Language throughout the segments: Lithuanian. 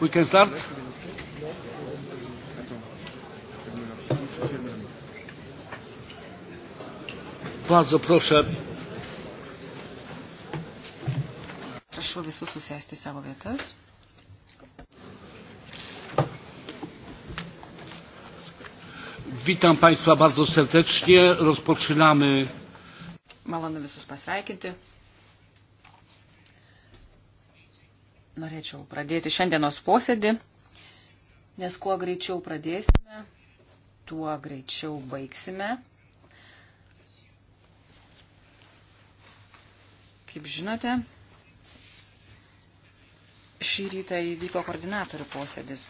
We can start. Bardzo proszę. Prašau visus susėsti savo vietas. Witam Państwa bardzo serdecznie. Rozpoczynamy. Malonu visus pasveikinti. Norėčiau pradėti šiandienos posėdį, nes kuo greičiau pradėsime, tuo greičiau baigsime. Kaip žinote, šį rytą įvyko koordinatorių posėdis.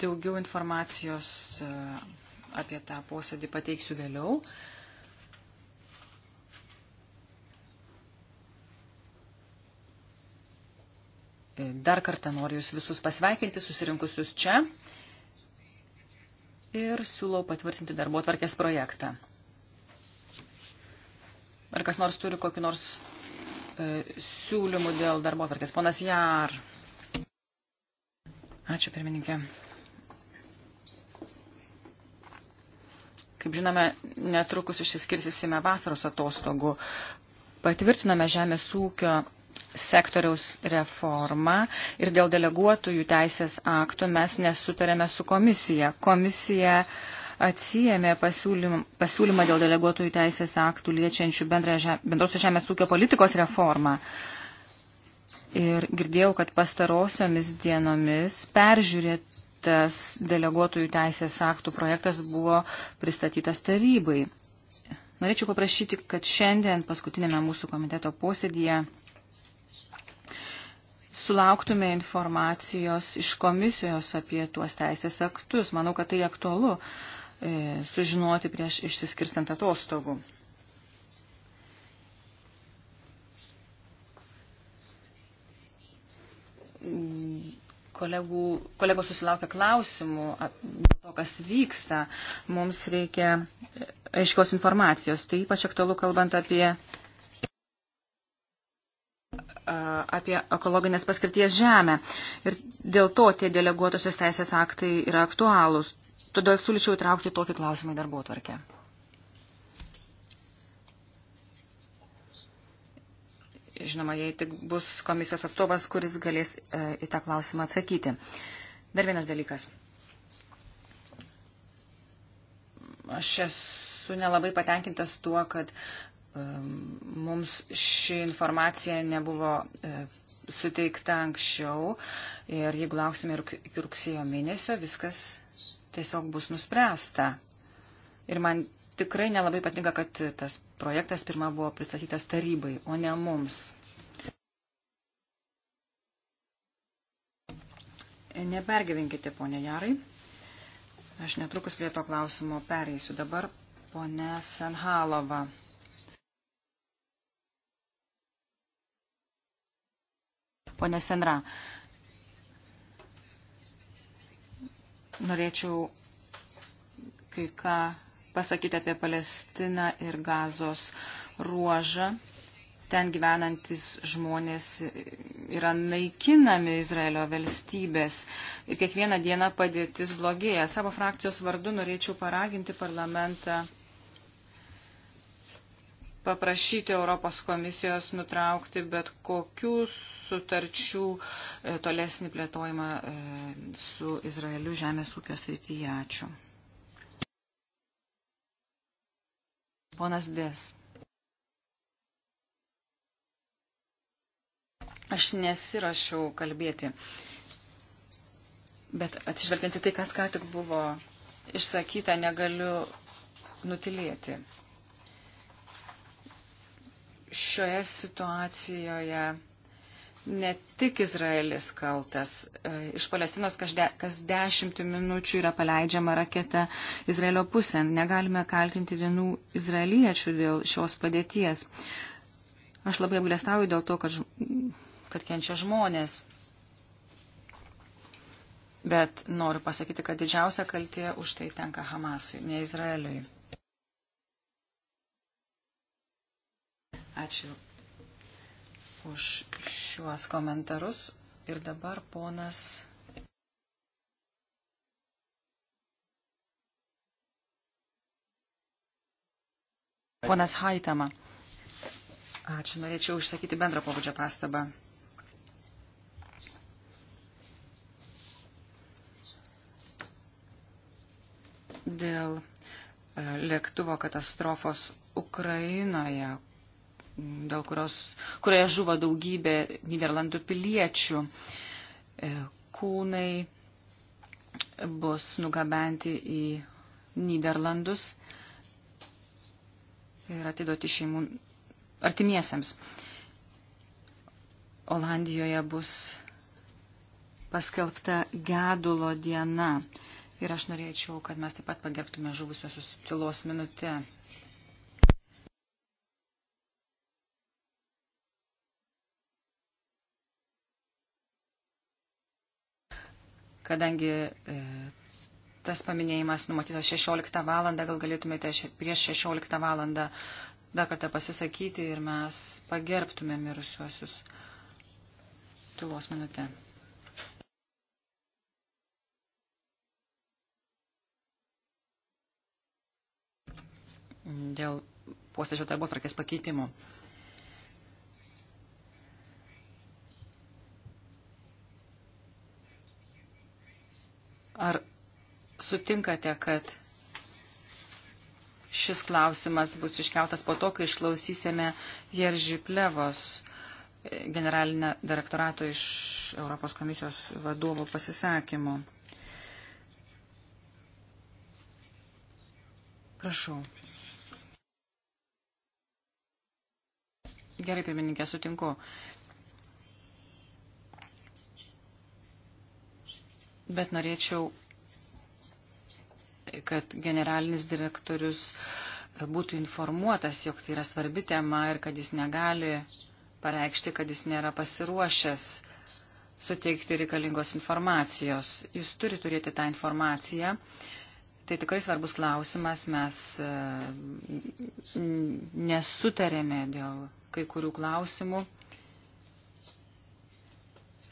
Daugiau informacijos e, apie tą posėdį pateiksiu vėliau. Dar kartą noriu Jūs visus pasveikinti susirinkusius čia ir siūlau patvirtinti darbo tvarkės projektą. Ar kas nors turi kokį nors e, siūlymų dėl darbo tvarkės? Ponas Jar. Ačiū, pirmininkė. Kaip žinome, netrukus išsiskirsime vasaros atostogų. Patvirtiname Žemės ūkio sektoriaus reformą ir dėl deleguotųjų teisės aktų mes nesutarėme su komisija. Komisija atsijėmė pasiūlymą, pasiūlymą dėl deleguotųjų teisės aktų liečiančių bendrosios žemės ūkio politikos reformą. Ir girdėjau, kad pastarosiomis dienomis peržiūrėtas deleguotųjų teisės aktų projektas buvo pristatytas tarybai. Norėčiau paprašyti, kad šiandien paskutinėme mūsų komiteto posėdėje sulauktume informacijos iš komisijos apie tuos teisės aktus. Manau, kad tai aktualu e, sužinoti prieš išsiskirstant atostogų. Kolegų, kolegos susilaukia klausimų dėl to, kas vyksta. Mums reikia e, aiškios informacijos. Tai ypač aktualu kalbant apie apie ekologinės paskirties žemę. Ir dėl to tie deleguotosios teisės aktai yra aktualūs. Todėl siūlyčiau įtraukti tokį klausimą į darbo tvarkę. Žinoma, jei tik bus komisijos atstovas, kuris galės e, į tą klausimą atsakyti. Dar vienas dalykas. Aš esu nelabai patenkintas tuo, kad mums ši informacija nebuvo e, suteikta anksčiau ir jeigu lauksime iki rugsėjo mėnesio, viskas tiesiog bus nuspręsta. Ir man tikrai nelabai patinka, kad tas projektas pirma buvo pristatytas tarybai, o ne mums. Nepergyvinkite, ponė Jarai. Aš netrukus prie to klausimo pereisiu. Dabar ponė Senhalova. Pone Senra, norėčiau kai ką pasakyti apie Palestiną ir Gazos ruožą. Ten gyvenantis žmonės yra naikinami Izraelio valstybės ir kiekvieną dieną padėtis blogėja. Savo frakcijos vardu norėčiau paraginti parlamentą paprašyti Europos komisijos nutraukti bet kokių sutarčių e, tolesnį plėtojimą e, su Izraeliu žemės ūkio srityje. Ačiū. Ponas Dės. Aš nesirašiau kalbėti, bet atsižvelgiant į tai, kas ką tik buvo išsakyta, negaliu nutilėti šioje situacijoje ne tik Izraelis kaltas. E, iš Palestinos kas, de, kas dešimt minučių yra paleidžiama raketa Izraelio pusėn. Negalime kaltinti vienų izraeliečių dėl šios padėties. Aš labai apgalėstauju dėl to, kad, kad kenčia žmonės. Bet noriu pasakyti, kad didžiausia kaltė už tai tenka Hamasui, ne Izraeliui. Ačiū už šiuos komentarus. Ir dabar ponas. Ponas Haitama. Ačiū, norėčiau užsakyti bendro pobūdžio pastabą. Dėl e, lėktuvo katastrofos Ukrainoje, dėl kurios, kurioje žuvo daugybė Niderlandų piliečių. E, kūnai bus nugabenti į Niderlandus ir atiduoti šeimų artimiesiams. Olandijoje bus paskelbta gedulo diena. Ir aš norėčiau, kad mes taip pat pagerbtume žuvusiosius tylos minutę. kadangi e, tas paminėjimas numatytas 16 valandą, gal galėtumėte prieš 16 valandą dar kartą pasisakyti ir mes pagerbtume mirusiuosius tylos minutę. Dėl posėdžio darbo tvarkės pakeitimų. Ar sutinkate, kad šis klausimas bus iškeltas po to, kai išklausysime Jerži Plevos generalinio direktorato iš Europos komisijos vadovo pasisakymo. Prašau. Gerai, pirmininkė, sutinku. bet norėčiau, kad generalinis direktorius būtų informuotas, jog tai yra svarbi tema ir kad jis negali pareikšti, kad jis nėra pasiruošęs suteikti reikalingos informacijos. Jis turi turėti tą informaciją. Tai tikrai svarbus klausimas, mes e, nesutarėme dėl kai kurių klausimų.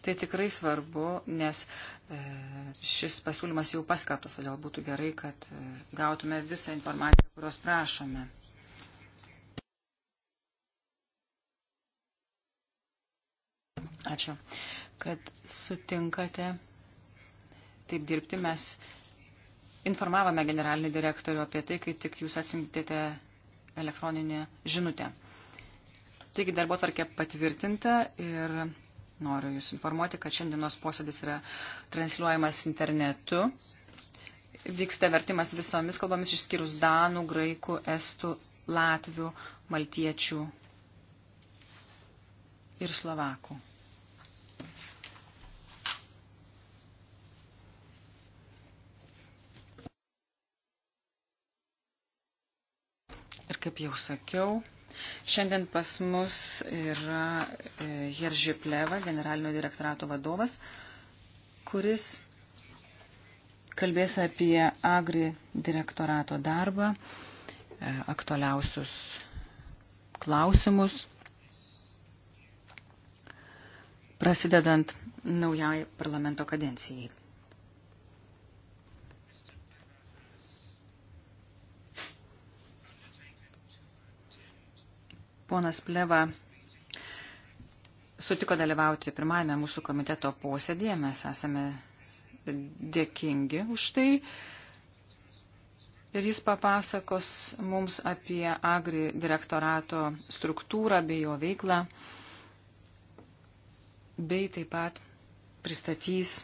Tai tikrai svarbu, nes e, šis pasiūlymas jau paskatos, todėl būtų gerai, kad e, gautume visą informaciją, kurios prašome. Ačiū, kad sutinkate taip dirbti. Mes informavome generalinį direktorių apie tai, kai tik jūs atsintėte elektroninę žinutę. Taigi darbo tarkė patvirtinta ir Noriu Jūs informuoti, kad šiandienos posėdis yra transliuojamas internetu. Vyksta vertimas visomis kalbomis išskyrus danų, graikų, estų, latvių, maltiečių ir slovakų. Ir kaip jau sakiau, Šiandien pas mus yra e, Jerži Pleva, generalinio direktorato vadovas, kuris kalbės apie Agri direktorato darbą, e, aktualiausius klausimus, prasidedant naujai parlamento kadencijai. ponas Pleva sutiko dalyvauti pirmajame mūsų komiteto posėdėje. Mes esame dėkingi už tai. Ir jis papasakos mums apie Agri direktorato struktūrą bei jo veiklą, bei taip pat pristatys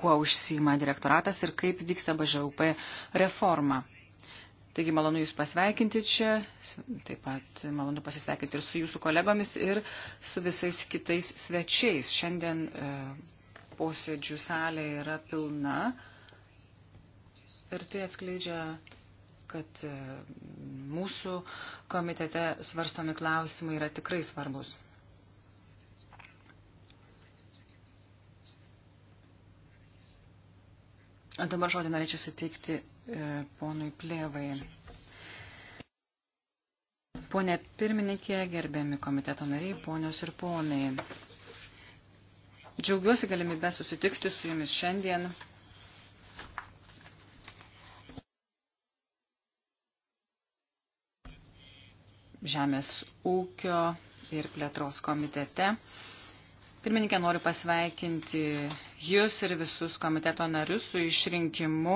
kuo užsima direktoratas ir kaip vyksta BŽUP reforma. Taigi malonu Jūs pasveikinti čia, taip pat malonu pasisveikinti ir su Jūsų kolegomis ir su visais kitais svečiais. Šiandien e, posėdžių salė yra pilna ir tai atskleidžia kad e, mūsų komitete svarstomi klausimai yra tikrai svarbus. Dabar žodį norėčiau suteikti e, ponui Plėvai. Pone pirmininkė, gerbiami komiteto nariai, ponios ir ponai. Džiaugiuosi galimybę susitikti su jumis šiandien. Žemės ūkio ir plėtros komitete. Pirmininkė, noriu pasveikinti jūs ir visus komiteto narius su išrinkimu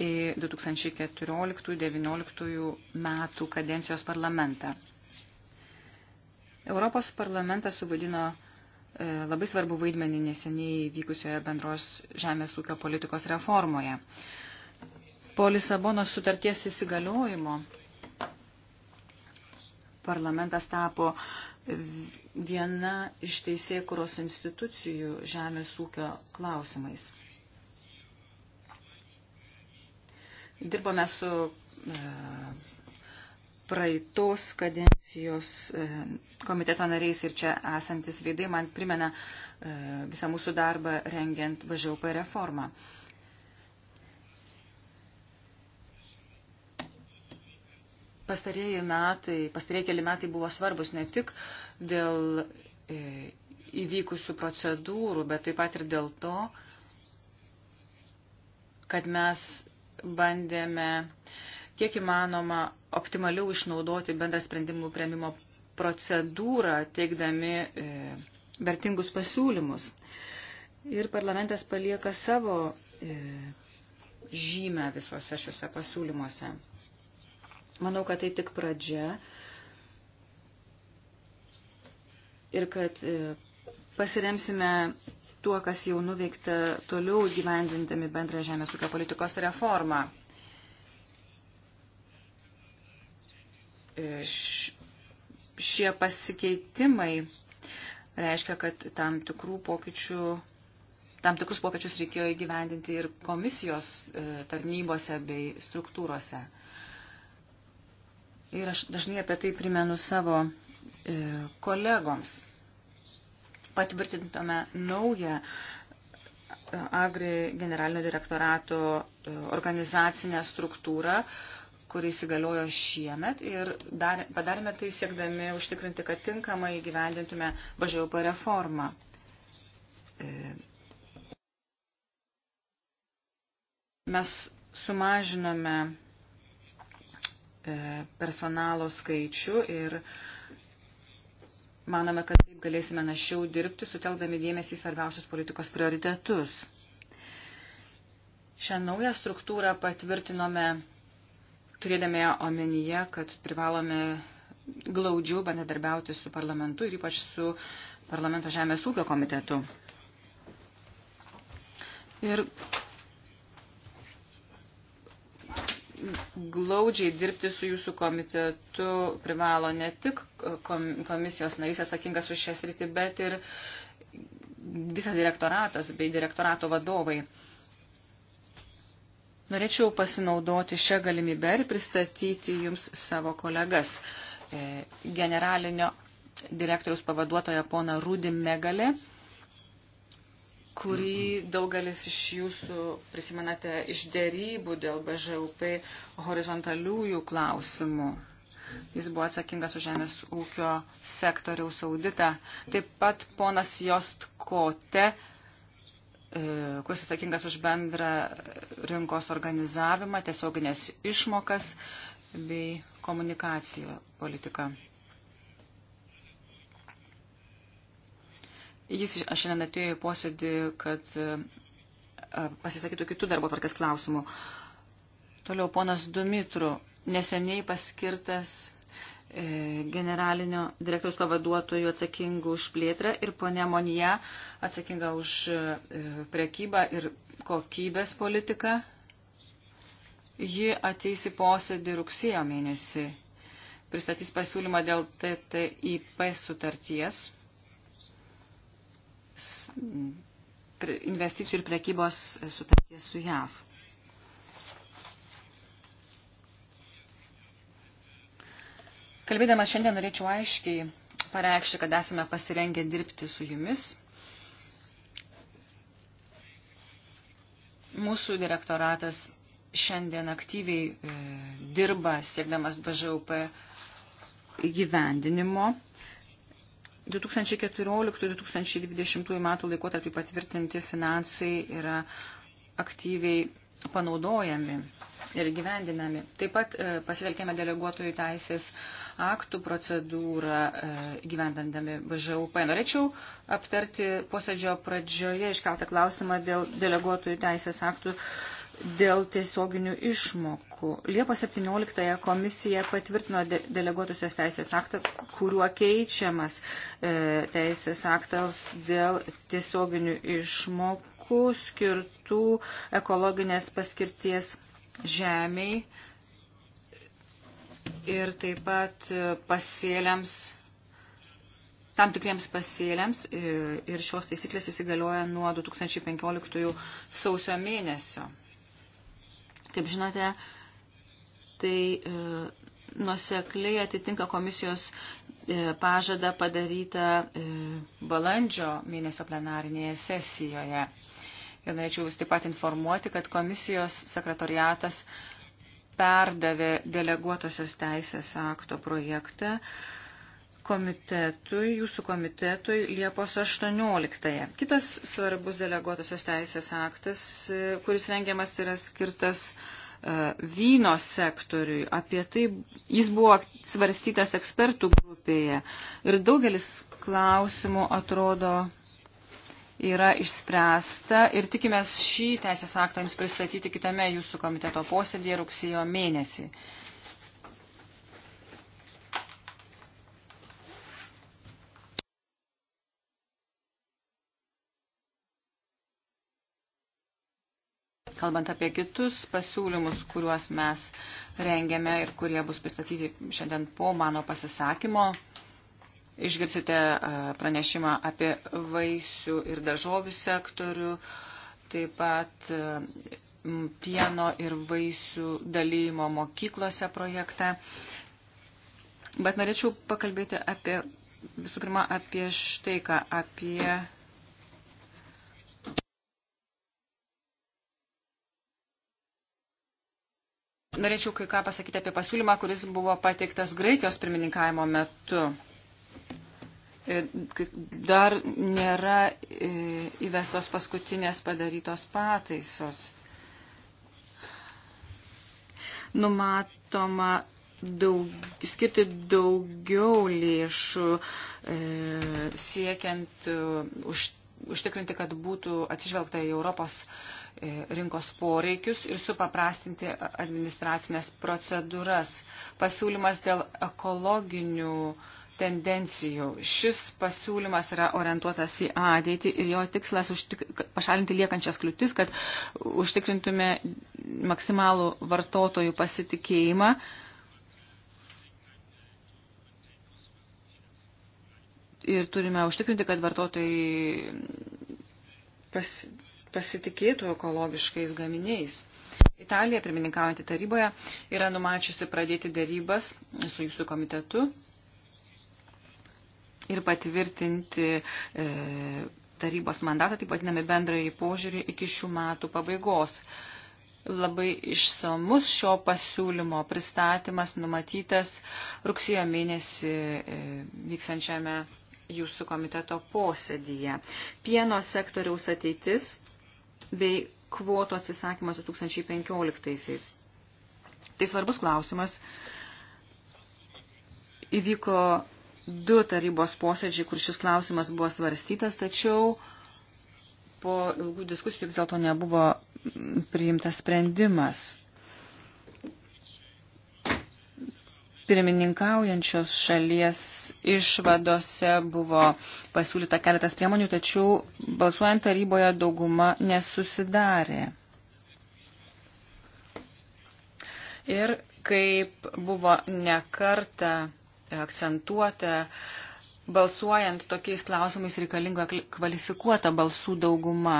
į 2014-2019 metų kadencijos parlamentą. Europos parlamentas suvadino e, labai svarbu vaidmenį neseniai vykusioje bendros žemės ūkio politikos reformoje. Po Lisabonos sutarties įsigaliojimo parlamentas tapo viena iš teisėkuros institucijų žemės ūkio klausimais. Dirbome su e, praeitos kadencijos e, komiteto nariais ir čia esantis veidai man primena e, visą mūsų darbą rengiant važiaupą reformą. reformą. pastarėjai metai, pastarėjai keli metai buvo svarbus ne tik dėl e, įvykusių procedūrų, bet taip pat ir dėl to, kad mes bandėme kiek įmanoma optimaliau išnaudoti bendrą sprendimų prieimimo procedūrą, teikdami e, vertingus pasiūlymus. Ir parlamentas palieka savo e, žymę visuose šiuose pasiūlymuose. Manau, kad tai tik pradžia ir kad e, pasiremsime tuo, kas jau nuveikta toliau gyvendintami bendrą žemės ūkio politikos reformą. E, šie pasikeitimai reiškia, kad tam tikrų pokyčių tam tikrus pokyčius reikėjo įgyvendinti ir komisijos e, tarnybose bei struktūrose. Ir aš dažnai apie tai primenu savo e, kolegoms. Patvirtintume naują e, Agri generalinio direktorato e, organizacinę struktūrą, kuris įgaliojo šiemet ir dar, padarėme tai siekdami užtikrinti, kad tinkamai įgyvendintume BŽUP reformą. E, mes sumažinome E, personalo skaičių ir manome, kad taip galėsime našiau dirbti, suteldami dėmesį į svarbiausius politikos prioritetus. Šią naują struktūrą patvirtinome, turėdami omenyje, kad privalome glaudžiau bendradarbiauti su parlamentu ir ypač su parlamento žemės ūkio komitetu. Ir glaudžiai dirbti su jūsų komitetu privalo ne tik komisijos narys atsakingas už šią sritį, bet ir visas direktoratas bei direktorato vadovai. Norėčiau pasinaudoti šią galimybę ir pristatyti jums savo kolegas. E, generalinio direktoriaus pavaduotoja pona Rūdim Megalė kurį daugelis iš jūsų prisimenate iš dėrybų dėl BŽUP horizontaliųjų klausimų. Jis buvo atsakingas už žemės ūkio sektoriaus auditą. Taip pat ponas Jostkote, e, kuris atsakingas už bendrą rinkos organizavimą, tiesioginės išmokas bei komunikaciją politiką. Jis šiandien atėjo į posėdį, kad e, pasisakytų kitų darbo tvarkės klausimų. Toliau ponas Dumitru, neseniai paskirtas e, generalinio direktoriaus pavaduotojų atsakingų už plėtrą ir ponė Monija atsakinga už e, prekybą ir kokybės politiką. Ji ateis į posėdį rugsėjo mėnesį. Pristatys pasiūlymą dėl TTIP sutarties investicijų ir prekybos sutarties su JAV. Kalbėdamas šiandien norėčiau aiškiai pareikšti, kad esame pasirengę dirbti su jumis. Mūsų direktoratas šiandien aktyviai e, dirba siekdamas BŽUP įgyvendinimo. 2014-2020 metų laikotarpį patvirtinti finansai yra aktyviai panaudojami ir gyvendinami. Taip pat e, pasitelkėme deleguotojų teisės aktų procedūrą e, gyvendandami BŽUP. Norėčiau aptarti posėdžio pradžioje iškeltą klausimą dėl deleguotojų teisės aktų dėl tiesioginių išmokų. Liepos 17 komisija patvirtino de deleguotusios teisės aktą, kuriuo keičiamas e, teisės aktas dėl tiesioginių išmokų skirtų ekologinės paskirties žemiai ir taip pat pasėliams, tam tikriems pasėliams e, ir šios taisyklės įsigalioja nuo 2015 sausio mėnesio. Kaip žinote, tai e, nusekliai atitinka komisijos e, pažadą padarytą e, balandžio mėnesio plenarinėje sesijoje. Ir norėčiau jūs taip pat informuoti, kad komisijos sekretariatas perdavė deleguotosios teisės akto projektą komitetui, jūsų komitetui Liepos 18-ąją. Kitas svarbus deleguotosios teisės aktas, e, kuris rengiamas yra skirtas e, vyno sektoriui. Apie tai jis buvo svarstytas ekspertų grupėje ir daugelis klausimų atrodo yra išspręsta ir tikimės šį teisės aktą jums pristatyti kitame jūsų komiteto posėdėje rugsėjo mėnesį. kalbant apie kitus pasiūlymus, kuriuos mes rengiame ir kurie bus pristatyti šiandien po mano pasisakymo. Išgirsite e, pranešimą apie vaisių ir daržovių sektorių, taip pat e, pieno ir vaisių dalymo mokyklose projektą. Bet norėčiau pakalbėti apie, visų pirma, apie štai ką, apie norėčiau kai ką pasakyti apie pasiūlymą, kuris buvo pateiktas Graikijos pirmininkavimo metu. E, dar nėra e, įvestos paskutinės padarytos pataisos. Numatoma daug, skirti daugiau lėšų e, siekiant e, už, užtikrinti, kad būtų atsižvelgta į Europos e, E, rinkos poreikius ir supaprastinti administracinės procedūras. Pasiūlymas dėl ekologinių tendencijų. Šis pasiūlymas yra orientuotas į ateitį ir jo tikslas užtik... pašalinti liekančias kliūtis, kad užtikrintume maksimalų vartotojų pasitikėjimą. Ir turime užtikrinti, kad vartotojai pas, pasitikėtų ekologiškais gaminiais. Italija, pirmininkaujantį taryboje, yra numačiusi pradėti dėrybas su jūsų komitetu ir patvirtinti e, tarybos mandatą, taip vadinami bendrąjį požiūrį, iki šių metų pabaigos. Labai išsamus šio pasiūlymo pristatymas numatytas rugsėjo mėnesį e, vyksančiame jūsų komiteto posėdyje. Pieno sektoriaus ateitis bei kvoto atsisakymas 2015-aisiais. Tai svarbus klausimas. Įvyko du tarybos posėdžiai, kur šis klausimas buvo svarstytas, tačiau po ilgų diskusijų vis dėlto nebuvo priimtas sprendimas. pirmininkaujančios šalies išvadose buvo pasiūlyta keletas priemonių, tačiau balsuojant taryboje dauguma nesusidarė. Ir kaip buvo nekarta akcentuota, balsuojant tokiais klausimais reikalinga kvalifikuota balsų dauguma.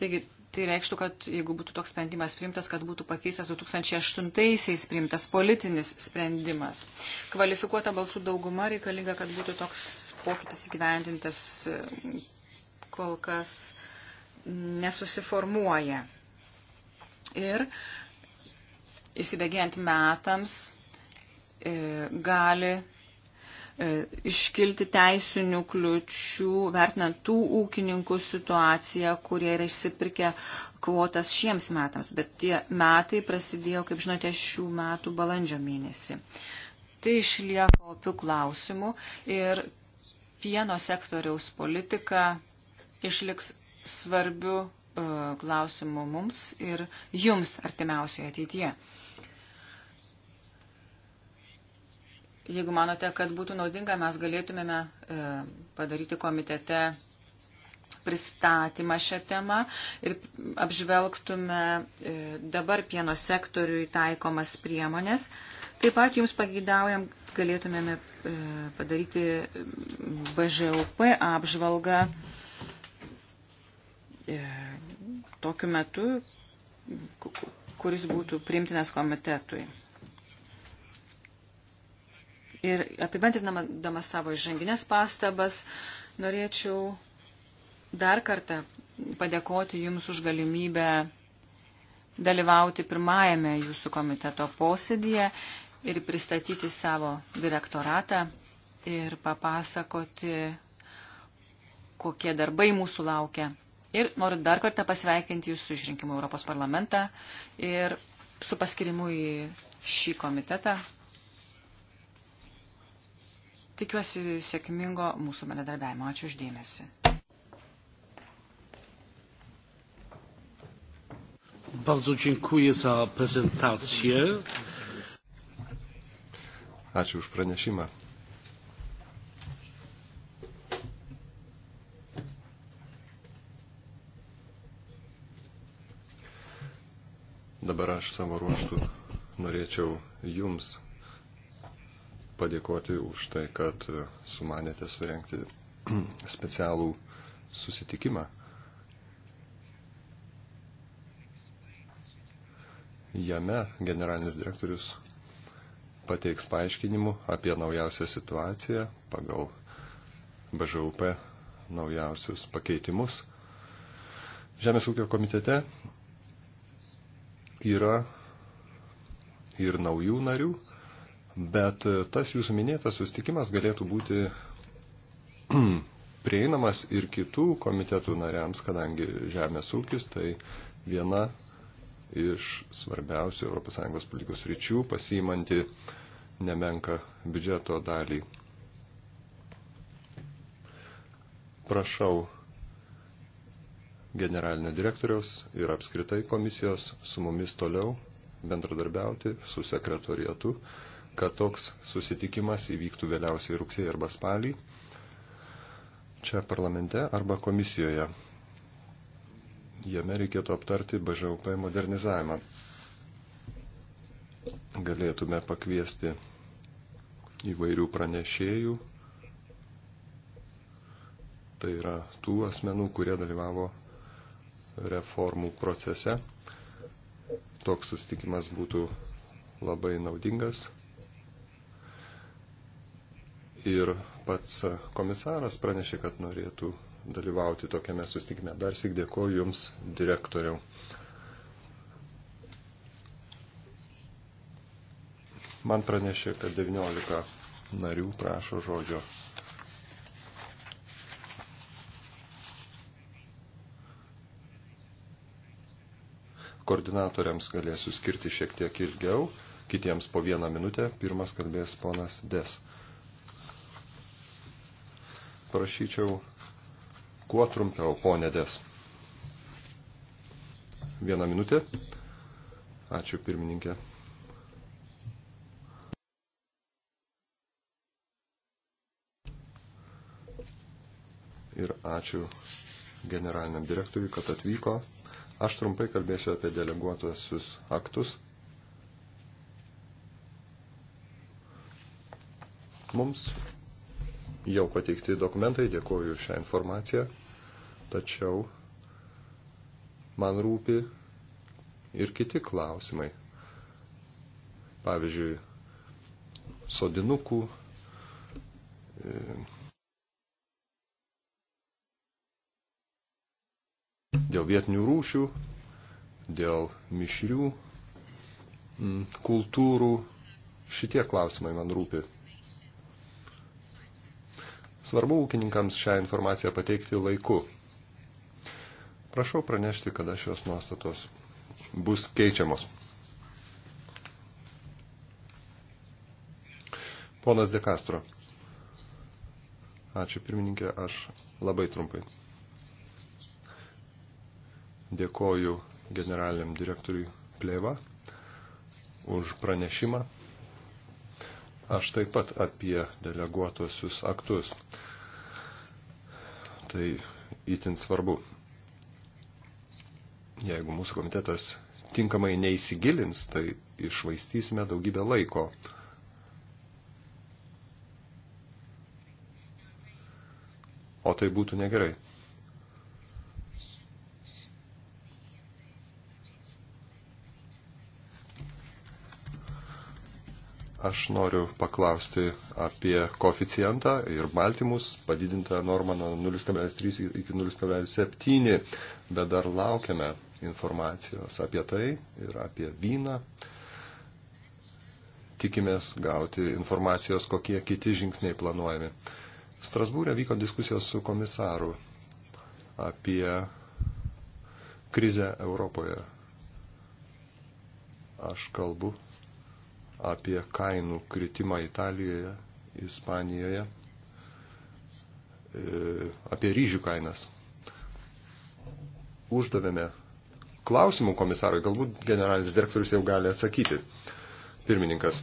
Taigi Tai reikštų, kad jeigu būtų toks sprendimas priimtas, kad būtų pakeistas 2008-aisiais priimtas politinis sprendimas. Kvalifikuota balsų dauguma reikalinga, kad būtų toks pokytis įgyvendintas e, kol kas nesusiformuoja. Ir įsibėgėjant metams e, gali E, iškilti teisinių kliučių, vertinant tų ūkininkų situaciją, kurie yra išsipirkę kvotas šiems metams. Bet tie metai prasidėjo, kaip žinote, šių metų balandžio mėnesį. Tai išlieka opių klausimų ir pieno sektoriaus politika išliks svarbių e, klausimų mums ir jums artimiausioje ateityje. Jeigu manote, kad būtų naudinga, mes galėtumėme e, padaryti komitete pristatymą šią temą ir apžvelgtume e, dabar pieno sektoriui taikomas priemonės. Taip pat jums pagydaujam galėtumėme e, padaryti BŽUP apžvalgą tokiu metu, kuris būtų primtinas komitetui. Ir apibendrinama savo žanginės pastabas, norėčiau dar kartą padėkoti Jums už galimybę dalyvauti pirmajame Jūsų komiteto posėdėje ir pristatyti savo direktoratą ir papasakoti, kokie darbai mūsų laukia. Ir noriu dar kartą pasveikinti Jūsų išrinkimu Europos parlamentą ir su paskirimu į šį komitetą, Tikiuosi sėkmingo mūsų bendradarbiavimo. Ačiū uždėmesi. Bardzo dziękuję za prezentację. Ačiū už pranešimą. Dabar aš savo ruoštų norėčiau jums padėkoti už tai, kad sumanėte surenkti specialų susitikimą. Jame generalinis direktorius pateiks paaiškinimų apie naujausią situaciją pagal BŽUP naujausius pakeitimus. Žemės ūkio komitete yra ir naujų narių, Bet e, tas jūsų minėtas sustikimas galėtų būti prieinamas ir kitų komitetų nariams, kadangi žemės ūkis tai viena iš svarbiausių ES politikos ryčių, pasiimanti nemenka biudžeto dalį. Prašau generalinio direktoriaus ir apskritai komisijos su mumis toliau bendradarbiauti su sekretorietu kad toks susitikimas įvyktų vėliausiai rugsėjai arba spalį čia parlamente arba komisijoje. Jame reikėtų aptarti BŽUP modernizavimą. Galėtume pakviesti įvairių pranešėjų, tai yra tų asmenų, kurie dalyvavo reformų procese. Toks sustikimas būtų labai naudingas ir pats komisaras pranešė, kad norėtų dalyvauti tokiame sustikime. Dar sik dėkoju Jums, direktoriau. Man pranešė, kad 19 narių prašo žodžio. Koordinatoriams galėsiu skirti šiek tiek ilgiau, kitiems po vieną minutę. Pirmas kalbės ponas Des prašyčiau kuo trumpiau, ponė Des. Vieną minutę. Ačiū pirmininkė. Ir ačiū generaliniam direktoriui, kad atvyko. Aš trumpai kalbėsiu apie deleguotuosius aktus. Mums jau pateikti dokumentai, dėkuoju šią informaciją, tačiau man rūpi ir kiti klausimai. Pavyzdžiui, sodinukų, e, dėl vietinių rūšių, dėl mišrių kultūrų. Šitie klausimai man rūpi. Svarbu ūkininkams šią informaciją pateikti laiku. Prašau pranešti, kada šios nuostatos bus keičiamos. Ponas De Castro. Ačiū pirmininkė, aš labai trumpai. Dėkoju generaliniam direktoriui Pleva už pranešimą aš taip pat apie deleguotusius aktus. Tai įtin svarbu. Jeigu mūsų komitetas tinkamai neįsigilins, tai išvaistysime daugybę laiko. O tai būtų negerai. Aš noriu paklausti apie koeficientą ir baltymus, padidintą normą nuo 0,3 iki 0,7, bet dar laukiame informacijos apie tai ir apie vyną. Tikimės gauti informacijos, kokie kiti žingsniai planuojami. Strasbūrė vyko diskusijos su komisaru apie krizę Europoje. Aš kalbu apie kainų kritimą Italijoje, Ispanijoje, e, apie ryžių kainas. Uždavėme klausimų komisarui, galbūt generalinis direktorius jau gali atsakyti. Pirmininkas.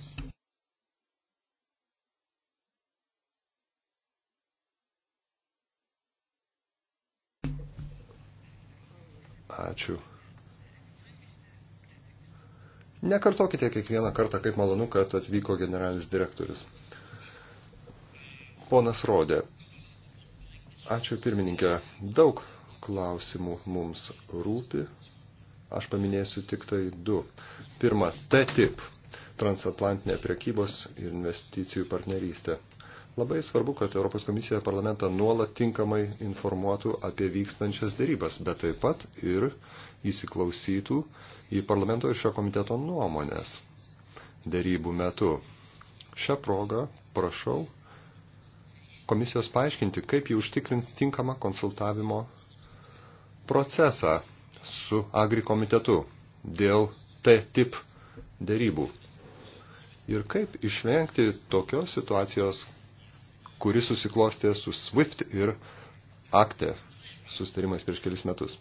Ačiū. Nekartokite kiekvieną kartą, kaip malonu, kad atvyko generalinis direktorius. Ponas Rodė. Ačiū pirmininkė. Daug klausimų mums rūpi. Aš paminėsiu tik tai du. Pirma, T-tip - transatlantinė prekybos ir investicijų partnerystė. Labai svarbu, kad Europos komisija parlamentą nuolat tinkamai informuotų apie vykstančias dėrybas, bet taip pat ir įsiklausytų į parlamento ir šio komiteto nuomonės dėrybų metu. Šią progą prašau komisijos paaiškinti, kaip jį užtikrins tinkamą konsultavimo procesą su agri komitetu dėl T-tip dėrybų. Ir kaip išvengti tokios situacijos, kuris susiklostė su SWIFT ir akte sustarimais prieš kelis metus.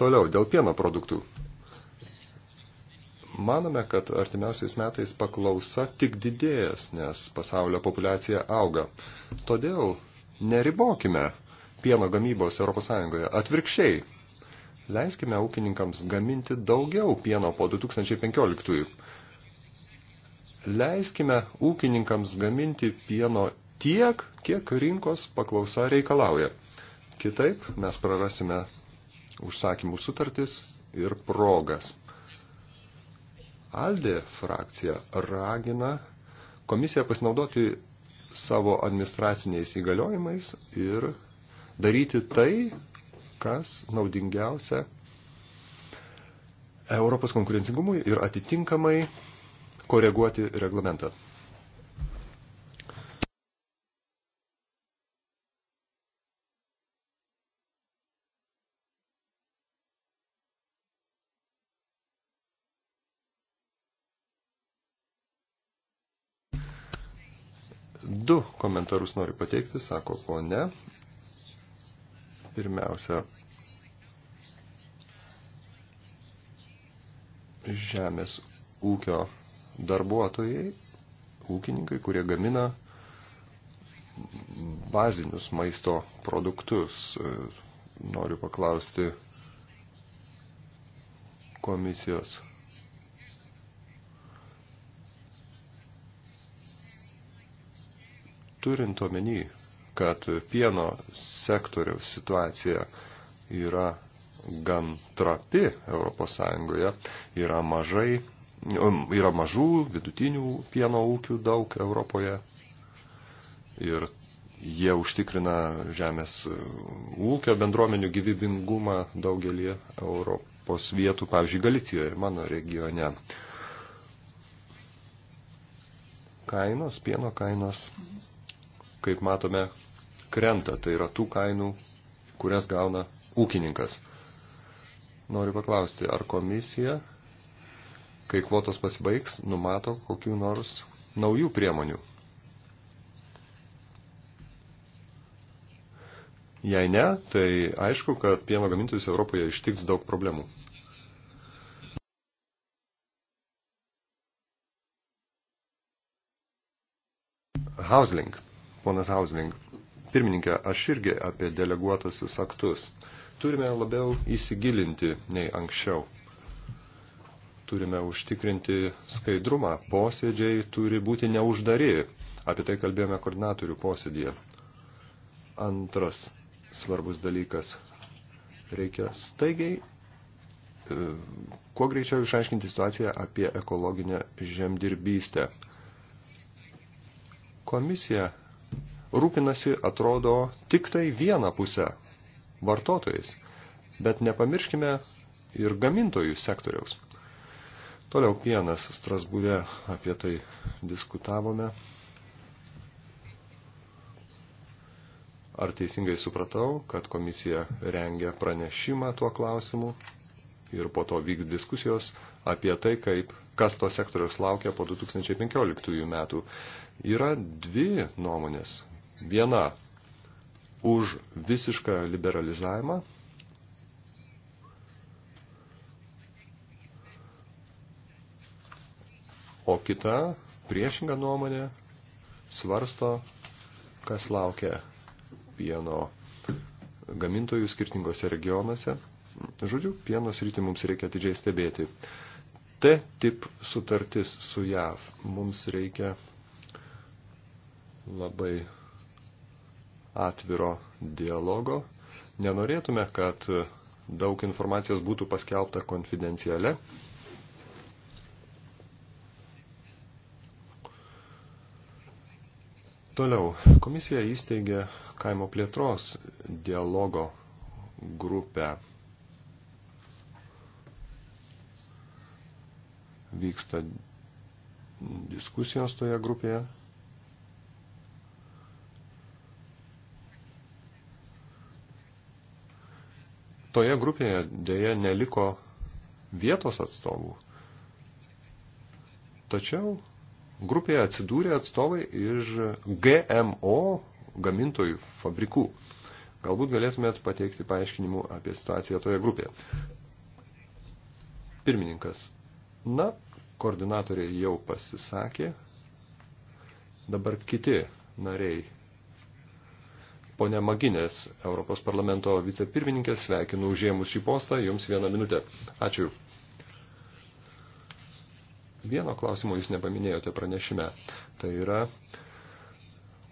Toliau, dėl pieno produktų. Manome, kad artimiausiais metais paklausa tik didėjęs, nes pasaulio populiacija auga. Todėl neribokime pieno gamybos ES. Atvirkščiai, Leiskime ūkininkams gaminti daugiau pieno po 2015. Leiskime ūkininkams gaminti pieno tiek, kiek rinkos paklausa reikalauja. Kitaip mes prarasime užsakymų sutartis ir progas. Aldė frakcija ragina komisiją pasinaudoti savo administraciniais įgaliojimais ir daryti tai, kas naudingiausia Europos konkurencingumui ir atitinkamai koreguoti reglamentą. Du komentarus noriu pateikti, sako ponia. Pirmiausia, žemės ūkio darbuotojai, ūkininkai, kurie gamina bazinius maisto produktus. Noriu paklausti komisijos. Turint omeny kad pieno sektoriaus situacija yra gan trapi ES, yra mažai, um, yra mažų vidutinių pieno ūkių daug Europoje ir jie užtikrina žemės uh, ūkio bendruomenių gyvybingumą daugelį Europos vietų, pavyzdžiui, Galicijoje, mano regione. Kainos, pieno kainos. Mhm kaip matome, krenta, tai yra tų kainų, kurias gauna ūkininkas. Noriu paklausti, ar komisija, kai kvotos pasibaigs, numato kokių nors naujų priemonių? Jei ne, tai aišku, kad pieno gamintojus Europoje ištiks daug problemų. Hausling. Ponas Hausling, pirmininkė, aš irgi apie deleguotosius aktus. Turime labiau įsigilinti nei anksčiau. Turime užtikrinti skaidrumą. Posėdžiai turi būti neuždari. Apie tai kalbėjome koordinatorių posėdėje. Antras svarbus dalykas. Reikia staigiai, e, kuo greičiau išaiškinti situaciją apie ekologinę žemdirbystę. Komisija rūpinasi, atrodo, tik tai vieną pusę – vartotojais. Bet nepamirškime ir gamintojų sektoriaus. Toliau pienas Strasbūre apie tai diskutavome. Ar teisingai supratau, kad komisija rengia pranešimą tuo klausimu ir po to vyks diskusijos apie tai, kaip, kas to sektoriaus laukia po 2015 metų. Yra dvi nuomonės Viena už visišką liberalizavimą. O kita priešinga nuomonė svarsto, kas laukia pieno gamintojų skirtingose regionuose. Žodžiu, pienos rytį mums reikia atidžiai stebėti. T-tip sutartis su JAV mums reikia labai atviro dialogo. Nenorėtume, kad daug informacijos būtų paskelbta konfidenciale. Toliau, komisija įsteigė kaimo plėtros dialogo grupę. Vyksta diskusijos toje grupėje. Toje grupėje dėje neliko vietos atstovų. Tačiau grupėje atsidūrė atstovai iš GMO gamintojų fabrikų. Galbūt galėtumėt pateikti paaiškinimų apie situaciją toje grupėje. Pirmininkas. Na, koordinatoriai jau pasisakė. Dabar kiti nariai Pone Maginės, Europos parlamento vicepirmininkė, sveikinu užėmus šį postą, jums vieną minutę. Ačiū. Vieno klausimo jūs nepaminėjote pranešime. Tai yra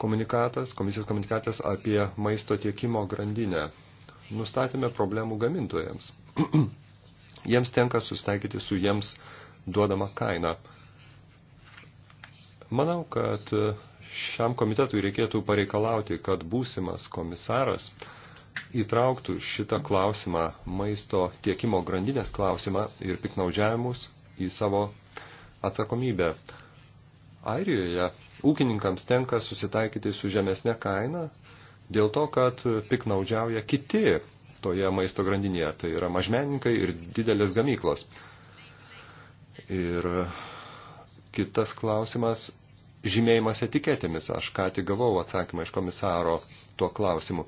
komunikatas, komisijos komunikatas apie maisto tiekimo grandinę. Nustatėme problemų gamintojams. jiems tenka sustaikyti su jiems duodama kaina. Manau, kad šiam komitetui reikėtų pareikalauti, kad būsimas komisaras įtrauktų šitą klausimą, maisto tiekimo grandinės klausimą ir piknaudžiavimus į savo atsakomybę. Airijoje ūkininkams tenka susitaikyti su žemesnė kaina dėl to, kad piknaudžiauja kiti toje maisto grandinėje, tai yra mažmeninkai ir didelės gamyklos. Ir kitas klausimas žymėjimas etiketėmis. Aš ką tik gavau atsakymą iš komisaro tuo klausimu.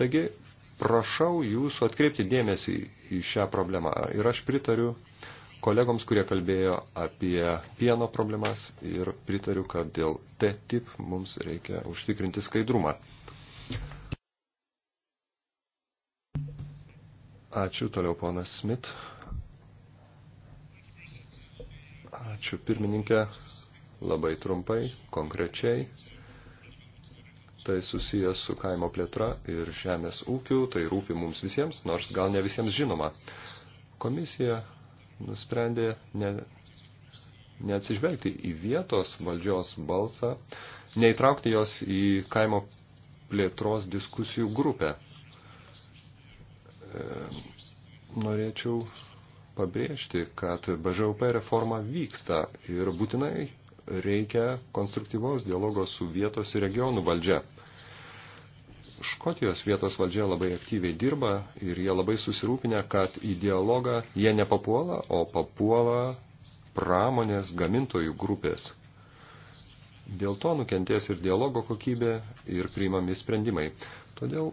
Taigi, prašau jūsų atkreipti dėmesį į šią problemą. Ir aš pritariu kolegoms, kurie kalbėjo apie pieno problemas ir pritariu, kad dėl T-tip mums reikia užtikrinti skaidrumą. Ačiū, toliau ponas Smith. Ačiū, pirmininkė labai trumpai, konkrečiai. Tai susijęs su kaimo plėtra ir žemės ūkiu, tai rūpi mums visiems, nors gal ne visiems žinoma. Komisija nusprendė ne, neatsižvelgti į vietos valdžios balsą, neįtraukti jos į kaimo plėtros diskusijų grupę. E, norėčiau pabrėžti, kad BŽUP reforma vyksta ir būtinai reikia konstruktyvaus dialogo su vietos ir regionų valdžia. Škotijos vietos valdžia labai aktyviai dirba ir jie labai susirūpinę, kad į dialogą jie nepapuola, o papuola pramonės gamintojų grupės. Dėl to nukentės ir dialogo kokybė ir priimami sprendimai. Todėl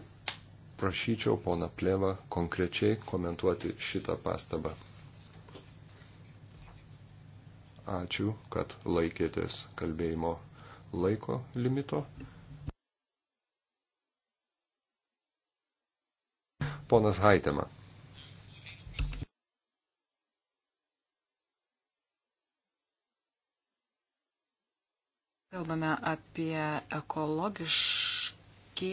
prašyčiau pona Plevą konkrečiai komentuoti šitą pastabą. Ačiū, kad laikėtės kalbėjimo laiko limito. Ponas Haitema. Kalbame apie ekologiškį,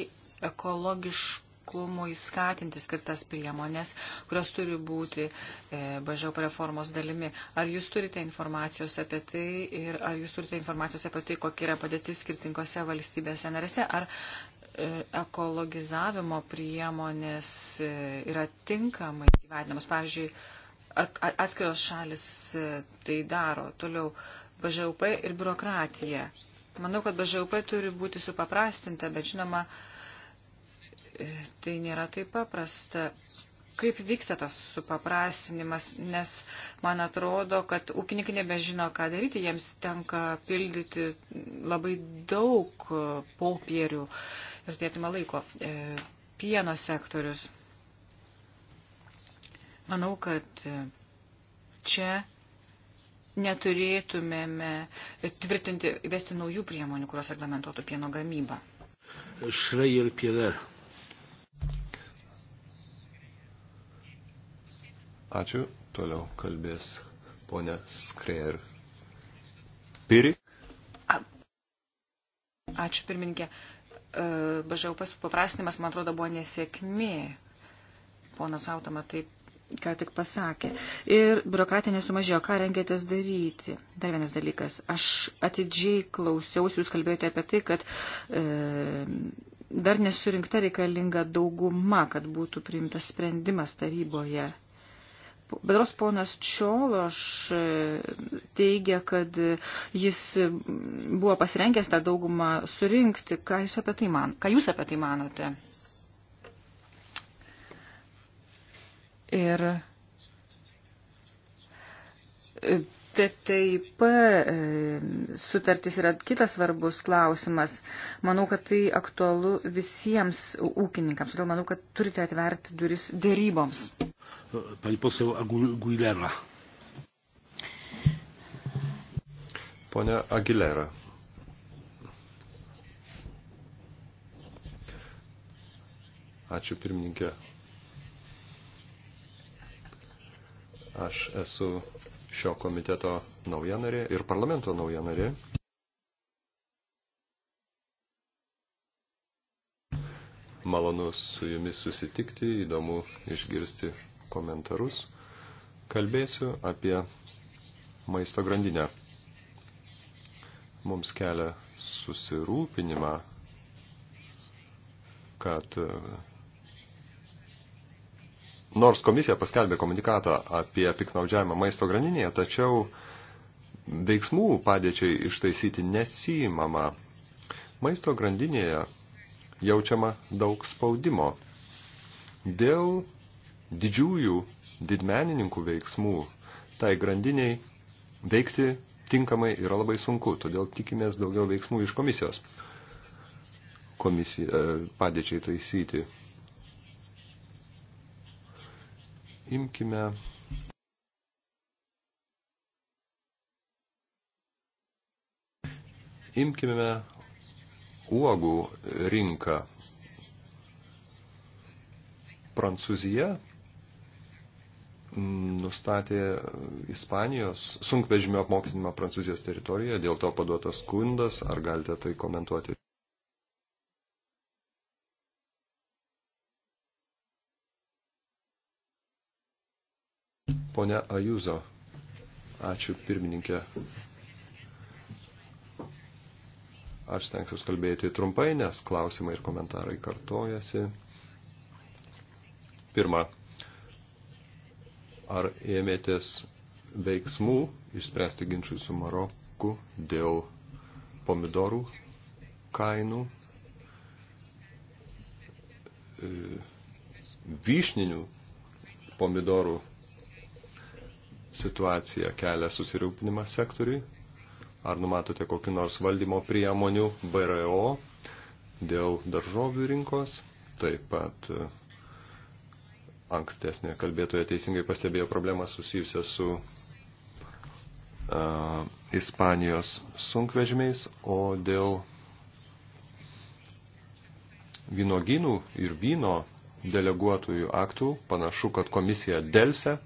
ekologiškį nuoseklumui skatinti skirtas priemonės, kurios turi būti e, BŽP reformos dalimi. Ar jūs turite informacijos apie tai ir ar jūs turite informacijos apie tai, kokia yra padėtis skirtingose valstybėse narėse, ar e, ekologizavimo priemonės e, yra tinkamai gyvenamos. Pavyzdžiui, ar, ar atskiros šalis e, tai daro toliau BŽP ir biurokratija. Manau, kad BŽUP turi būti supaprastinta, bet žinoma, E, tai nėra taip paprasta. Kaip vyksta tas supaprastinimas, nes man atrodo, kad ūkininkai nebežino, ką daryti, jiems tenka pildyti labai daug popierių ir tai atima laiko. E, pieno sektorius. Manau, kad e, čia neturėtumėme tvirtinti, įvesti naujų priemonių, kurios reglamentuotų pieno gamybą. Šreir Pire. Ačiū. Toliau kalbės ponė Skrer. Piri. Ačiū pirmininkė. E, Bažiau pasupaprastinimas, man atrodo, buvo nesėkmė. Ponas Automa taip ką tik pasakė. Ir biurokratinė sumažėjo, ką rengėtės daryti. Dar vienas dalykas. Aš atidžiai klausiausi, jūs kalbėjote apie tai, kad e, dar nesurinkta reikalinga dauguma, kad būtų priimtas sprendimas taryboje. Bedros ponas Čiološ e, teigia, kad jis buvo pasirengęs tą daugumą surinkti. Ką jūs apie tai, man, ką jūs apie tai manote? Ir e, TTIP e, sutartis yra kitas svarbus klausimas. Manau, kad tai aktualu visiems ūkininkams. Todėl manau, kad turite atverti duris dėryboms. Pani posėl Aguilera. Pone Aguilera. Ačiū pirmininkė. Aš esu šio komiteto nauja narė ir parlamento nauja narė. Malonu su jumis susitikti, įdomu išgirsti komentarus. Kalbėsiu apie maisto grandinę. Mums kelia susirūpinimą, kad nors komisija paskelbė komunikatą apie piknaudžiavimą maisto graninėje, tačiau veiksmų padėčiai ištaisyti nesijimama. Maisto grandinėje jaučiama daug spaudimo. Dėl didžiųjų didmenininkų veiksmų tai grandiniai veikti tinkamai yra labai sunku, todėl tikimės daugiau veiksmų iš komisijos komisija, e, padėčiai taisyti. Imkime imkime uogų rinką. Prancūzija nustatė Ispanijos sunkvežimio apmokestinimą Prancūzijos teritorijoje, dėl to paduotas skundas, ar galite tai komentuoti? Pone Ajuzo, ačiū pirmininkė. Aš stengsiu kalbėti trumpai, nes klausimai ir komentarai kartojasi. Pirma, ar ėmėtės veiksmų išspręsti ginčių su Maroku dėl pomidorų kainų, e, vyšninių pomidorų situacija kelia susirūpinimą sektoriui? Ar numatote kokiu nors valdymo priemonių BRO e dėl daržovių rinkos? Taip pat e, ankstesnė kalbėtoja teisingai pastebėjo problemą susijusią su uh, Ispanijos sunkvežimiais, o dėl vynoginų ir vyno deleguotųjų aktų panašu, kad komisija dėlse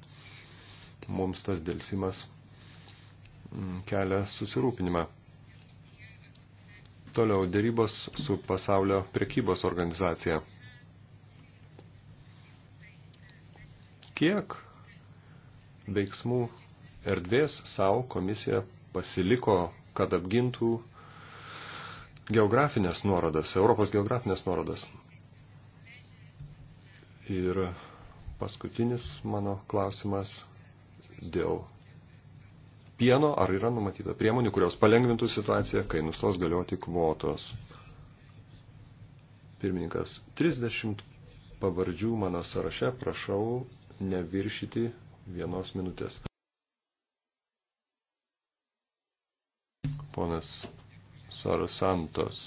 mums tas dėlsimas mm, kelia susirūpinimą. Toliau dėrybos su pasaulio prekybos organizacija. Kiek veiksmų erdvės savo komisija pasiliko, kad apgintų geografinės nuorodas, Europos geografinės nuorodas. Ir paskutinis mano klausimas dėl pieno, ar yra numatyta priemonių, kurios palengvintų situaciją, kai nustos galioti kvotos. Pirmininkas, 30 pavardžių mano sąraše, prašau neviršyti vienos minutės. Ponas Sarasantos.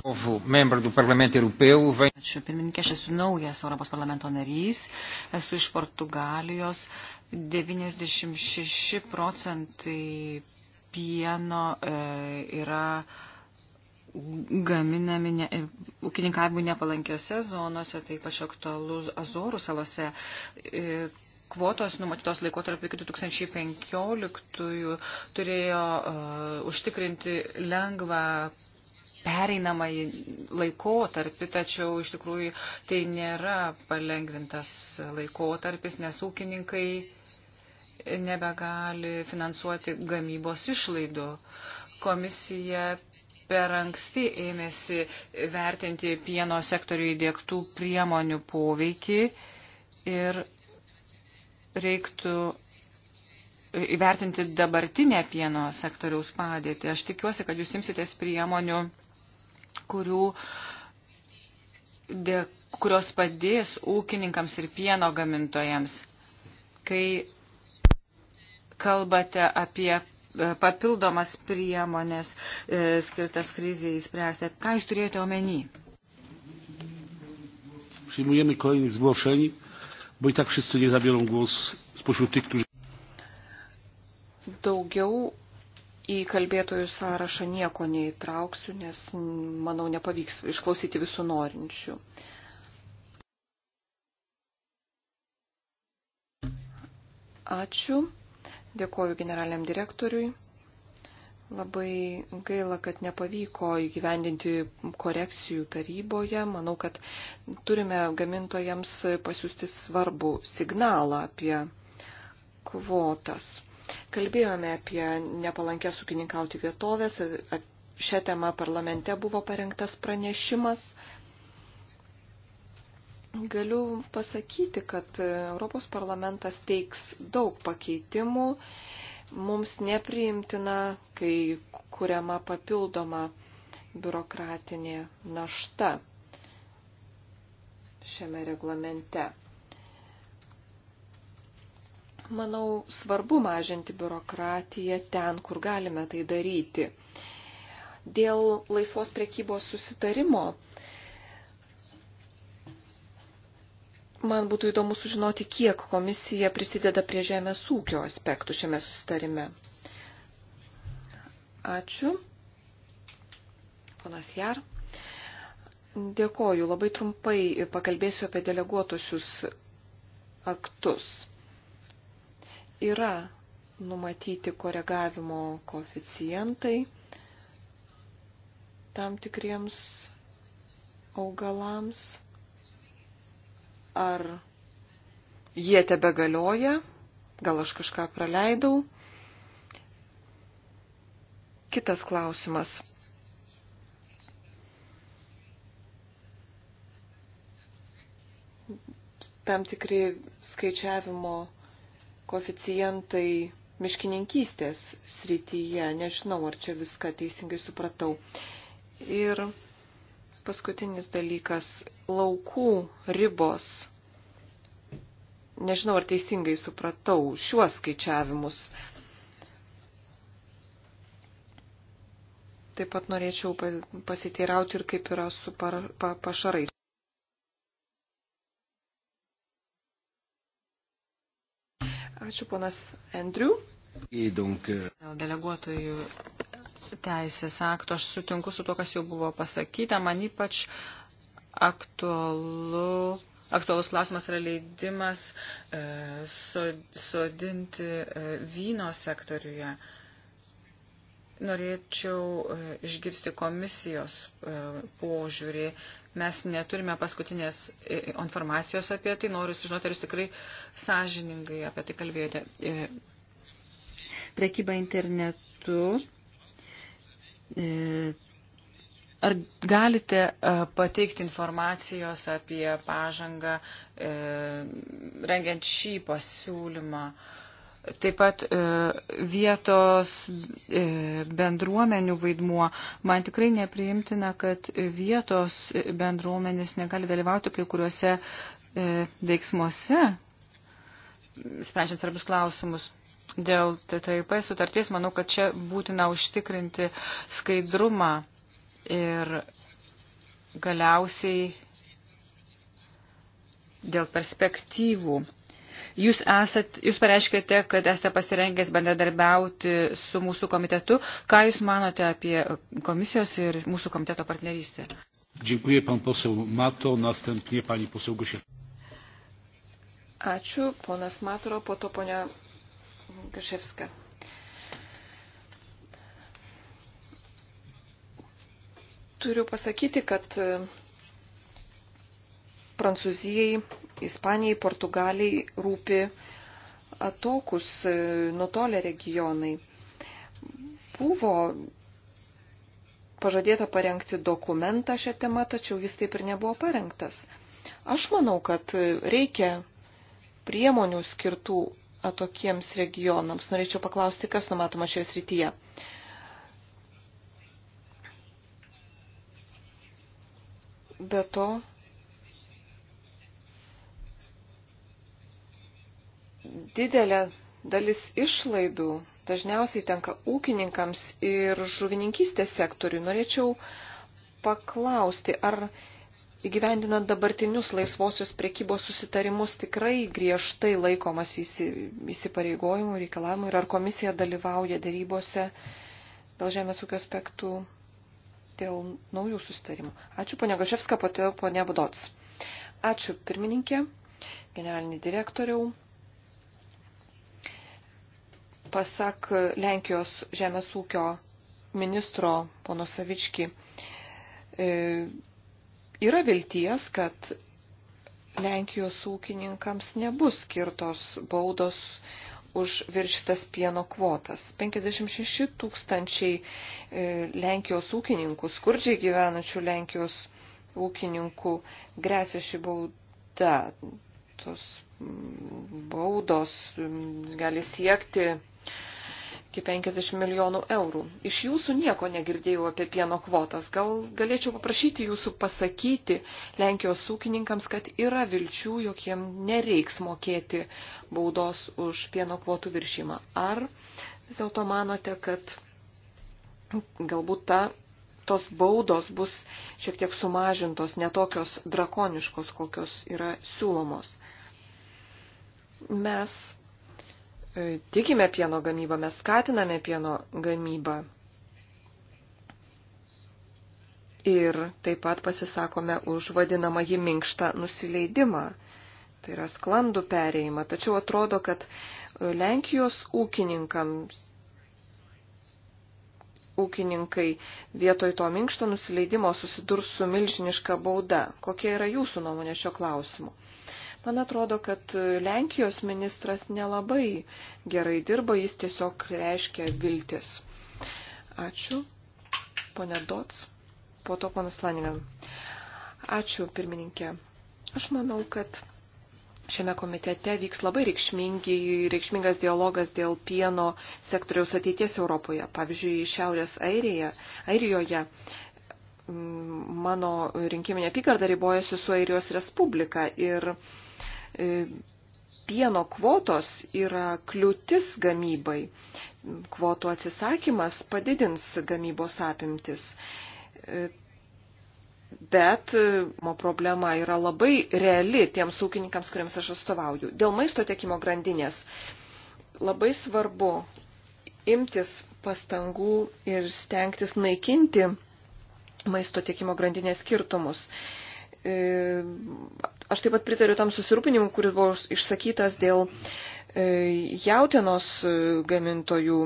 Ačiū pirmininkė, aš esu naujas Europos parlamento narys, esu iš Portugalijos, 96 procentai pieno e, yra gaminami ne, ūkininkavimui nepalankiose zonose, taip pat aktualus Azorų salose. E, kvotos numatytos laikotarpį iki 2015 turėjo uh, užtikrinti lengvą pereinamąjį laikotarpį, tačiau iš tikrųjų tai nėra palengvintas laikotarpis, nes ūkininkai nebegali finansuoti gamybos išlaidų. Komisija per anksti ėmėsi vertinti pieno sektoriui dėktų priemonių poveikį ir reiktų įvertinti dabartinę pieno sektoriaus padėtį. Aš tikiuosi, kad jūs imsitės priemonių kurių dėka kurios padės ūkininkams ir pieno gamintojams. Kai kalbate apie e, papildomas priemonės e, skirtas kriziai įspręsti, ką jūs turėjote omeny? Przyjmujemy kolejnych zgłoszeń, bo i tak wszyscy nie zabiorą głos spośród tych, którzy... Daugiau į kalbėtojų sąrašą nieko neįtrauksiu, nes, manau, nepavyks išklausyti visų norinčių. Ačiū. Dėkoju generaliniam direktoriui. Labai gaila, kad nepavyko įgyvendinti korekcijų taryboje. Manau, kad turime gamintojams pasiūsti svarbų signalą apie kvotas. Kalbėjome apie nepalankęs ūkininkauti vietovės. Šią temą parlamente buvo parengtas pranešimas. Galiu pasakyti, kad Europos parlamentas teiks daug pakeitimų. Mums nepriimtina, kai kuriama papildoma biurokratinė našta šiame reglamente manau, svarbu mažinti biurokratiją ten, kur galime tai daryti. Dėl laisvos priekybos susitarimo man būtų įdomu sužinoti, kiek komisija prisideda prie žemės ūkio aspektų šiame susitarime. Ačiū. Ponas Jar. Dėkoju. Labai trumpai pakalbėsiu apie deleguotusius aktus yra numatyti koregavimo koficijantai tam tikriems augalams, ar jie tebe galioja, gal aš kažką praleidau. Kitas klausimas. Tam tikri skaičiavimo koficijantai miškininkystės srityje. Nežinau, ar čia viską teisingai supratau. Ir paskutinis dalykas - laukų ribos. Nežinau, ar teisingai supratau šiuos skaičiavimus. Taip pat norėčiau pasiteirauti ir kaip yra su par, pa, pašarais. Ačiū, ponas Andrew. E, Dėl deleguotojų teisės akto aš sutinku su to, kas jau buvo pasakyta. Man ypač aktualu, aktualus klausimas yra leidimas e, so, sodinti e, vyno sektoriuje. E, norėčiau e, išgirsti komisijos e, požiūrį. Mes neturime paskutinės e, informacijos apie tai. Noriu sužinoti, ar jūs tikrai sąžiningai apie tai kalbėjote. Prekyba internetu. Ar galite pateikti informacijos apie pažangą rengiant šį pasiūlymą? Taip pat e, vietos e, bendruomenių vaidmuo. Man tikrai nepriimtina, kad vietos bendruomenės negali dalyvauti kai kuriuose e, veiksmuose, sprendžiant svarbius klausimus. Dėl TTIP sutarties manau, kad čia būtina užtikrinti skaidrumą ir galiausiai dėl perspektyvų Jūs, esat, jūs pareiškėte, kad esate pasirengęs bendradarbiauti su mūsų komitetu. Ką Jūs manote apie komisijos ir mūsų komiteto partnerystę? Dziękuję pan poseł Mato, następnie pani poseł Gosia. Ačiū, ponas Matro, po to ponia Gaševska. Turiu pasakyti, kad Prancūzijai Ispanijai, Portugaliai rūpi atokus, e, nutolę regionai. Buvo pažadėta parengti dokumentą šią temą, tačiau jis taip ir nebuvo parengtas. Aš manau, kad reikia priemonių skirtų atokiems regionams. Norėčiau paklausti, kas numatoma šioje srityje. Be to, didelė dalis išlaidų dažniausiai tenka ūkininkams ir žuvininkystės sektoriui. Norėčiau paklausti, ar įgyvendinant dabartinius laisvosios priekybos susitarimus tikrai griežtai laikomas įsipareigojimų reikalavimų ir ar komisija dalyvauja darybose dėl žemės ūkio aspektų dėl naujų susitarimų. Ačiū ponia Goševska, po tėvo ponia Budots. Ačiū pirmininkė, generalinį direktoriau pasak Lenkijos žemės ūkio ministro pono Savički, e, yra vilties, kad Lenkijos ūkininkams nebus skirtos baudos už viršytas pieno kvotas. 56 tūkstančiai e, Lenkijos ūkininkų, skurdžiai gyvenančių Lenkijos ūkininkų grėsia ši bauda. Tos baudos gali siekti iki 50 milijonų eurų. Iš jūsų nieko negirdėjau apie pieno kvotas. Gal galėčiau paprašyti jūsų pasakyti Lenkijos ūkininkams, kad yra vilčių, jog jiem nereiks mokėti baudos už pieno kvotų viršymą. Ar vis dėlto manote, kad galbūt ta, tos baudos bus šiek tiek sumažintos, netokios drakoniškos, kokios yra siūlomos. Mes E, tikime pieno gamybą, mes skatiname pieno gamybą. Ir taip pat pasisakome už vadinamąjį minkštą nusileidimą. Tai yra sklandų perėjimą. Tačiau atrodo, kad Lenkijos ūkininkams ūkininkai vietoj to minkšto nusileidimo susidurs su milžiniška bauda. Kokia yra jūsų nuomonė šio klausimu? Man atrodo, kad Lenkijos ministras nelabai gerai dirba, jis tiesiog reiškia viltis. Ačiū, ponė Dots, po to ponas Lanigan. Ačiū, pirmininkė. Aš manau, kad šiame komitete vyks labai reikšmingas dialogas dėl pieno sektoriaus ateities Europoje. Pavyzdžiui, Šiaurės Airija, Airijoje mano rinkiminė apygarda ribojasi su Airijos Respublika ir E, pieno kvotos yra kliūtis gamybai. Kvotų atsisakymas padidins gamybos apimtis. E, bet e, mo problema yra labai reali tiems ūkininkams, kuriems aš atstovauju. Dėl maisto tiekimo grandinės labai svarbu imtis pastangų ir stengtis naikinti maisto tiekimo grandinės skirtumus. E, aš taip pat pritariu tam susirūpinimu, kuris buvo išsakytas dėl e, jautienos e, gamintojų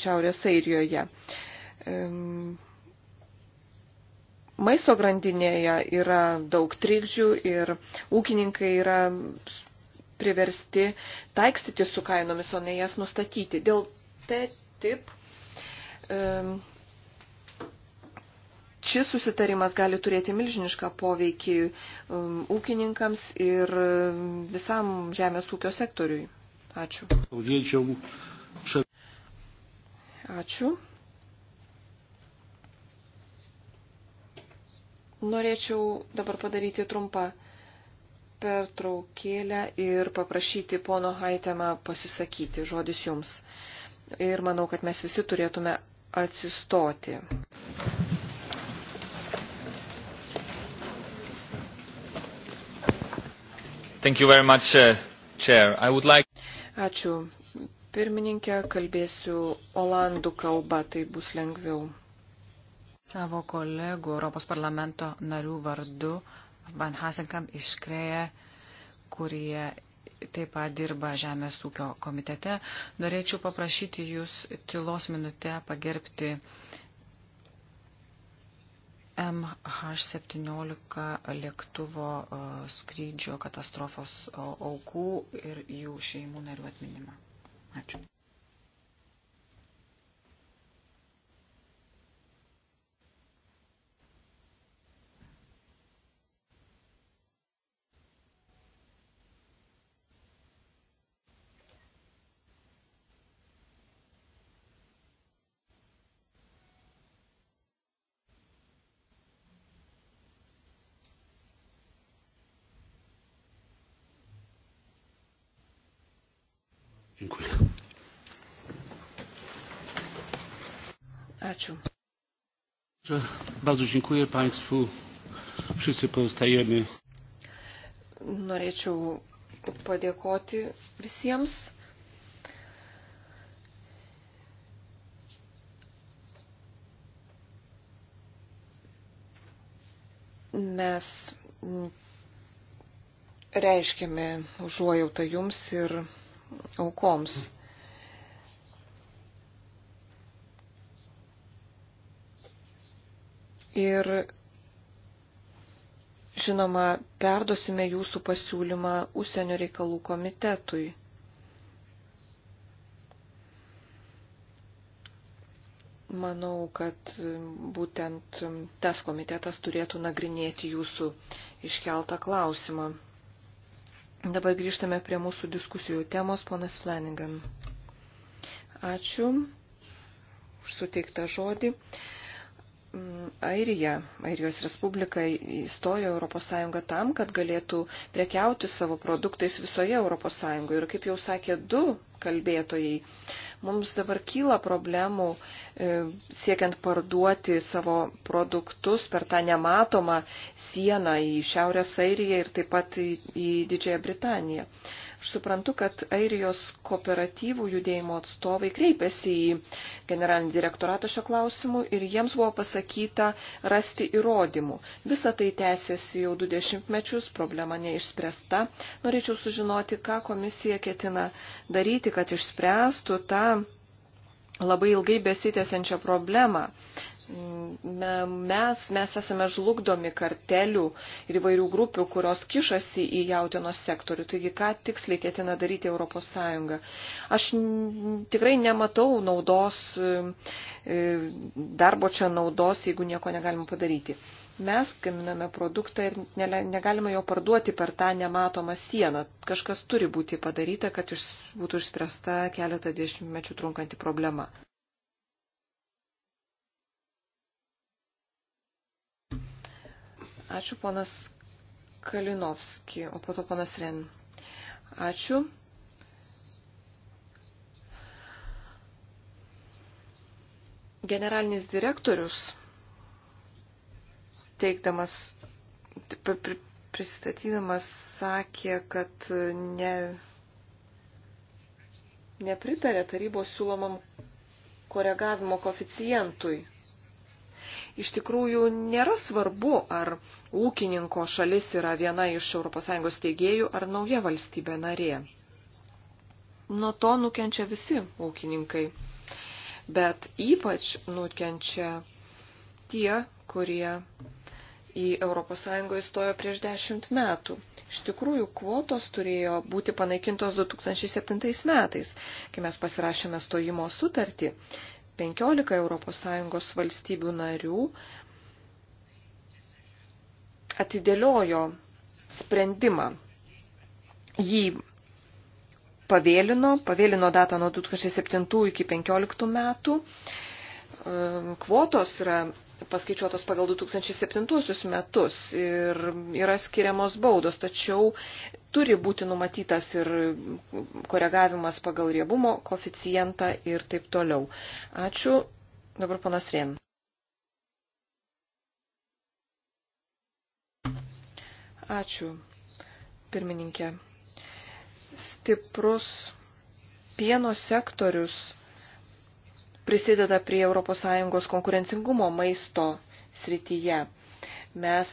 Šiaurės Airijoje. Maisto grandinėje yra daug trikdžių ir ūkininkai yra priversti taikstyti su kainomis, o ne jas nustatyti. Dėl T-tip um, šis susitarimas gali turėti milžinišką poveikį um, ūkininkams ir um, visam žemės ūkio sektoriui. Ačiū. Ačiū. Norėčiau dabar padaryti trumpą pertraukėlę ir paprašyti pono Haitemą pasisakyti žodis jums. Ir manau, kad mes visi turėtume atsistoti. Thank you very much, uh, Chair. I would like... Ačiū. Pirmininkė, kalbėsiu olandų kalba, tai bus lengviau. Savo kolegų Europos parlamento narių vardu Van Hasenkamp iškrėja, kurie taip pat dirba Žemės ūkio komitete. Norėčiau paprašyti jūs tylos minutę pagerbti uh, MH17 lėktuvo e, skrydžio katastrofos e, aukų ir jų šeimų narių atminimą. Ačiū. Ačiū. Bardzo dziękuję Państwu. Wszyscy pozostajemy. Norėčiau padėkoti visiems. Mes reiškiame užuojautą jums ir aukoms. Mm. Ir žinoma, perdosime jūsų pasiūlymą užsienio reikalų komitetui. Manau, kad būtent tas komitetas turėtų nagrinėti jūsų iškeltą klausimą. Dabar grįžtame prie mūsų diskusijų temos, ponas Flanagan. Ačiū už suteiktą žodį. Uh, Airija, Airijos Respublika įstojo Europos Sąjungą tam, kad galėtų prekiauti savo produktais visoje Europos Sąjungoje. Ir kaip jau sakė du kalbėtojai, mums dabar kyla problemų e, siekiant parduoti savo produktus per tą nematomą sieną į Šiaurės Airiją ir taip pat į, į Didžiąją Britaniją. E, Aš suprantu, kad Airijos kooperatyvų judėjimo atstovai kreipėsi į generalinį direktoratą šio klausimu ir jiems buvo pasakyta rasti įrodymų. Visa tai tęsiasi jau 20 mečius, problema neišspręsta. Norėčiau sužinoti, ką komisija ketina daryti, kad išspręstų tą labai ilgai besitęsiančią problemą mes, mes esame žlugdomi kartelių ir įvairių grupių, kurios kišasi į jautienos sektorių. Taigi, ką tiksliai ketina daryti ES? Aš tikrai nematau naudos, e, darbo čia naudos, jeigu nieko negalime padaryti. Mes gaminame produktą ir negalime jo parduoti per tą nematomą sieną. Kažkas turi būti padaryta, kad iš, būtų išspręsta keletą dešimtmečių trunkanti problema. Ačiū, ponas Kalinovski, o po to ponas Ren. Ačiū. Generalinis direktorius, teikdamas, pristatydamas, sakė, kad ne, nepritarė tarybos siūlomam koregavimo koficijentui iš tikrųjų nėra svarbu, ar ūkininko šalis yra viena iš ES teigėjų ar nauja valstybė narė. Nuo to nukenčia visi ūkininkai, bet ypač nukenčia tie, kurie į ES įstojo prieš dešimt metų. Iš tikrųjų, kvotos turėjo būti panaikintos 2007 metais, kai mes pasirašėme stojimo sutartį. 15 ES valstybių narių atidėliojo sprendimą. Jį pavėlino, pavėlino datą nuo 2007 iki 2015 metų. Ehm, kvotos yra paskaičiuotos pagal 2007 metus ir yra skiriamos baudos, tačiau turi būti numatytas ir koregavimas pagal riebumo koficijantą ir taip toliau. Ačiū. Dabar panas Rien. Ačiū, pirmininkė. Stiprus pieno sektorius prisideda prie ES konkurencingumo maisto srityje. Mes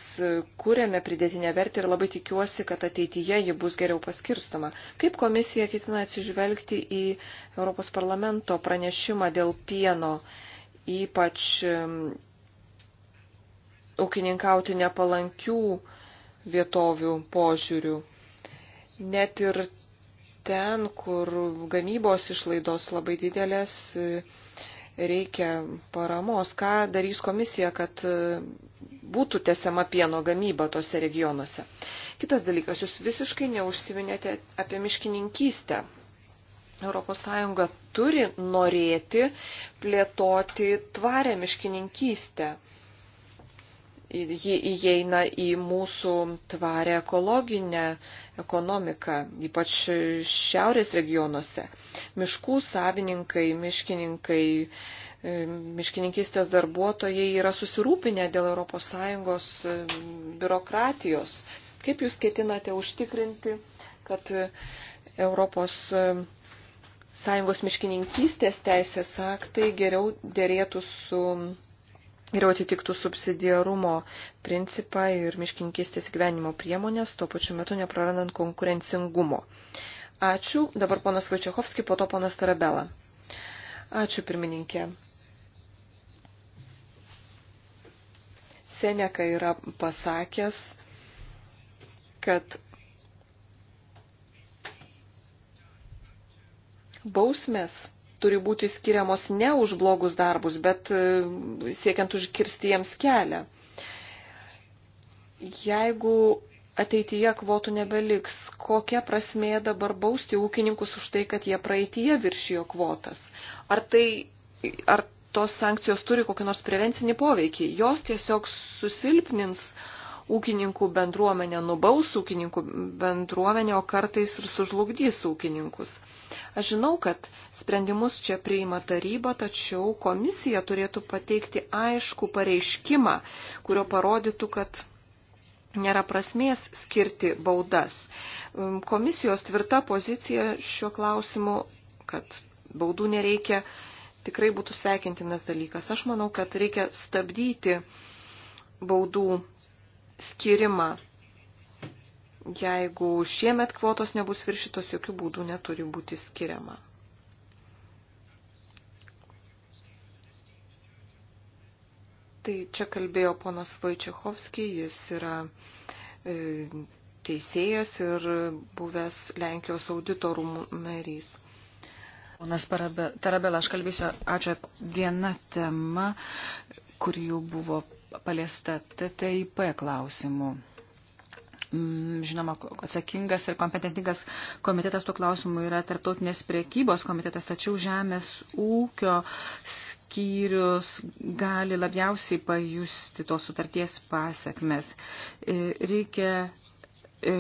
kūrėme pridėtinę vertę ir labai tikiuosi, kad ateityje ji bus geriau paskirstoma. Kaip komisija ketina atsižvelgti į Europos parlamento pranešimą dėl pieno, ypač ūkininkauti nepalankių vietovių požiūrių? Net ir ten, kur gamybos išlaidos labai didelės, reikia paramos. Ką darys komisija, kad būtų tesiama pieno gamyba tose regionuose? Kitas dalykas, jūs visiškai neužsiminėte apie miškininkystę. ES turi norėti plėtoti tvarę miškininkystę ji įeina į mūsų tvarę ekologinę ekonomiką, ypač šiaurės regionuose. Miškų savininkai, miškininkai, e, miškininkistės darbuotojai yra susirūpinę dėl ES biurokratijos. Kaip jūs ketinate užtikrinti, kad Europos Sąjungos miškininkystės teisės aktai geriau dėrėtų su geriau atitiktų subsidiarumo principą ir miškinkistės gyvenimo priemonės, tuo pačiu metu neprarandant konkurencingumo. Ačiū. Dabar ponas Vačiachovski, po to ponas Tarabela. Ačiū, pirmininkė. Seneka yra pasakęs, kad bausmės turi būti skiriamos ne už blogus darbus, bet e, siekiant užkirsti jiems kelią. Jeigu ateityje kvotų nebeliks, kokia prasmė dabar bausti ūkininkus už tai, kad jie praeitie viršijo kvotas? Ar, tai, ar tos sankcijos turi kokį nors prevencinį poveikį? Jos tiesiog susilpnins uh, ūkininkų bendruomenė nubaus ūkininkų bendruomenė, o kartais ir sužlugdys ūkininkus. Aš žinau, kad sprendimus čia priima taryba, tačiau komisija turėtų pateikti aišku pareiškimą, kurio parodytų, kad nėra prasmės skirti baudas. Um, komisijos tvirta pozicija šiuo klausimu, kad baudų nereikia, tikrai būtų sveikintinas dalykas. Aš manau, kad reikia stabdyti baudų skirimą. Jeigu šiemet kvotos nebus viršytos, jokių būdų neturi būti skiriama. Tai čia kalbėjo ponas Vaičiachovskiai, jis yra e, teisėjas ir buvęs Lenkijos auditorų narys. Ponas Tarabela, aš kalbėsiu, ačiū, viena tema, kuri jau buvo paliesta TTIP klausimų. Mm, žinoma, atsakingas ir kompetentingas komitetas tuo klausimu yra tarptautinės priekybos komitetas, tačiau žemės ūkio skyrius gali labiausiai pajusti tos sutarties pasiekmes. E, reikia E,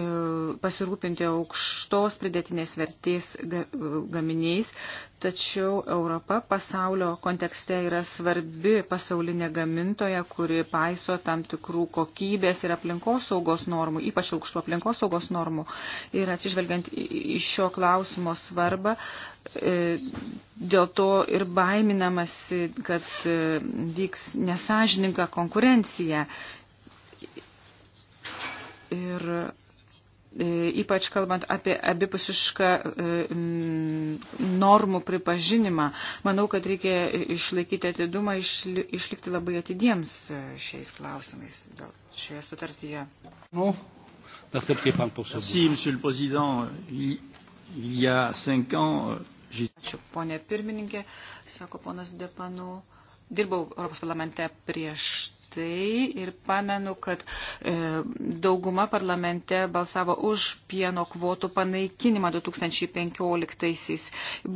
pasirūpinti aukštos pridėtinės vertės e, gaminiais, tačiau Europa pasaulio kontekste yra svarbi pasaulinė gamintoja, kuri paiso tam tikrų kokybės ir aplinkosaugos normų, ypač aukštų aplinkosaugos normų. Ir atsižvelgiant į šio klausimo svarbą, e, dėl to ir baiminamasi, kad vyks nesažininga konkurencija. Ir E, ypač kalbant apie abipusišką e, normų pripažinimą. Manau, kad reikia išlaikyti atidumą, išlikti labai atidiems e, šiais klausimais šioje sutartyje. Nu, Merci, Monsieur le Président. Il y a cinq ans, euh, j'ai. Ačiū, ponė pirmininkė, sako ponas Depanu. Dirbau Europos parlamente prieš tai ir pamenu, kad e, dauguma parlamente balsavo už pieno kvotų panaikinimą 2015-aisiais.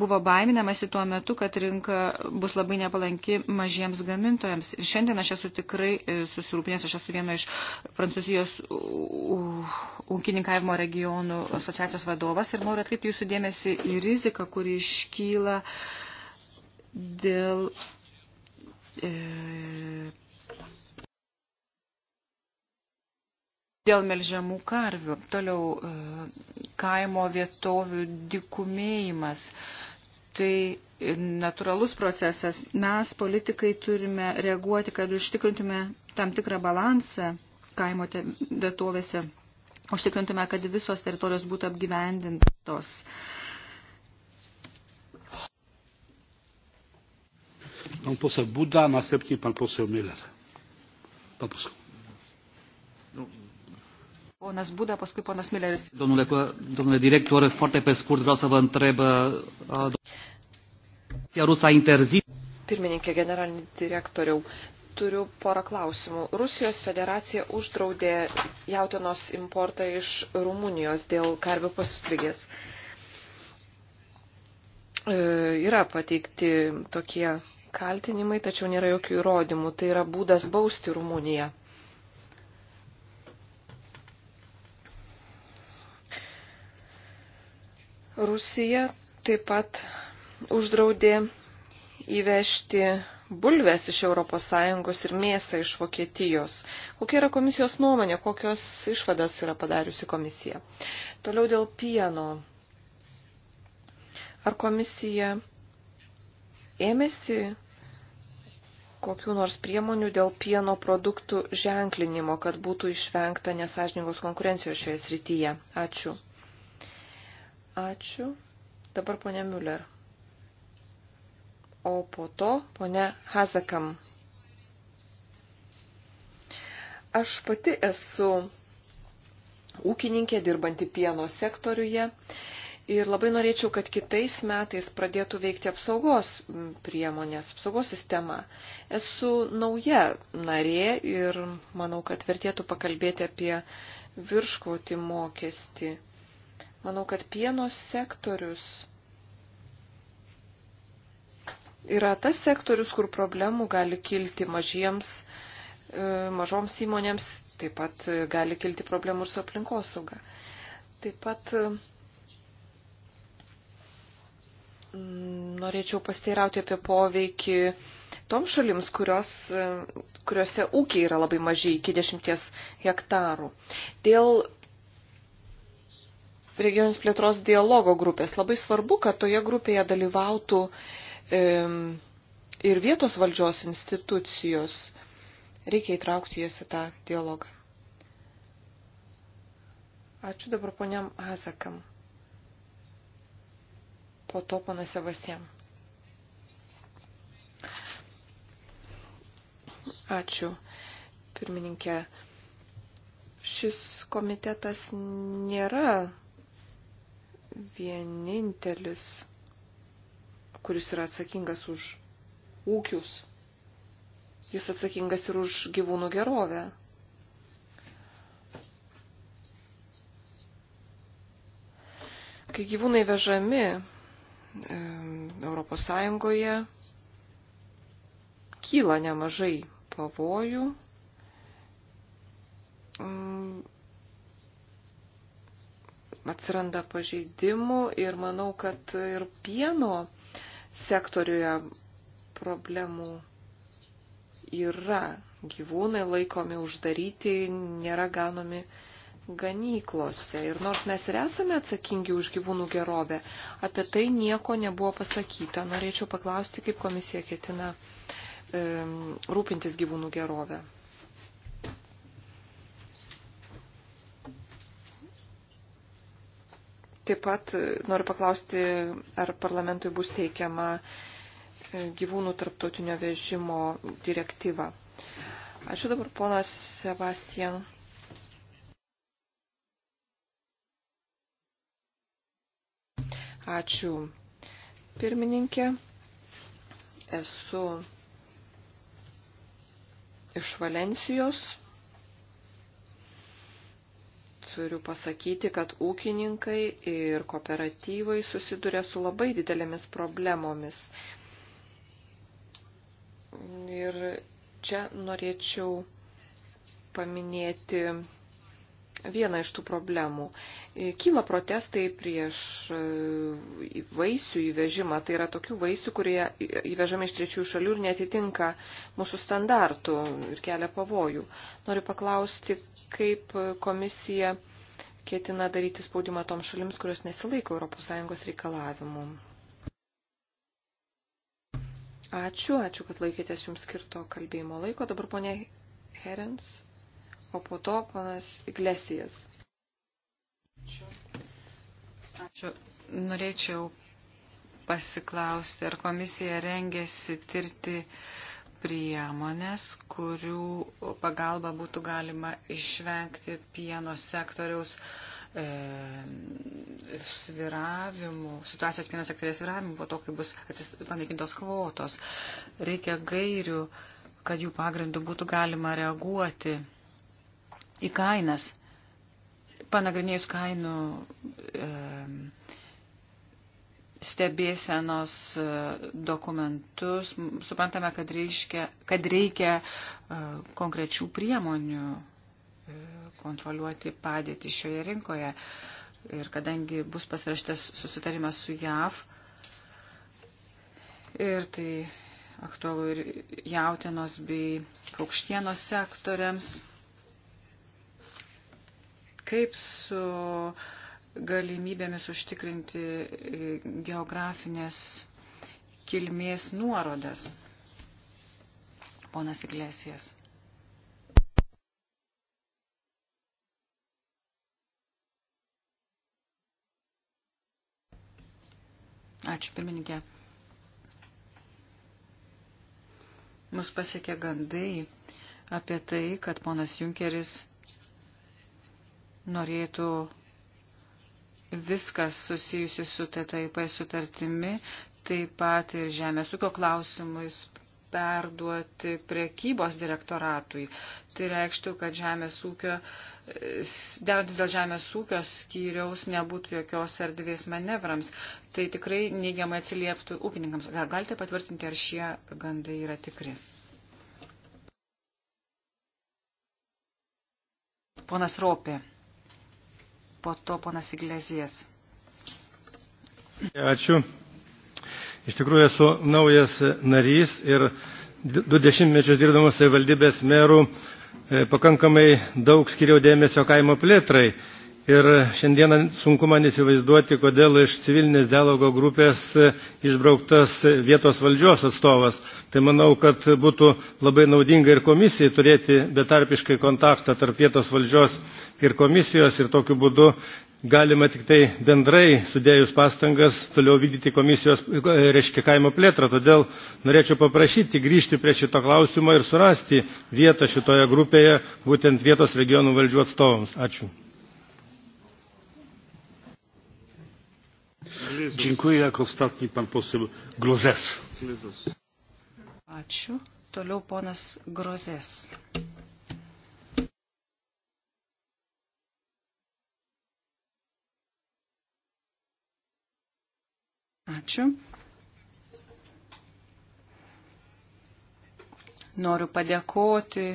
Buvo baiminamasi tuo metu, kad rinka bus labai nepalanki mažiems gamintojams. Ir šiandien aš esu tikrai e, susirūpinęs, aš esu vieno iš Prancūzijos ūkininkavimo regionų asociacijos vadovas ir noriu atkreipti jūsų dėmesį į riziką, kuri iškyla dėl e, dėl melžiamų karvių. Toliau e, kaimo vietovių dikumėjimas. Tai natūralus procesas. Mes, politikai, turime reaguoti, kad užtikrintume tam tikrą balansą kaimo vietovėse. Užtikrintume, kad visos teritorijos būtų apgyvendintos. Pan poseł Buda, następnie pan poseł Miller. Pan poseł. Ponas Būda, paskui ponas Milleris. Domnule, domnule direktor, foarte pe scurt vreau să vă întreb. Uh, Rusia interzis. Pirmininkė, generalinį direktoriau, turiu porą klausimų. Rusijos federacija uždraudė jautinos importą iš Rumunijos dėl karvių pasitlygės. E, yra pateikti tokie kaltinimai, tačiau nėra jokių įrodymų. Tai yra būdas bausti Rumuniją. Rusija taip pat uždraudė įvežti bulves iš ES ir mėsą iš Vokietijos. Kokia yra komisijos nuomonė, kokios išvadas yra padariusi komisija? Toliau dėl pieno. Ar komisija ėmėsi kokiu nors priemonių dėl pieno produktų ženklinimo, kad būtų išvengta nesažiningos konkurencijos šioje srityje? Ačiū. Ačiū. Dabar ponė Müller. O po to ponė Hazakam. Aš pati esu ūkininkė dirbanti pieno sektoriuje ir labai norėčiau, kad kitais metais pradėtų veikti apsaugos priemonės, apsaugos sistema. Esu nauja narė ir manau, kad vertėtų pakalbėti apie virškoti mokestį. Manau, kad pieno sektorius yra tas sektorius, kur problemų gali kilti mažiems, e, mažoms įmonėms, taip pat gali kilti problemų ir su aplinkosauga. Taip pat e, norėčiau pasteirauti apie poveikį tom šalims, kurios, e, kuriuose ūkiai yra labai maži, iki dešimties hektarų. Dėl regionis plėtros dialogo grupės. Labai svarbu, kad toje grupėje dalyvautų e, ir vietos valdžios institucijos. Reikia įtraukti jas į tą dialogą. Ačiū dabar poniam Azakam. Po to pana Sevasiem. Ačiū, pirmininkė šis komitetas nėra vienintelis, kuris yra atsakingas už ūkius. Jis atsakingas ir už gyvūnų gerovę. Kai gyvūnai vežami e, Europos Sąjungoje, kyla nemažai pavojų. Mm atsiranda pažeidimų ir manau, kad ir pieno sektoriuje problemų yra. Gyvūnai laikomi uždaryti, nėra ganomi ganyklose. Ir nors mes ir esame atsakingi už gyvūnų gerovę, apie tai nieko nebuvo pasakyta. Norėčiau paklausti, kaip komisija ketina e, rūpintis gyvūnų gerovę. Taip pat e, noriu paklausti, ar parlamentui bus teikiama e, gyvūnų tarptautinio vežimo direktyva. Ačiū dabar ponas Sebastian. Ačiū pirmininkė. Esu iš Valencijos turiu pasakyti, kad ūkininkai ir kooperatyvai susiduria su labai didelėmis problemomis. Ir čia norėčiau paminėti vieną iš tų problemų. E, kyla protestai prieš e, vaisių įvežimą, tai yra tokių vaisių, kurie įvežami iš trečiųjų šalių ir netitinka mūsų standartų ir kelia pavojų. Noriu paklausti, kaip komisija ketina daryti spaudimą toms šalims, kurios nesilaiko ES reikalavimų. Ačiū, ačiū, kad laikėtės jums skirto kalbėjimo laiko. Dabar ponė Herens o po to panas Iglesijas. Ačiū. Norėčiau pasiklausti, ar komisija rengėsi tirti priemonės, kurių pagalba būtų galima išvengti pieno sektoriaus e, sviravimų, situacijos pieno sektorės sviravimų po to, kai bus panaikintos kvotos. Reikia gairių, kad jų pagrindų būtų galima reaguoti į kainas. Panagrinėjus kainų e, stebėsenos dokumentus, suprantame, kad, reiškia, kad reikia e, konkrečių priemonių e, kontroliuoti padėtį šioje rinkoje. Ir kadangi bus pasirašytas susitarimas su JAV, ir tai aktualu ir jautinos bei paukštienos sektoriams, kaip su galimybėmis užtikrinti e, geografinės kilmės nuorodas. Ponas Iglesijas. Ačiū, pirmininkė. Mus pasiekė gandai apie tai, kad ponas Junkeris norėtų viskas susijusi su TTIP sutartimi, taip pat ir žemės ūkio klausimais perduoti prekybos direktoratui. Tai reikštų, kad žemės ūkio, derantis dėl žemės ūkio skyriaus nebūtų jokios erdvės manevrams. Tai tikrai neigiamai atsilieptų ūkininkams. Gal galite patvirtinti, ar šie gandai yra tikri? Ponas Ropė po to ponas Iglesijas. Ačiū. Iš tikrųjų esu naujas narys ir du dešimtmečius dirbdamas savivaldybės merų e, pakankamai daug skiriau dėmesio kaimo plėtrai Ir šiandieną sunku man įsivaizduoti, kodėl iš civilinės dialogo grupės e, išbrauktas vietos valdžios atstovas. Tai manau, kad būtų labai naudinga ir komisijai turėti betarpiškai kontaktą tarp vietos valdžios ir komisijos ir tokiu būdu galima tik tai bendrai sudėjus pastangas toliau vykdyti komisijos e, e, reiškia kaimo plėtrą. Todėl norėčiau paprašyti grįžti prie šito klausimo ir surasti vietą šitoje grupėje būtent vietos regionų valdžių atstovams. Ačiū. Dziękuję. Jako ostatni pan poseł Grozes. Ačiū. Toliau ponas Grozes. Ačiū. Noriu padėkoti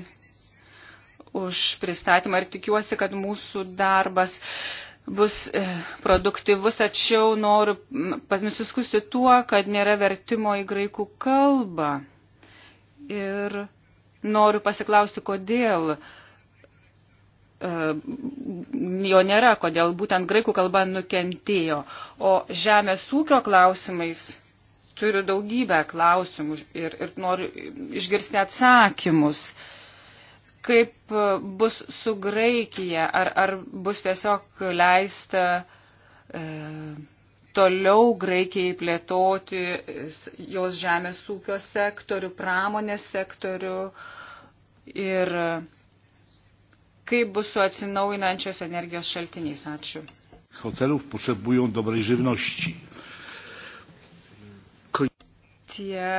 už pristatymą ir tikiuosi, kad mūsų darbas bus e, produktyvus, tačiau noriu nusiskusi tuo, kad nėra vertimo į graikų kalbą. Ir noriu pasiklausti, kodėl e, jo nėra, kodėl būtent graikų kalba nukentėjo. O žemės ūkio klausimais turiu daugybę klausimų ir, ir noriu išgirsti atsakymus. Uh, kaip e, bus su Graikija, ar, ar bus tiesiog leista e, toliau Graikijai plėtoti jos žemės ūkio sektorių, pramonės sektorių ir e, kaip bus su atsinaujinančios energijos šaltiniais. Ačiū. Hotelų potrzebują dobrej živności. Ko... Tie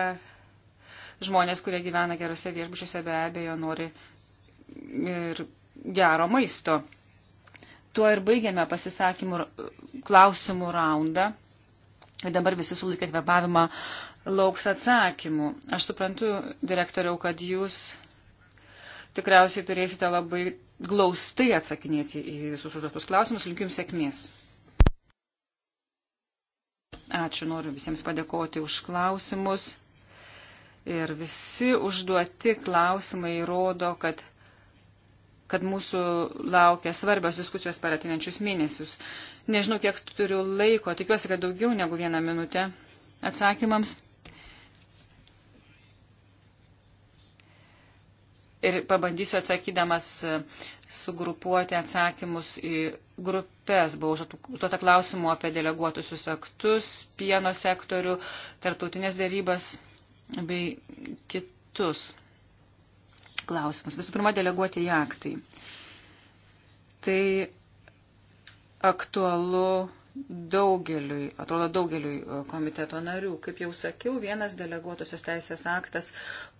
žmonės, kurie gyvena gerose viešbučiuose, be abejo nori ir gero maisto. Tuo ir baigėme pasisakymų klausimų raundą. Ir dabar visi sulaikę kvepavimą lauks atsakymų. Aš suprantu, direktoriau, kad jūs tikriausiai turėsite labai glaustai atsakinėti į visus užduotus klausimus. Linkiu jums sėkmės. Ačiū, noriu visiems padėkoti už klausimus. Ir visi užduoti klausimai rodo, kad kad mūsų laukia svarbios diskusijos per atinančius mėnesius. Nežinau, kiek turiu laiko, tikiuosi, kad daugiau negu vieną minutę atsakymams. Ir pabandysiu atsakydamas sugrupuoti atsakymus į grupės. Buvo užduota klausimų apie deleguotusius aktus, pieno sektorių, tarptautinės dėrybas bei kitus klausimus. Visų pirma, deleguoti į aktai. Tai aktualu daugeliui, atrodo daugeliui e, komiteto narių. Kaip jau sakiau, vienas deleguotosios teisės aktas,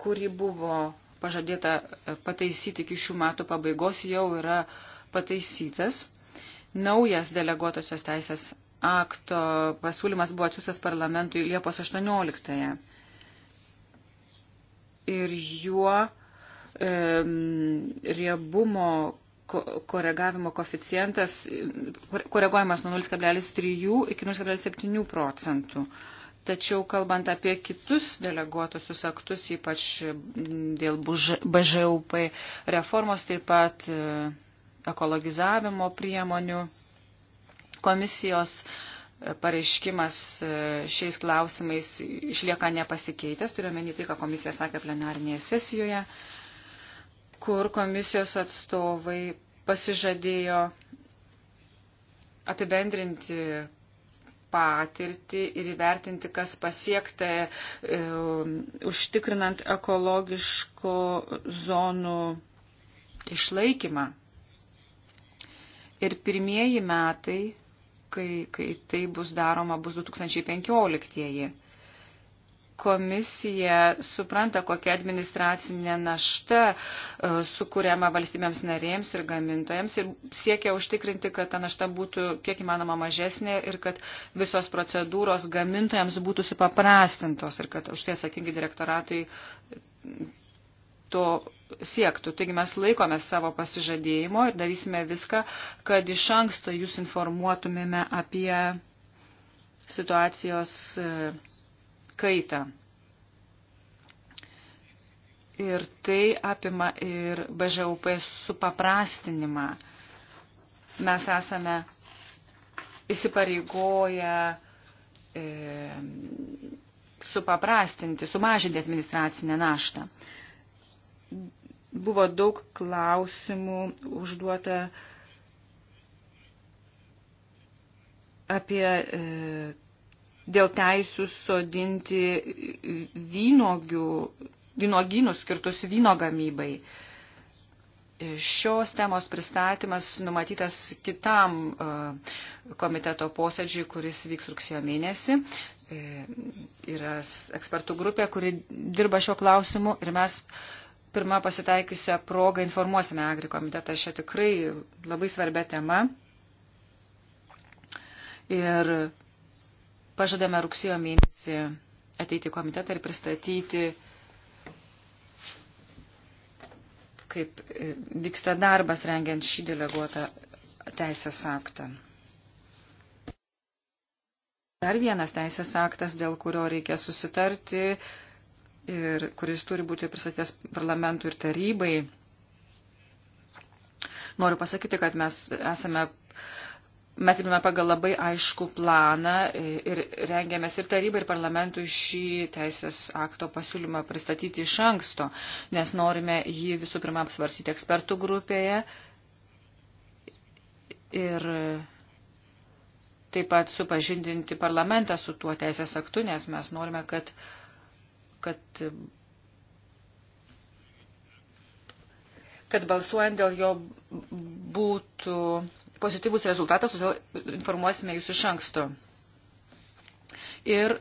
kurį buvo pažadėta e, pataisyti iki šių metų pabaigos, jau yra pataisytas. Naujas deleguotosios teisės akto pasiūlymas buvo atsiūstas parlamentui Liepos 18. -ąją. Ir juo riebumo koregavimo koficijantas koreguojamas nuo 0,3 iki 0,7 procentų. Tačiau kalbant apie kitus deleguotusius aktus, ypač dėl BŽUP reformos, taip pat e, ekologizavimo priemonių, komisijos e, pareiškimas e, šiais klausimais išlieka nepasikeitęs, turiuomenį tai, ką komisija sakė plenarinėje sesijoje kur komisijos atstovai pasižadėjo apibendrinti patirtį ir įvertinti, kas pasiekta e, užtikrinant ekologiško zonų išlaikymą. Ir pirmieji metai, kai, kai tai bus daroma, bus 2015. -tieji komisija supranta, kokia administracinė našta e, sukūriama valstybėms narėms ir gamintojams ir siekia užtikrinti, kad ta našta būtų kiek įmanoma mažesnė ir kad visos procedūros gamintojams būtų supaprastintos ir kad už tai atsakingi direktoratai to siektų. Taigi mes laikomės savo pasižadėjimo ir darysime viską, kad iš anksto jūs informuotumėme apie situacijos e, kaitą. Ir tai apima ir BŽUP supaprastinimą. Mes esame įsipareigoję e, supaprastinti, sumažinti administracinę naštą. Buvo daug klausimų užduota apie e, dėl teisų sodinti vynogių, vynogynus skirtus vyno gamybai. Šios temos pristatymas numatytas kitam e, komiteto posėdžiui, kuris vyks rugsėjo mėnesį. E, yra ekspertų grupė, kuri dirba šio klausimu ir mes pirmą pasitaikiusią progą informuosime Agri komitetą šią tikrai labai svarbę temą. Ir Pažadame rugsėjo mėnesį ateiti komitetą ir pristatyti, kaip e, vyksta darbas rengiant šį deleguotą teisės aktą. Dar vienas teisės aktas, dėl kurio reikia susitarti ir kuris turi būti pristatęs parlamentui ir tarybai. Noriu pasakyti, kad mes esame Mes dirbame pagal labai aišku planą ir rengiamės ir tarybai, ir parlamentui šį teisės akto pasiūlymą pristatyti iš anksto, nes norime jį visų pirma apsvarsyti ekspertų grupėje ir taip pat supažindinti parlamentą su tuo teisės aktu, nes mes norime, kad, kad kad balsuojant dėl jo būtų pozityvus rezultatas, todėl informuosime jūs iš anksto. Ir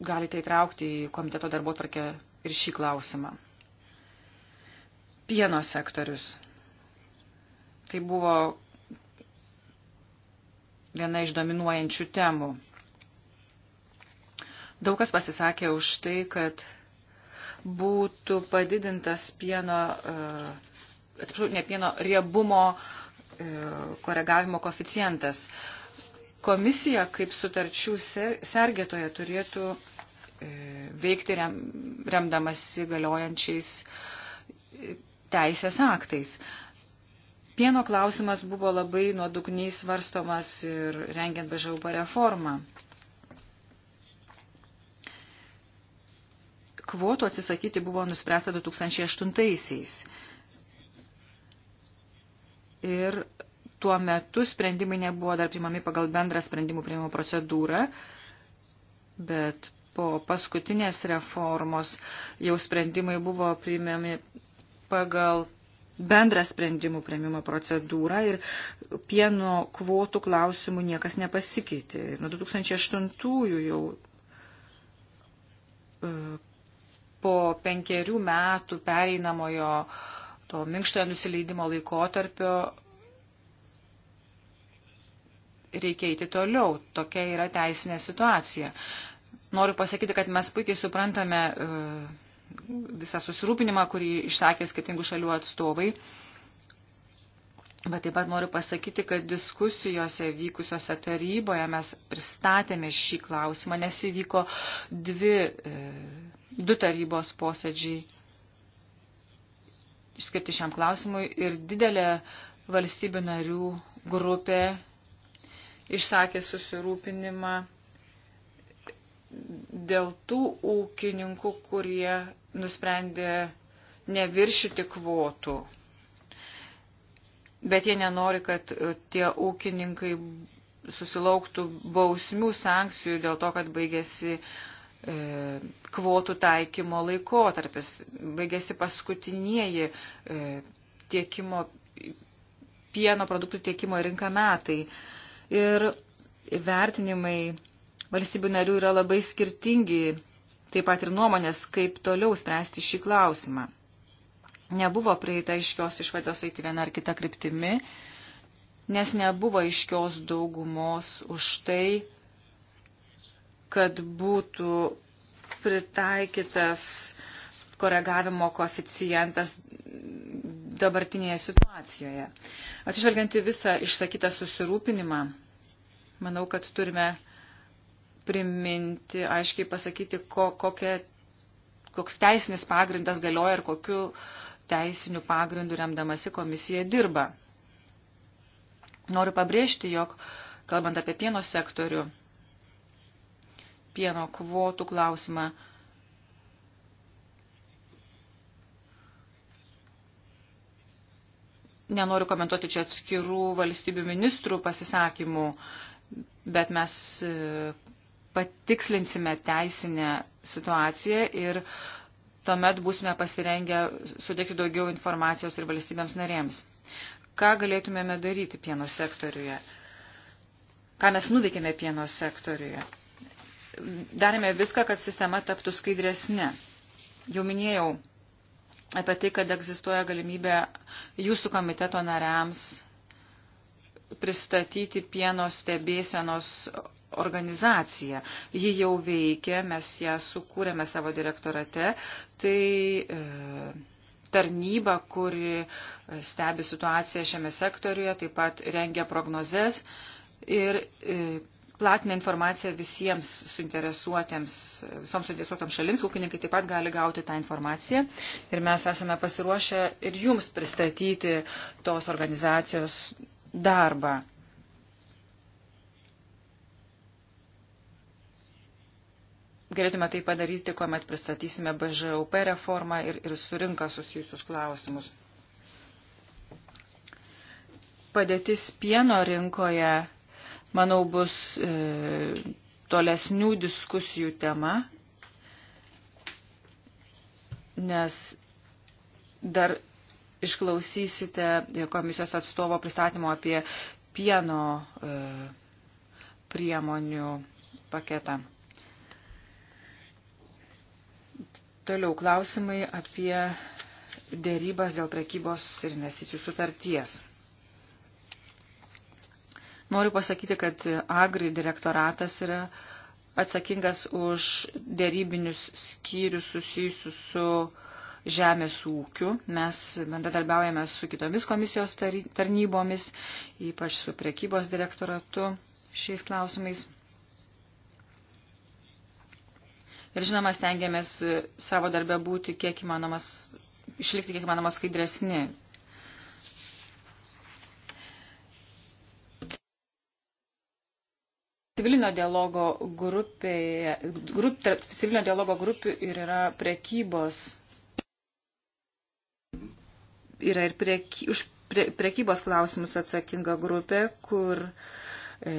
galite įtraukti į komiteto darbo tvarkę ir šį klausimą. Pieno sektorius. Tai buvo viena iš dominuojančių temų. Daug kas pasisakė už tai, kad būtų padidintas pieno uh, atsiprašau, ne pieno riebumo e, koregavimo koficijantas. Komisija kaip sutarčių sergėtoja turėtų e, veikti remdamas įgaliojančiais e, teisės aktais. Pieno klausimas buvo labai nuodugniai svarstomas ir rengiant BŽUP reformą. Kvotų atsisakyti buvo nuspręsta 2008-aisiais ir tuo metu sprendimai nebuvo dar primami pagal bendrą sprendimų priimimo procedūrą, bet po paskutinės reformos jau sprendimai buvo priimami pagal bendrą sprendimų priimimo procedūrą ir pieno kvotų klausimų niekas nepasikeitė. Nuo 2008 jau e, po penkerių metų pereinamojo uh, to minkštojo nusileidimo laikotarpio reikia eiti toliau. Tokia yra teisinė situacija. Noriu pasakyti, kad mes puikiai suprantame e, visą susirūpinimą, kurį išsakė skirtingų šalių atstovai. Bet taip pat noriu pasakyti, kad diskusijose vykusiose taryboje mes pristatėme šį klausimą, nes įvyko dvi, e, du tarybos posėdžiai išskirti šiam klausimui ir didelė valstybių narių grupė išsakė susirūpinimą dėl tų ūkininkų, kurie nusprendė neviršyti kvotų. Bet jie nenori, kad e, tie ūkininkai susilauktų bausmių sankcijų dėl to, kad baigėsi uh, E, kvotų taikymo laikotarpis. Baigėsi paskutinieji e, tiekimo, pieno produktų tiekimo rinka metai. Ir vertinimai valstybių narių yra labai skirtingi, taip pat ir nuomonės, kaip toliau spręsti šį klausimą. Nebuvo prieita iškios išvados eiti viena ar kita kryptimi, nes nebuvo iškios daugumos už tai, kad būtų pritaikytas koregavimo koeficientas dabartinėje situacijoje. Atsižvelgiant į visą išsakytą susirūpinimą, manau, kad turime priminti, aiškiai pasakyti, ko, kokia, koks teisinis pagrindas galioja ir kokiu teisiniu pagrindu remdamasi komisija dirba. Noriu pabrėžti, jog, kalbant apie pieno sektorių, pieno kvotų klausimą. Nenoriu komentuoti čia atskirų valstybių ministrų pasisakymų, bet mes e, patikslinsime teisinę situaciją ir tuomet būsime pasirengę sudėkti daugiau informacijos ir valstybėms narėms. Ką galėtumėme daryti pieno sektoriuje? Ką mes nuveikėme pieno sektoriuje? darėme viską, kad sistema taptų skaidresnė. Jau minėjau apie tai, kad egzistuoja galimybė jūsų komiteto nariams pristatyti pieno stebėsenos organizacija. Ji jau veikia, mes ją sukūrėme savo direktorate. Tai e, tarnyba, kuri e, stebi situaciją šiame sektoriuje, taip pat rengia prognozes ir e, platina informaciją visiems suinteresuotiems, visoms suinteresuotams šalims, ūkininkai taip pat gali gauti tą informaciją ir mes esame pasiruošę ir jums pristatyti tos organizacijos darbą. Galėtume tai padaryti, kuomet pristatysime BŽUP reformą ir, ir surinka susijusius klausimus. Padėtis pieno rinkoje manau, bus e, tolesnių diskusijų tema, nes dar išklausysite komisijos atstovo pristatymo apie pieno e, priemonių paketą. Toliau klausimai apie dėrybas dėl prekybos ir investicijų sutarties. Noriu pasakyti, kad Agri direktoratas yra atsakingas už dėrybinius skyrius susijusius su žemės ūkiu. Mes bendradarbiaujame su kitomis komisijos tarnybomis, ypač su priekybos direktoratu šiais klausimais. Ir žinoma, stengiamės savo darbę būti kiek įmanomas, išlikti kiek įmanomas skaidresni civilinio dialogo grupėje, grup, tarp civilinio dialogo grupių ir yra prekybos. Yra ir prieky, už prie, prekybos klausimus atsakinga grupė, kur e,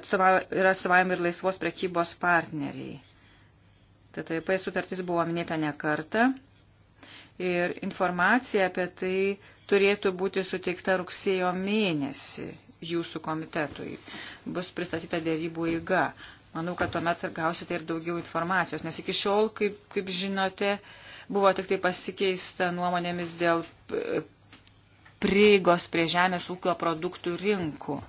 atsava, yra savaim ir laisvos prekybos partneriai. TTIP sutartis buvo minėta ne kartą ir informacija apie tai turėtų būti suteikta rugsėjo mėnesį jūsų komitetui. Bus pristatyta dėrybų įga. Manau, kad tuomet gausite ir daugiau informacijos, nes iki šiol, kaip, kaip žinote, buvo tik tai pasikeista nuomonėmis dėl prieigos prie žemės ūkio produktų rinkų.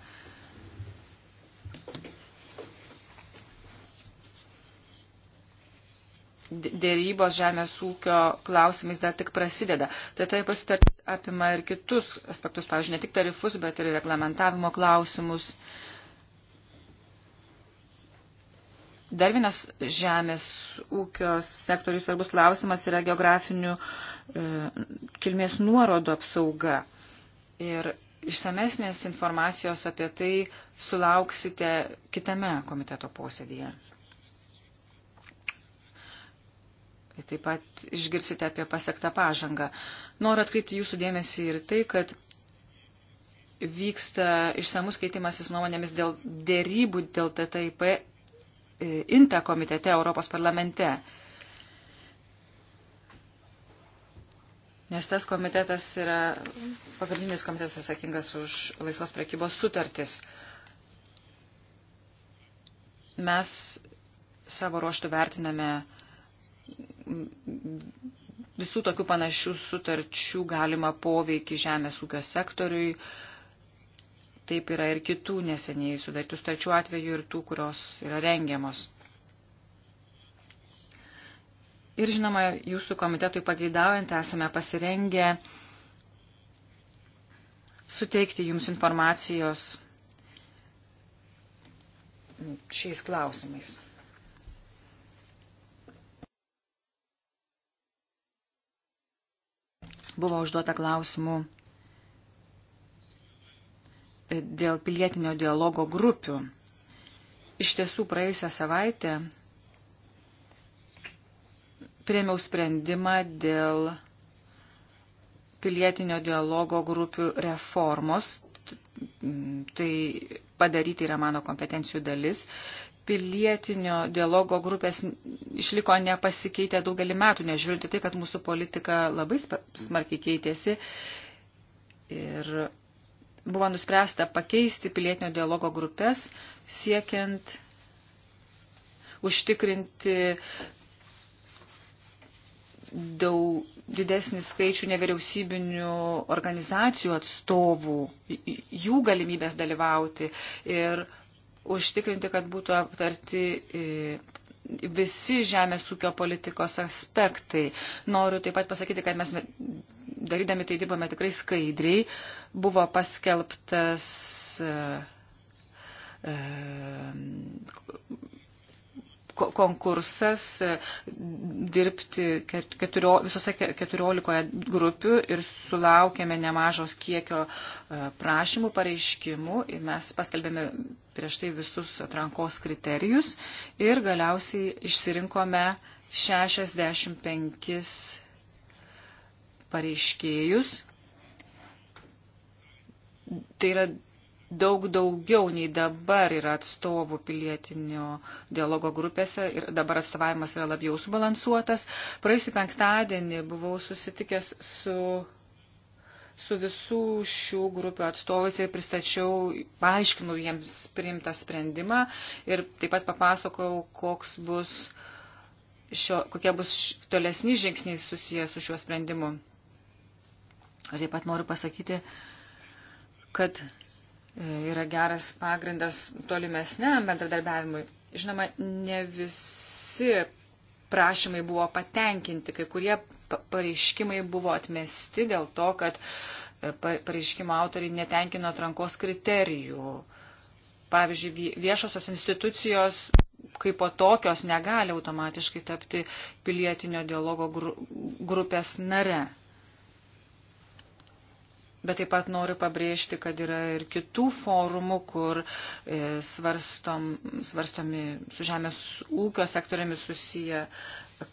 dėrybos žemės ūkio klausimais dar tik prasideda. Tai taip pasitartis apima ir kitus aspektus, pavyzdžiui, ne tik tarifus, bet ir reglamentavimo klausimus. Dar vienas žemės ūkio sektorių svarbus klausimas yra geografinių e, kilmės nuorodų apsauga. Ir išsamesnės informacijos apie tai sulauksite kitame komiteto posėdėje. Taip pat išgirsite apie pasiektą pažangą. Noriu atkreipti jūsų dėmesį ir tai, kad vyksta išsamus keitimasis nuomonėmis dėl dėrybų dėl TTIP e, INTA komitete Europos parlamente. Nes tas komitetas yra pagrindinis komitetas atsakingas už laisvos prekybos sutartis. Mes savo ruoštų vertiname uh, visų tokių panašių sutarčių galima poveikį žemės ūkio sektoriui. Taip yra ir kitų neseniai sudarytų sutarčių atveju ir tų, kurios yra rengiamos. Ir žinoma, jūsų komitetui pageidaujant esame pasirengę suteikti jums informacijos šiais klausimais. Buvo užduota klausimų dėl pilietinio dialogo grupių. Iš tiesų praėjusią savaitę priemiau sprendimą dėl pilietinio dialogo grupių reformos. Tai padaryti yra mano kompetencijų dalis pilietinio dialogo grupės išliko nepasikeitę daugelį metų, nežiūrinti tai, kad mūsų politika labai smarkiai keitėsi ir buvo nuspręsta pakeisti pilietinio dialogo grupės, siekiant užtikrinti daug didesnį skaičių nevyriausybinių organizacijų atstovų, jų galimybės dalyvauti ir užtikrinti, kad būtų aptarti e, visi žemės ūkio politikos aspektai. Noriu taip pat pasakyti, kad mes darydami tai dirbame tikrai skaidriai. Buvo paskelbtas e, e konkursas e, dirbti keturio, visose keturiolikoje grupių ir sulaukėme nemažos kiekio e, prašymų, pareiškimų. Mes paskelbėme prieš tai visus atrankos kriterijus ir galiausiai išsirinkome 65 pareiškėjus. Tai yra daug daugiau nei dabar yra atstovų pilietinio dialogo grupėse ir dabar atstovavimas yra labiau subalansuotas. Praėjusį penktadienį buvau susitikęs su, su visų šių grupių atstovais ir pristačiau, paaiškinau jiems priimtą sprendimą ir taip pat papasakau, koks bus šio, kokie bus tolesni žingsniai susiję su šiuo sprendimu. Taip pat noriu pasakyti, kad E, yra geras pagrindas tolimesniam bendradarbiavimui. Žinoma, ne visi prašymai buvo patenkinti, kai kurie pareiškimai buvo atmesti dėl to, kad e, pareiškimo autoriai netenkino atrankos kriterijų. Pavyzdžiui, viešosios institucijos kaip po tokios negali automatiškai tapti pilietinio dialogo grupės nare. Bet taip pat noriu pabrėžti, kad yra ir kitų forumų, kur e, svarstom, svarstomi su žemės ūkio sektoriumi susiję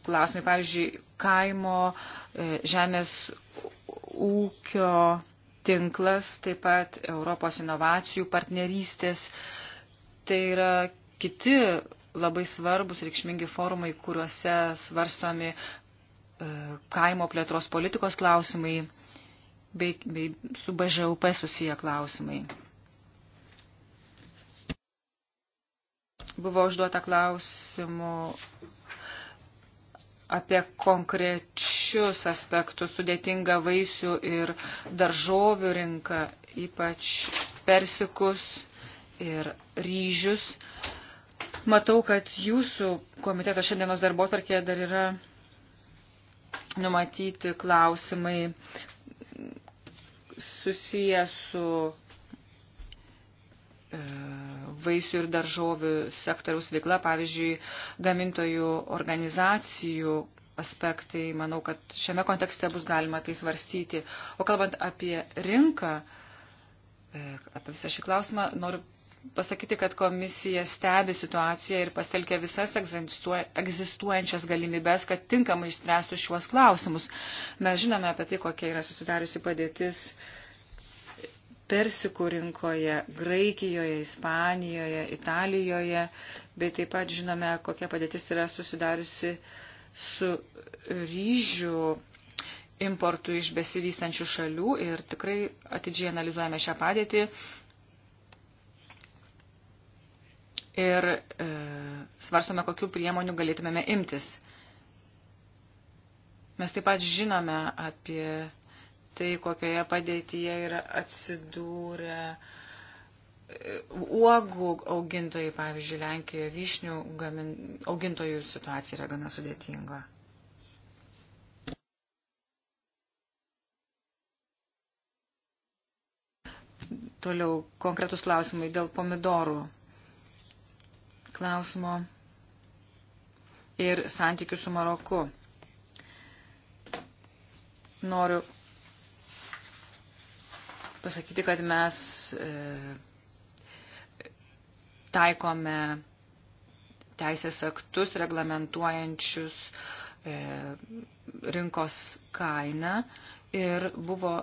klausimai. Pavyzdžiui, kaimo e, žemės ūkio tinklas, taip pat Europos inovacijų partnerystės. Tai yra kiti labai svarbus reikšmingi forumai, kuriuose svarstomi e, kaimo plėtros politikos klausimai bei, bei su BŽUP susiję klausimai. Buvo užduota klausimų apie konkrečius aspektus, sudėtingą vaisių ir daržovių rinką, ypač persikus ir ryžius. Matau, kad jūsų komiteto šiandienos darbo tvarkėje dar yra numatyti klausimai susiję su e, vaisių ir daržovių sektoriaus veikla, pavyzdžiui, gamintojų organizacijų aspektai, manau, kad šiame kontekste bus galima tai svarstyti. O kalbant apie rinką, e, apie visą šį klausimą, noriu pasakyti, kad komisija stebi situaciją ir pastelkia visas egzistuojančias galimybės, kad tinkamai išspręstų šiuos klausimus. Mes žinome apie tai, kokia yra susidariusi padėtis Persikų rinkoje, Graikijoje, Ispanijoje, Italijoje, bei taip pat žinome, kokia padėtis yra susidariusi su ryžių importų iš besivystančių šalių ir tikrai atidžiai analizuojame šią padėtį ir e, svarstome, kokiu priemonių galėtumėme imtis. Mes taip pat žinome apie tai, kokioje padėtyje yra atsidūrę e, uogų augintojai, pavyzdžiui, Lenkijoje vyšnių gamin, augintojų situacija yra gana sudėtinga. Toliau konkretus klausimai dėl pomidorų klausimo ir santykių su Maroku. Noriu pasakyti, kad mes e, taikome teisės aktus reglamentuojančius e, rinkos kainą ir buvo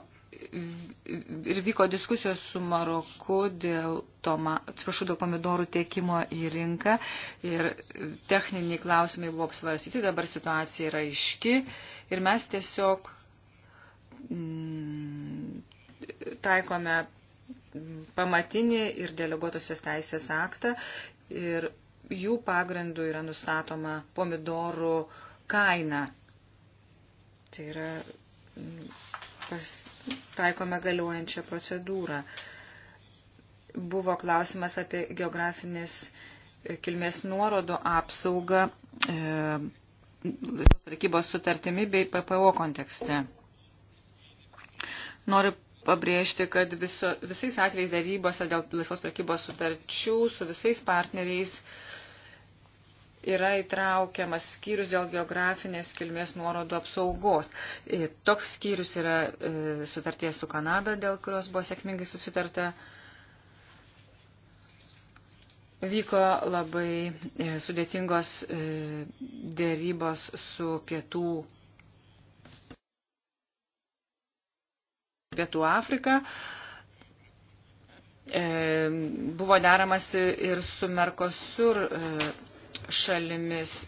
ir vyko diskusijos su Maroku dėl, toma, atsiprašau, dėl pomidorų tiekimo į rinką ir techniniai klausimai buvo apsvarstyti, dabar situacija yra iški ir mes tiesiog mm, taikome pamatinį ir deleguotosios teisės aktą ir jų pagrindų yra nustatoma pomidorų kaina. Tai yra pas, taikome galiuojančią procedūrą. Buvo klausimas apie geografinės e, kilmės nuorodų apsaugą e, prekybos sutartimi bei PPO kontekste. Noriu pabrėžti, kad viso, visais atvejais darybose dėl laisvos prekybos sutarčių su visais partneriais e, yra įtraukiamas skyrius dėl geografinės kilmės nuorodų apsaugos. E, toks skyrius yra e, sutarties su Kanada, dėl kurios buvo sėkmingai susitarta. Vyko labai e, sudėtingos dėrybos su pietų Pietų Afriką. E, buvo deramasi ir su Merkosur e, šalimis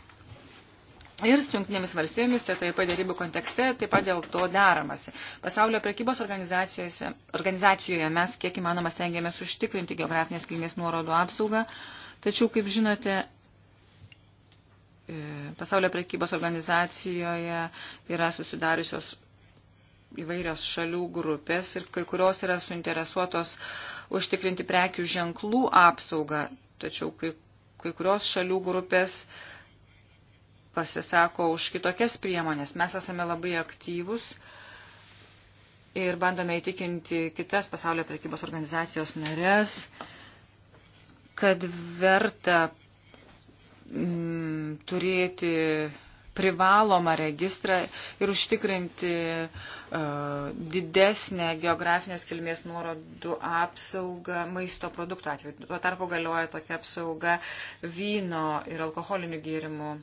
ir su jungtinėmis valstybėmis, tai taip pat dėrybų kontekste, taip pat dėl to deramasi. Pasaulio prekybos organizacijoje mes kiek įmanoma stengiamės užtikrinti geografinės kilmės nuorodų apsaugą, tačiau, kaip žinote, e, pasaulio prekybos organizacijoje yra susidariusios įvairios šalių grupės ir kai kurios yra suinteresuotos užtikrinti prekių ženklų apsaugą, tačiau kai kai kurios šalių grupės pasisako už kitokias priemonės. Mes esame labai aktyvus ir bandome įtikinti kitas pasaulio prekybos organizacijos narės, kad verta mm, turėti privalomą registrą ir užtikrinti uh, didesnę geografinės kilmės nuorodų apsaugą maisto produktų atveju. Tuo tarpu galioja tokia apsauga vyno ir alkoholinių gėrimų uh,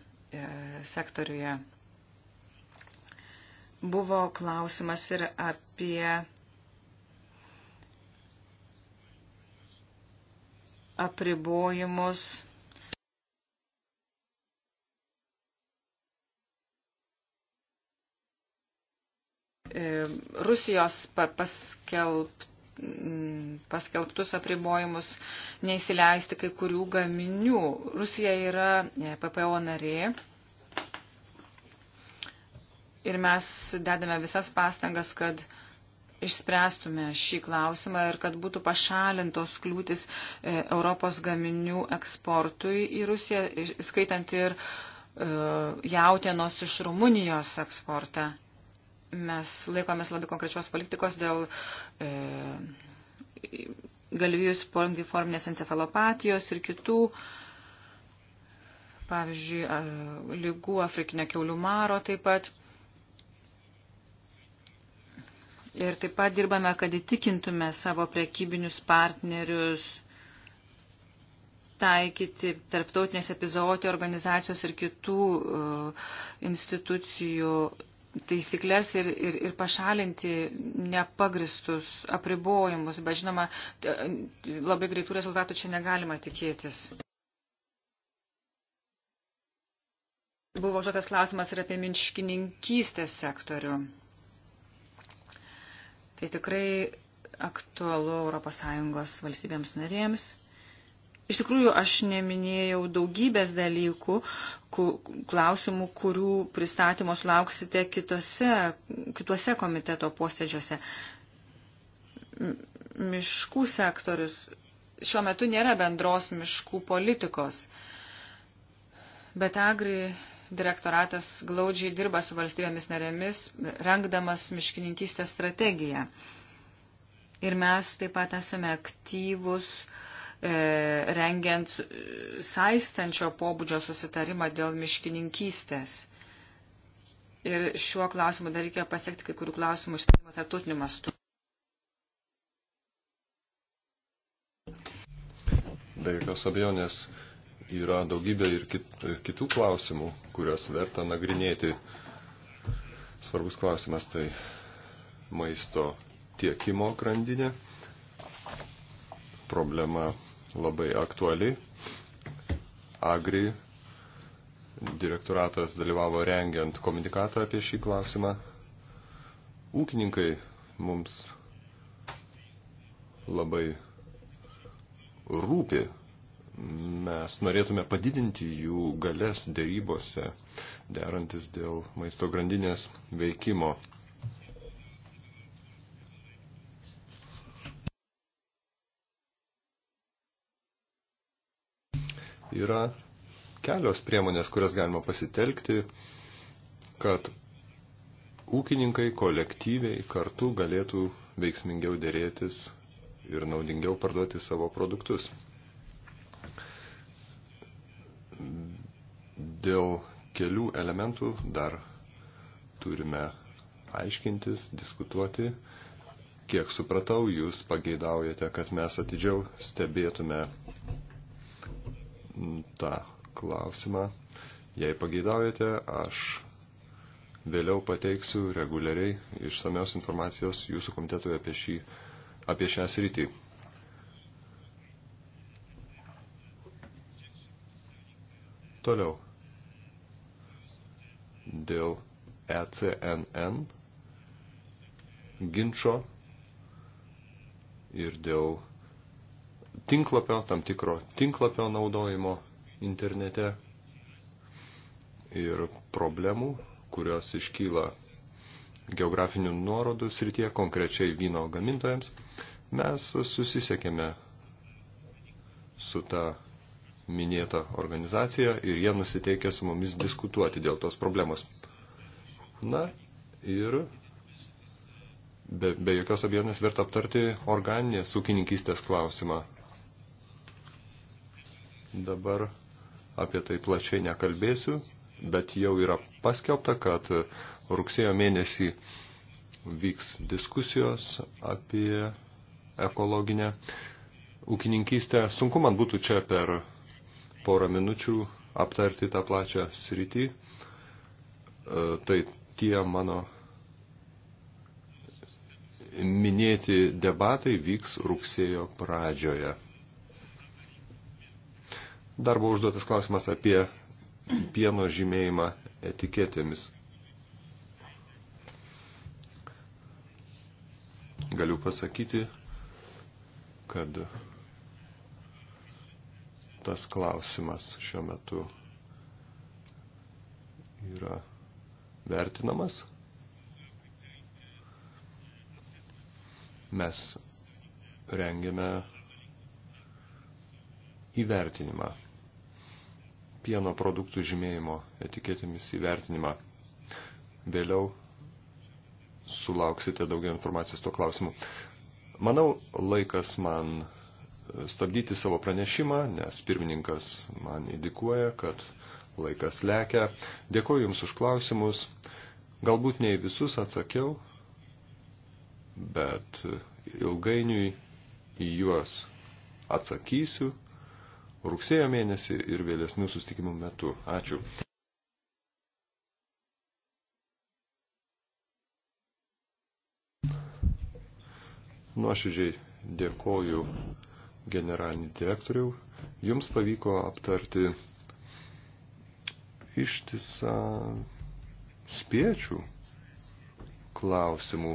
sektoriuje. Buvo klausimas ir apie apribojimus E, Rusijos paskelbtų paskelbtus apribojimus neįsileisti kai kurių gaminių. Rusija yra e, PPO narė ir mes dedame visas pastangas, kad išspręstume šį klausimą ir kad būtų pašalintos kliūtis e, Europos gaminių eksportui į Rusiją, skaitant ir jautienos iš Rumunijos eksportą. Mes laikomės labai konkrečios politikos dėl e, galvijus polingiforminės encefalopatijos ir kitų, pavyzdžiui, e, lygų afrikinio keulių maro taip pat. Ir taip pat dirbame, kad įtikintume savo prekybinius partnerius taikyti tarptautinės epizodijų organizacijos ir kitų e, institucijų taisyklės ir, ir, ir pašalinti nepagristus apribojimus, bet žinoma, labai greitų rezultatų čia negalima tikėtis. Buvo žodas klausimas ir apie minškininkystės sektorių. Tai tikrai aktualu ES valstybėms narėms. Iš tikrųjų, aš neminėjau daugybės dalykų, klausimų, kurių pristatymus lauksite kitose, kituose komiteto posėdžiuose. Miškų sektorius. Šiuo metu nėra bendros miškų politikos, bet agri direktoratas glaudžiai dirba su valstybėmis narėmis, rengdamas miškininkystės strategiją. Ir mes taip pat esame aktyvus uh, E, rengiant saistančio pobūdžio susitarimą dėl miškininkystės. Ir šiuo klausimu dar reikia pasiekti kai kurių klausimų išsprendimo tarptautiniu mastu. Be jokios abejonės yra daugybė ir kit, kitų klausimų, kuriuos verta nagrinėti. Svarbus klausimas tai maisto tiekimo grandinė, problema labai aktuali. Agri direktoratas dalyvavo rengiant komunikatą apie šį klausimą. Ūkininkai mums labai rūpi. Mes norėtume padidinti jų galės dėrybose, derantis dėl maisto grandinės veikimo Yra kelios priemonės, kurias galima pasitelkti, kad ūkininkai kolektyviai kartu galėtų veiksmingiau dėrėtis ir naudingiau parduoti savo produktus. Dėl kelių elementų dar turime aiškintis, diskutuoti. Kiek supratau, jūs pageidaujate, kad mes atidžiau stebėtume tą klausimą. Jei pageidaujate, aš vėliau pateiksiu reguliariai išsamios informacijos jūsų komitetui apie, šį, apie šią sritį. Toliau. Dėl ECNN ginčio ir dėl tinklapio, tam tikro tinklapio naudojimo internete ir problemų, kurios iškyla geografinių nuorodų srityje, konkrečiai vyno gamintojams, mes susisiekėme su ta minėta organizacija ir jie nusiteikė su mumis diskutuoti dėl tos problemos. Na ir be, be jokios abejonės verta aptarti organinės ūkininkystės klausimą Dabar apie tai plačiai nekalbėsiu, bet jau yra paskelbta, kad rugsėjo mėnesį vyks diskusijos apie ekologinę ūkininkystę. Sunku man būtų čia per porą minučių aptarti tą plačią sritį. E, tai tie mano minėti debatai vyks rugsėjo pradžioje. Dar buvo užduotas klausimas apie pieno žymėjimą etiketėmis. Galiu pasakyti, kad tas klausimas šiuo metu yra vertinamas. Mes rengiame įvertinimą pieno produktų žymėjimo etiketėmis įvertinimą. Vėliau sulauksite daugiau informacijos tuo klausimu. Manau, laikas man stabdyti savo pranešimą, nes pirmininkas man indikuoja, kad laikas lekia. Dėkuoju Jums už klausimus. Galbūt ne į visus atsakiau, bet ilgainiui į juos atsakysiu rugsėjo mėnesį ir vėlesnių sustikimų metu. Ačiū. Nuoširdžiai dėkoju generalinį direktorių. Jums pavyko aptarti ištisą spiečių klausimų.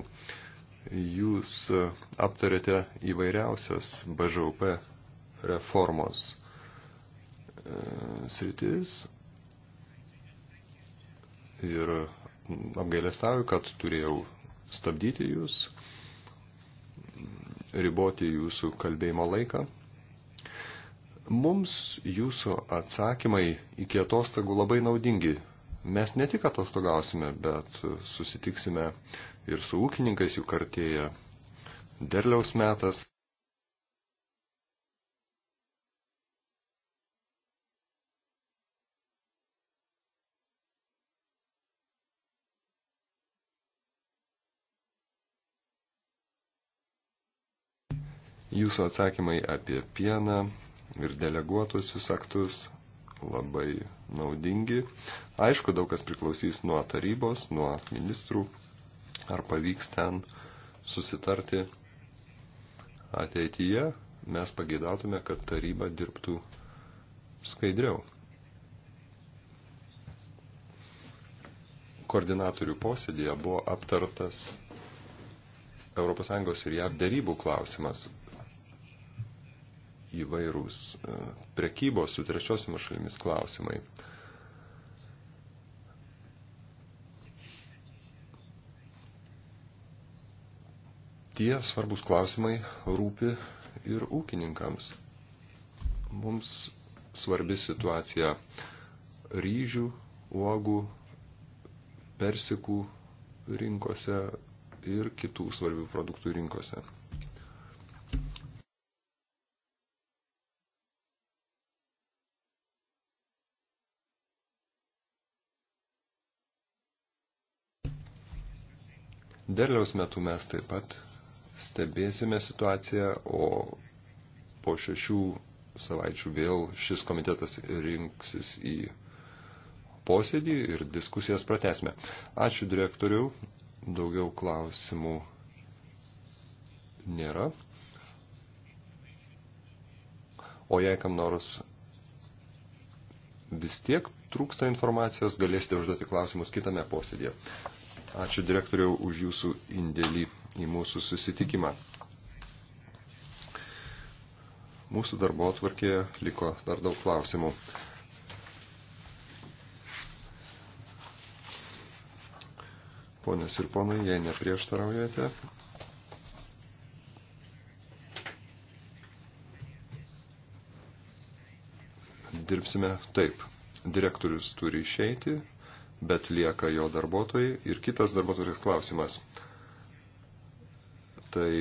Jūs aptarėte įvairiausias BŽUP reformos sritis. Ir apgailestauju, kad turėjau stabdyti jūs, riboti jūsų kalbėjimo laiką. Mums jūsų atsakymai iki atostogų labai naudingi. Mes ne tik atostogausime, bet susitiksime ir su ūkininkais jų kartėje derliaus metas. Jūsų atsakymai apie pieną ir deleguotusius aktus labai naudingi. Aišku, daug kas priklausys nuo tarybos, nuo ministrų, ar pavyks ten susitarti ateityje. Mes pageidautume, kad taryba dirbtų skaidriau. Koordinatorių posėdėje buvo aptartas ES ir JAV darybų klausimas įvairūs e, prekybos su trečiosiomis šalimis klausimai. Tie svarbus klausimai rūpi ir ūkininkams. Mums svarbi situacija ryžių, uogų, persikų rinkose ir kitų svarbių produktų rinkose. Derliaus metu mes taip pat stebėsime situaciją, o po šešių savaičių vėl šis komitetas rinksis į posėdį ir diskusijas pratesime. Ačiū direktoriu, daugiau klausimų nėra. O jei kam nors vis tiek trūksta informacijos, galėsite užduoti klausimus kitame posėdėje. Ačiū direktoriau už jūsų indėlį į mūsų susitikimą. Mūsų darbo atvarkėje liko dar daug klausimų. Ponės ir ponai, jei neprieštaraujate, dirbsime taip. Direktorius turi išeiti, bet lieka jo darbuotojai. Ir kitas darbuotojas klausimas. Tai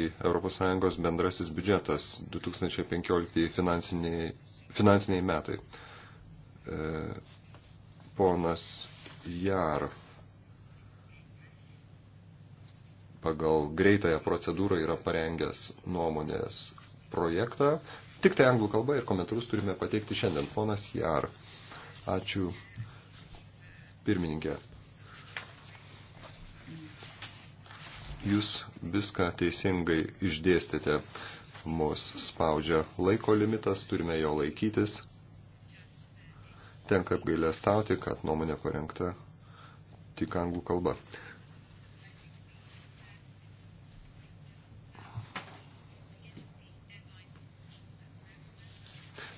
ES bendrasis biudžetas 2015 finansiniai, finansiniai metai. E, ponas Jar pagal greitąją procedūrą yra parengęs nuomonės projektą. Tik tai anglų kalba ir komentarus turime pateikti šiandien. Ponas Jar, ačiū Pirmininkė, jūs viską teisingai išdėstėte. Mus spaudžia laiko limitas, turime jo laikytis. Tenka apgailę stauti, kad nuomonė parengta tik anglų kalba.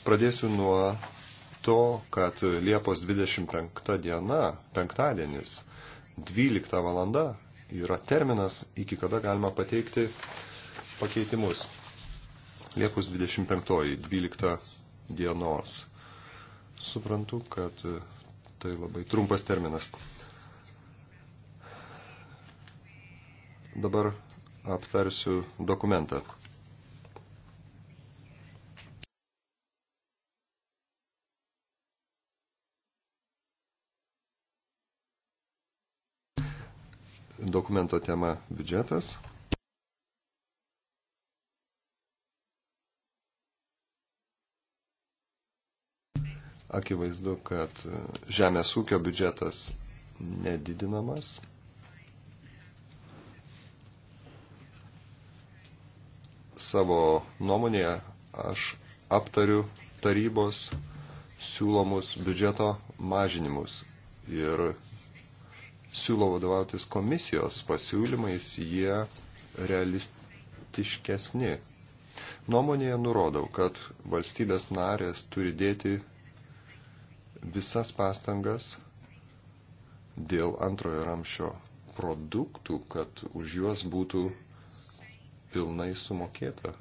Pradėsiu nuo to, kad Liepos 25 diena, penktadienis, 12 valanda yra terminas, iki kada galima pateikti pakeitimus. Liepos 25, 12 dienos. Suprantu, kad tai labai trumpas terminas. Dabar aptarsiu dokumentą. dokumento tema biudžetas. Akivaizdu, kad žemės ūkio biudžetas nedidinamas. Savo nuomonėje aš aptariu tarybos siūlomus biudžeto mažinimus ir siūlo vadovautis komisijos pasiūlymais, jie realistiškesni. Nuomonėje nurodau, kad valstybės narės turi dėti visas pastangas dėl antrojo ramšio produktų, kad už juos būtų pilnai sumokėta.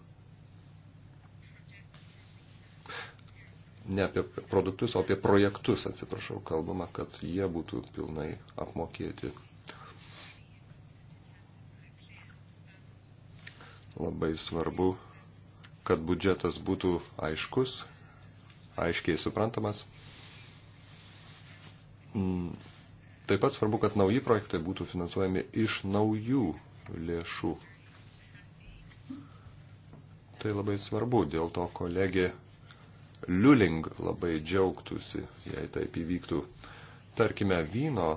ne apie produktus, o apie projektus, atsiprašau, kalbama, kad jie būtų pilnai apmokėti. Labai svarbu, kad biudžetas būtų aiškus, aiškiai suprantamas. Mm. Taip pat svarbu, kad nauji projektai būtų finansuojami iš naujų lėšų. Tai labai svarbu, dėl to kolegė Liuling labai džiaugtųsi, jei taip įvyktų. Tarkime, vyno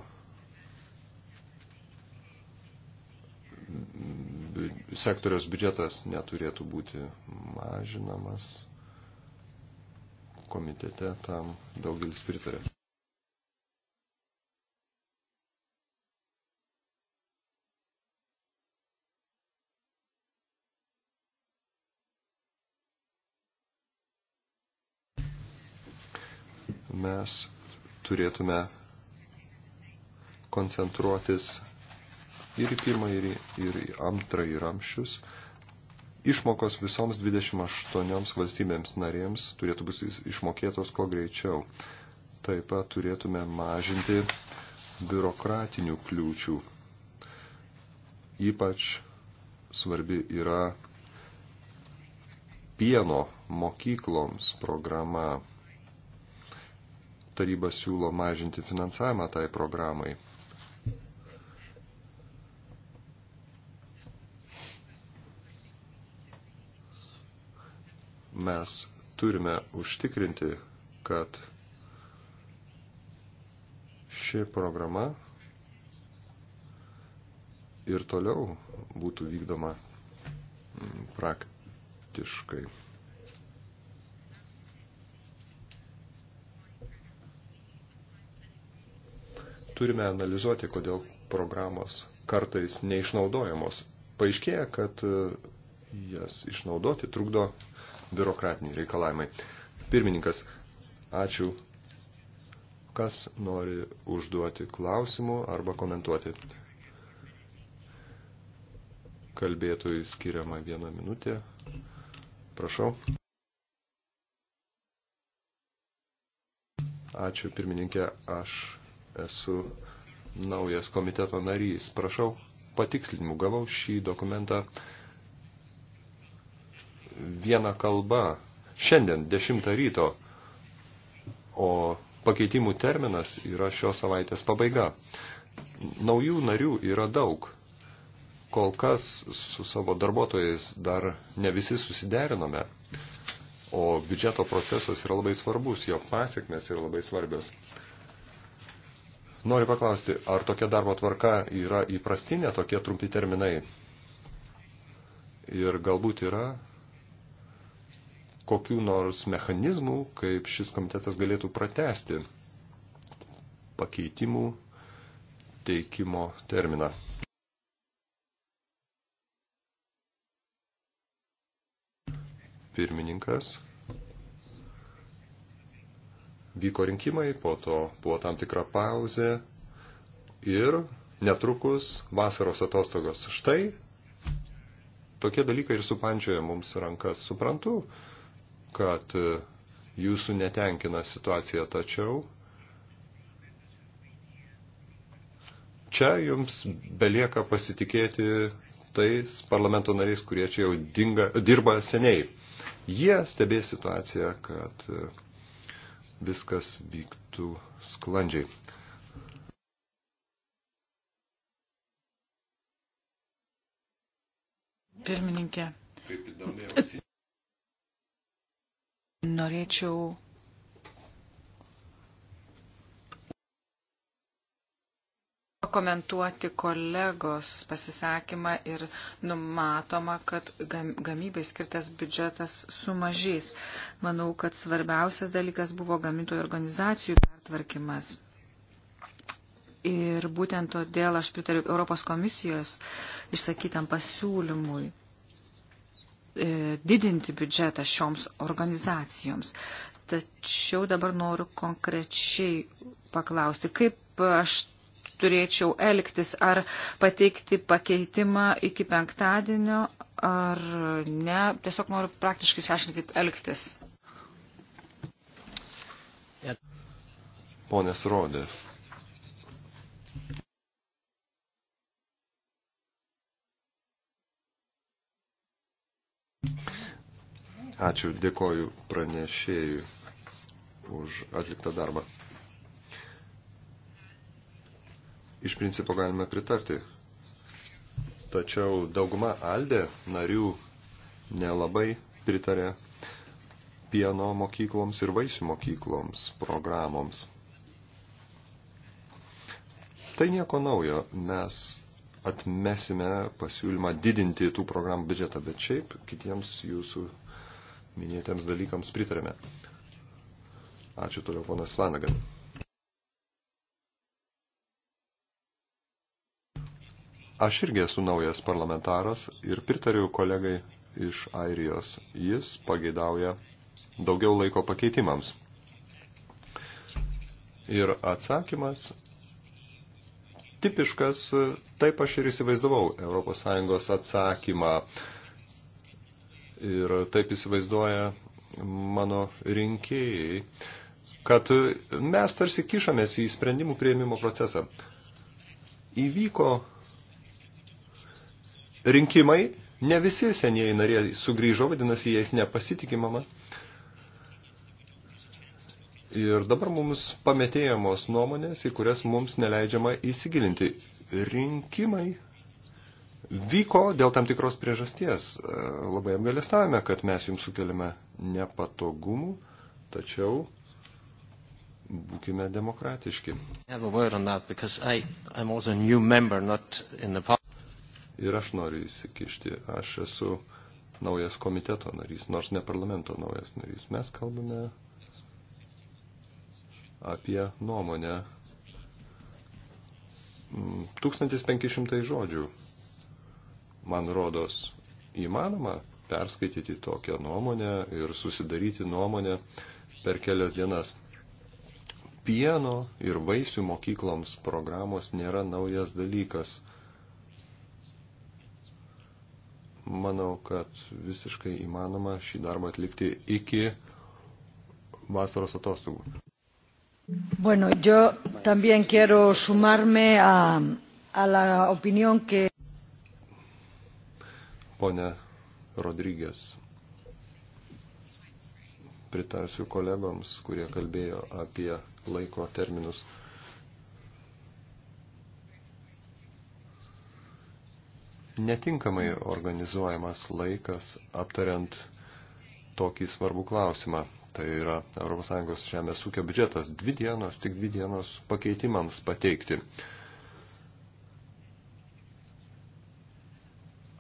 sektoriaus biudžetas neturėtų būti mažinamas. Komitete tam daugelis pritarė. mes turėtume koncentruotis ir į pirmą, ir į, ir į antrą į ramščius. Išmokos visoms 28 valstybėms narėms turėtų būti išmokėtos kuo greičiau. Taip pat turėtume mažinti biurokratinių kliūčių. Ypač svarbi yra pieno mokykloms programa taryba siūlo mažinti finansavimą tai programai. Mes turime užtikrinti, kad ši programa ir toliau būtų vykdoma praktiškai. turime analizuoti, kodėl programos kartais neišnaudojamos. Paaiškėja, kad e, jas išnaudoti trukdo biurokratiniai reikalavimai. Pirmininkas, ačiū, kas nori užduoti klausimų arba komentuoti. Kalbėtojai skiriama vieną minutę. Prašau. Ačiū pirmininkė, aš esu naujas komiteto narys. Prašau patikslinimų, gavau šį dokumentą vieną kalbą šiandien 10 ryto, o pakeitimų terminas yra šios savaitės pabaiga. Naujų narių yra daug. Kol kas su savo darbuotojais dar ne visi susiderinome, o biudžeto procesas yra labai svarbus, jo pasiekmes yra labai svarbios. Noriu paklausti, ar tokia darbo tvarka yra įprastinė, tokie trumpi terminai? Ir galbūt yra kokių nors mechanizmų, kaip šis komitetas galėtų pratesti pakeitimų teikimo terminą. Pirmininkas vyko rinkimai, po to buvo tam tikra pauzė ir netrukus vasaros atostogos. Štai tokie dalykai ir supančioja mums rankas. Suprantu, kad jūsų netenkina situacija, tačiau čia jums belieka pasitikėti tais parlamento nariais, kurie čia jau dinga, dirba seniai. Jie stebės situaciją, kad viskas vyktų sklandžiai. Pirmininkė. Norėčiau komentuoti kolegos pasisakymą ir numatoma, kad gamybai skirtas biudžetas sumažys. Manau, kad svarbiausias dalykas buvo gamintojų organizacijų pertvarkymas. Ir būtent todėl aš pritariu Europos komisijos išsakytam pasiūlymui e, didinti biudžetą šioms organizacijoms. Tačiau dabar noriu konkrečiai paklausti, kaip aš turėčiau elgtis, ar pateikti pakeitimą iki penktadienio, ar ne. Tiesiog noriu praktiškai išsiaiškinti, kaip elgtis. Ponas Rodė. Ačiū, dėkoju pranešėjui už atliktą darbą. iš principo galime pritarti. Tačiau dauguma Aldė narių nelabai pritarė pieno mokykloms ir vaisių mokykloms programoms. Tai nieko naujo. Mes atmesime pasiūlymą didinti tų programų biudžetą, bet šiaip kitiems jūsų minėtiems dalykams pritarėme. Ačiū toliau, ponas Flanagan. Aš irgi esu naujas parlamentaras ir pritariu kolegai iš Airijos. Jis pageidauja daugiau laiko pakeitimams. Ir atsakymas tipiškas, taip aš ir įsivaizdavau ES atsakymą. Ir taip įsivaizduoja mano rinkėjai, kad mes tarsi kišamės į sprendimų prieimimo procesą. Įvyko rinkimai, ne visi senieji nariai sugrįžo, vadinasi, jais nepasitikimama. Ir dabar mums pametėjamos nuomonės, į kurias mums neleidžiama įsigilinti. Rinkimai vyko dėl tam tikros priežasties. Labai apgalėstavome, kad mes jums sukeliame nepatogumų, tačiau būkime demokratiški. Yeah, well, ir aš noriu įsikišti. Aš esu naujas komiteto narys, nors ne parlamento naujas narys. Mes kalbame apie nuomonę 1500 mm, žodžių. Man rodos įmanoma perskaityti tokią nuomonę ir susidaryti nuomonę per kelias dienas. Pieno ir vaisių mokykloms programos nėra naujas dalykas. manau, kad visiškai įmanoma šį darbą atlikti iki vasaros atostogų. Bueno, yo también quiero sumarme a, a la opinión que. Pone Rodrygės, pritarsiu kolegoms, kurie kalbėjo apie laiko terminus. netinkamai organizuojamas laikas aptariant tokį svarbų klausimą. Tai yra ES žemės ūkio biudžetas. Dvi dienos, tik dvi dienos pakeitimams pateikti.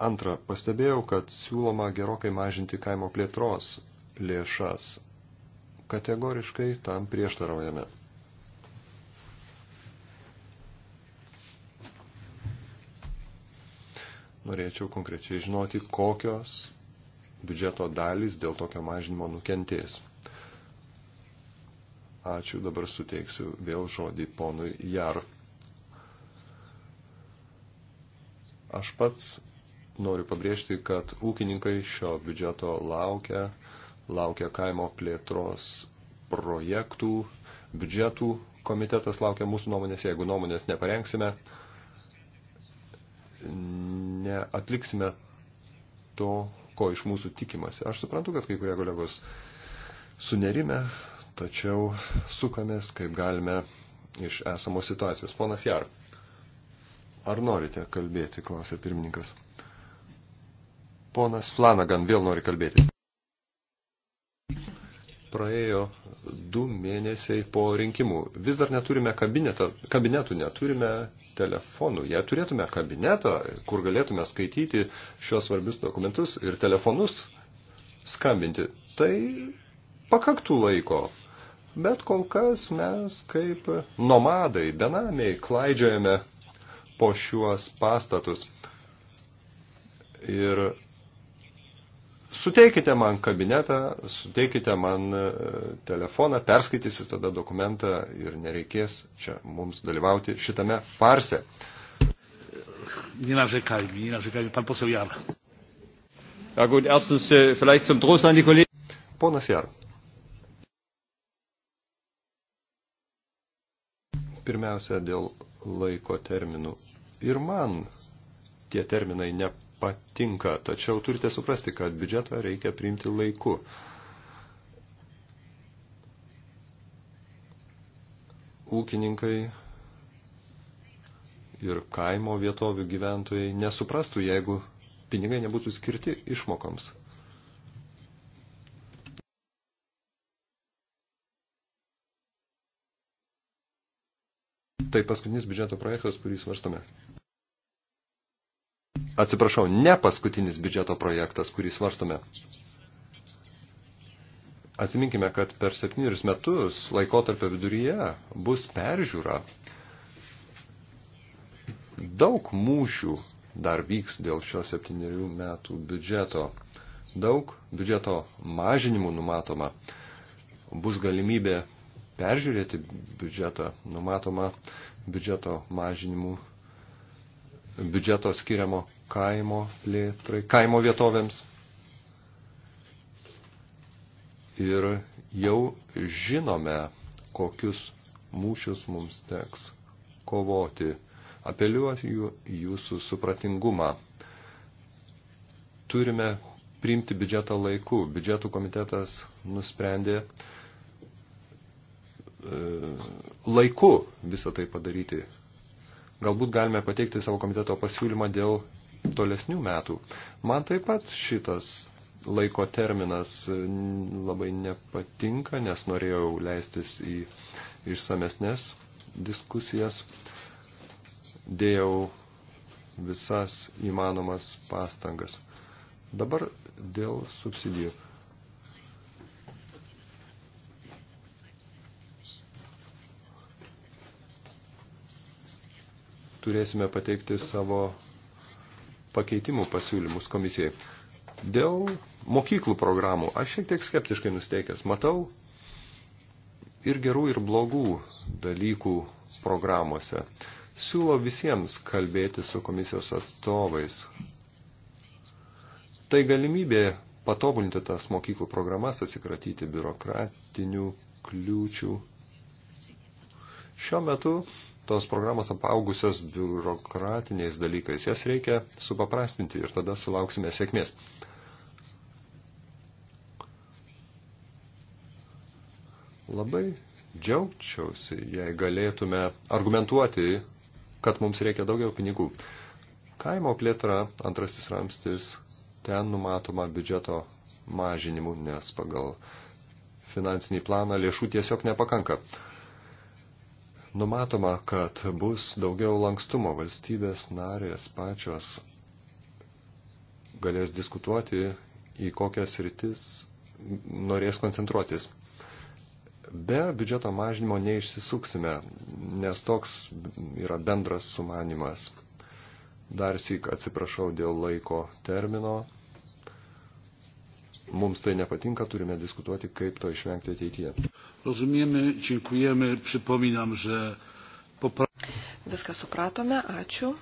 Antra, pastebėjau, kad siūloma gerokai mažinti kaimo plėtros lėšas. Kategoriškai tam prieštaraujame. norėčiau konkrečiai žinoti, kokios biudžeto dalys dėl tokio mažinimo nukentės. Ačiū, dabar suteiksiu vėl žodį ponui Jar. Aš pats noriu pabrėžti, kad ūkininkai šio biudžeto laukia, laukia kaimo plėtros projektų, biudžetų komitetas laukia mūsų nuomonės, jeigu nuomonės neparengsime, neatliksime to, ko iš mūsų tikimasi. Aš suprantu, kad kai kurie kolegos sunerime, tačiau sukamės, kaip galime iš esamos situacijos. Ponas Jar, ar norite kalbėti, klausė pirmininkas. Ponas Flanagan vėl nori kalbėti praėjo du mėnesiai po rinkimų. Vis dar neturime kabineto, kabinetų, neturime telefonų. Jei turėtume kabinetą, kur galėtume skaityti šios svarbius dokumentus ir telefonus skambinti, tai pakaktų laiko. Bet kol kas mes kaip nomadai, benamiai klaidžiojame po šiuos pastatus. Ir Suteikite man kabinetą, suteikite man e, telefoną, perskaitysiu tada dokumentą ir nereikės čia mums dalyvauti šitame farse. Nenarzekajmi, nenarzekajmi, pan posel Jar. Ja gut, erstens äh, vielleicht zum Trost an die Kollegen. Ponas Jar. Pirmiausia, dėl laiko terminų. Ir man tie terminai nepatinka patinka, tačiau turite suprasti, kad biudžetą reikia priimti laiku. Ūkininkai ir kaimo vietovių gyventojai nesuprastų, jeigu pinigai nebūtų skirti išmokoms. Tai paskutinis biudžeto projektas, kurį svarstame. Atsiprašau, ne paskutinis biudžeto projektas, kurį svarstome. Atsiminkime, kad per septynerius metus laikotarpio viduryje bus peržiūra. Daug mūšių dar vyks dėl šio septynerių metų biudžeto. Daug biudžeto mažinimų numatoma. Bus galimybė peržiūrėti biudžetą, numatoma biudžeto mažinimų biudžeto skiriamo kaimo plėtrai, kaimo vietovėms. Ir jau žinome, kokius mūšius mums teks kovoti. Apeliuoju jūsų supratingumą. Turime priimti biudžetą laiku. Biudžetų komitetas nusprendė e, laiku visą tai padaryti Galbūt galime pateikti savo komiteto pasiūlymą dėl tolesnių metų. Man taip pat šitas laiko terminas e, labai nepatinka, nes norėjau leistis į išsamesnės diskusijas. Dėjau visas įmanomas pastangas. Dabar dėl subsidijų. turėsime pateikti savo pakeitimų pasiūlymus komisijai. Dėl mokyklų programų aš šiek tiek skeptiškai nusteikęs. Matau ir gerų, ir blogų dalykų programuose. Siūlo visiems kalbėti su komisijos atstovais. Tai galimybė patobulinti tas mokyklų programas, atsikratyti biurokratinių kliūčių. Šiuo metu tos programos apaugusios biurokratiniais dalykais. Jas reikia supaprastinti ir tada sulauksime sėkmės. Labai džiaugčiausi, jei galėtume argumentuoti, kad mums reikia daugiau pinigų. Kaimo plėtra, antrasis ramstis, ten numatoma biudžeto mažinimu, nes pagal finansinį planą lėšų tiesiog nepakanka. Numatoma, kad bus daugiau lankstumo valstybės narės pačios galės diskutuoti, į kokias rytis norės koncentruotis. Be biudžeto mažinimo neišsisuksime, nes toks yra bendras sumanimas. Dar sik atsiprašau dėl laiko termino. Mums tai nepatinka, turime diskutuoti, kaip to išvengti ateityje. Rozumieme, dziękujemy, przypominam, że popra... Viską supratome, ačiū.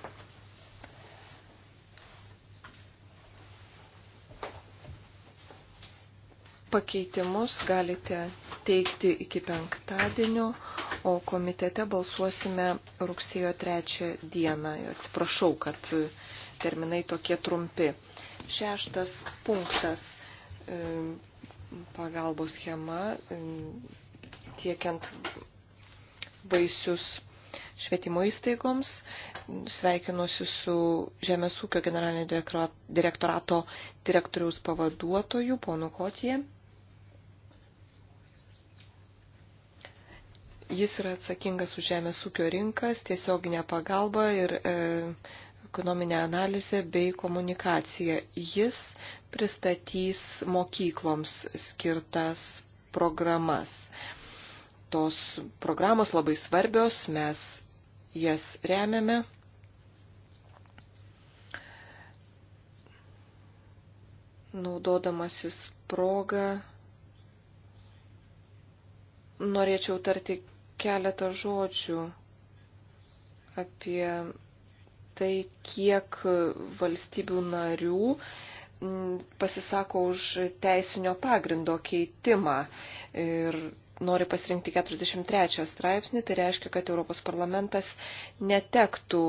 Pakeitimus galite teikti iki penktadienio, o komitete balsuosime rugsėjo trečią dieną. Atsiprašau, kad terminai tokie trumpi. Šeštas punktas E, pagalbos schema e, tiekiant vaisius švietimo įstaigoms. Sveikinuosi su Žemės ūkio generalinio direktorato direktoriaus pavaduotoju, ponu Kotie. Jis yra atsakingas už žemės ūkio rinkas, tiesioginę pagalbą ir e, ekonominę analizę bei komunikaciją. Jis pristatys mokykloms skirtas programas. Tos programos labai svarbios, mes jas remiame. Naudodamasis progą, norėčiau tarti keletą žodžių apie tai, kiek valstybių narių mm, pasisako už teisinio pagrindo keitimą ir nori pasirinkti 43 straipsnį, tai reiškia, kad Europos parlamentas netektų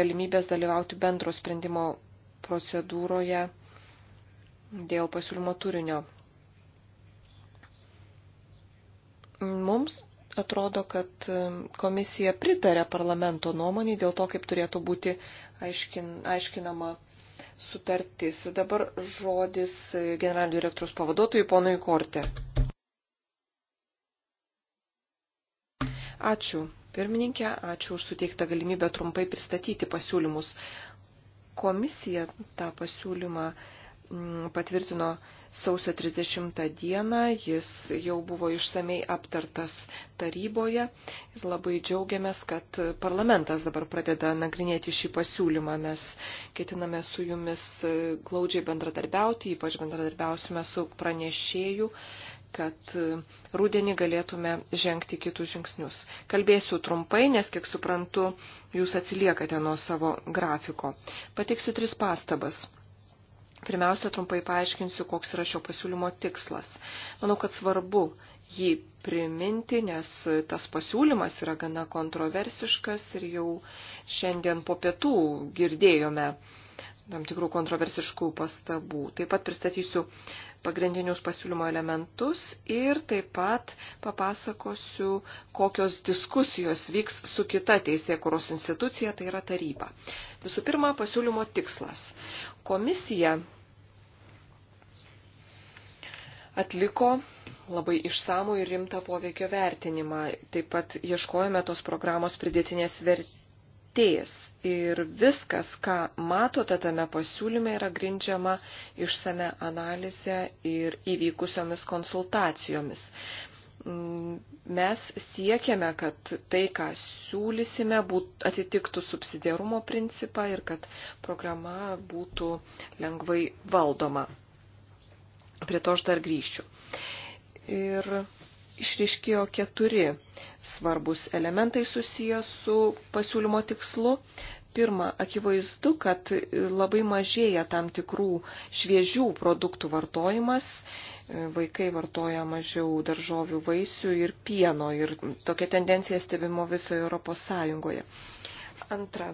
galimybės dalyvauti bendro sprendimo procedūroje dėl pasiūlymo turinio. Mums atrodo, kad komisija pritarė parlamento nuomonį dėl to, kaip turėtų būti aiškin, aiškinama sutartis. Dabar žodis e, generalinio direktorius pavaduotojui ponui Kortė. Ačiū, pirmininkė, ačiū už suteiktą galimybę trumpai pristatyti pasiūlymus. Komisija tą pasiūlymą patvirtino Sausio 30 dieną jis jau buvo išsamei aptartas taryboje ir labai džiaugiamės, kad parlamentas dabar pradeda nagrinėti šį pasiūlymą. Mes ketiname su jumis e, glaudžiai bendradarbiauti, ypač bendradarbiausime su pranešėju, kad e, rūdienį galėtume žengti kitus žingsnius. Kalbėsiu trumpai, nes, kiek suprantu, jūs atsiliekate nuo savo grafiko. Pateiksiu tris pastabas. Pirmiausia, trumpai paaiškinsiu, koks yra šio pasiūlymo tikslas. Manau, kad svarbu jį priminti, nes tas pasiūlymas yra gana kontroversiškas ir jau šiandien po pietų girdėjome tam tikrų kontroversiškų pastabų. Taip pat pristatysiu pagrindinius pasiūlymo elementus ir taip pat papasakosiu, kokios diskusijos vyks su kita teisėkuros institucija, tai yra taryba. Visų pirma, pasiūlymo tikslas. Komisija atliko labai išsamų ir rimtą poveikio vertinimą. Taip pat ieškojame tos programos pridėtinės vertės ateis. Ir viskas, ką matote tame pasiūlyme, yra grindžiama išsame analizė ir įvykusiomis konsultacijomis. Mm, mes siekiame, kad tai, ką siūlysime, būt, atitiktų subsidiarumo principą ir kad programa būtų lengvai valdoma. Prie to aš dar grįšiu. Ir išriškėjo keturi svarbus elementai susijęs su pasiūlymo tikslu. Pirma, akivaizdu, kad labai mažėja tam tikrų šviežių produktų vartojimas. Vaikai vartoja mažiau daržovių, vaisių ir pieno ir tokia tendencija stebimo visoje Europos Sąjungoje. Antra,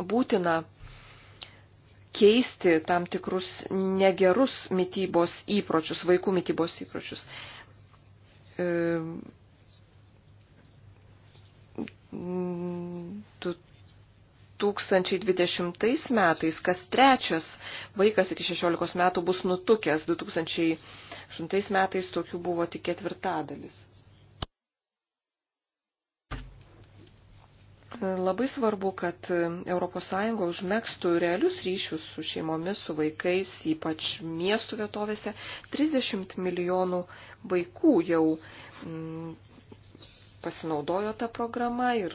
būtina keisti tam tikrus negerus mytybos įpročius, vaikų mytybos įpročius. 2020 e, metais kas trečias vaikas iki 16 metų bus nutukęs, 2008 metais tokių buvo tik ketvirtadalis. Labai svarbu, kad ES užmėgstų realius ryšius su šeimomis, su vaikais, ypač miestų vietovėse. 30 milijonų vaikų jau mm, pasinaudojo tą programą ir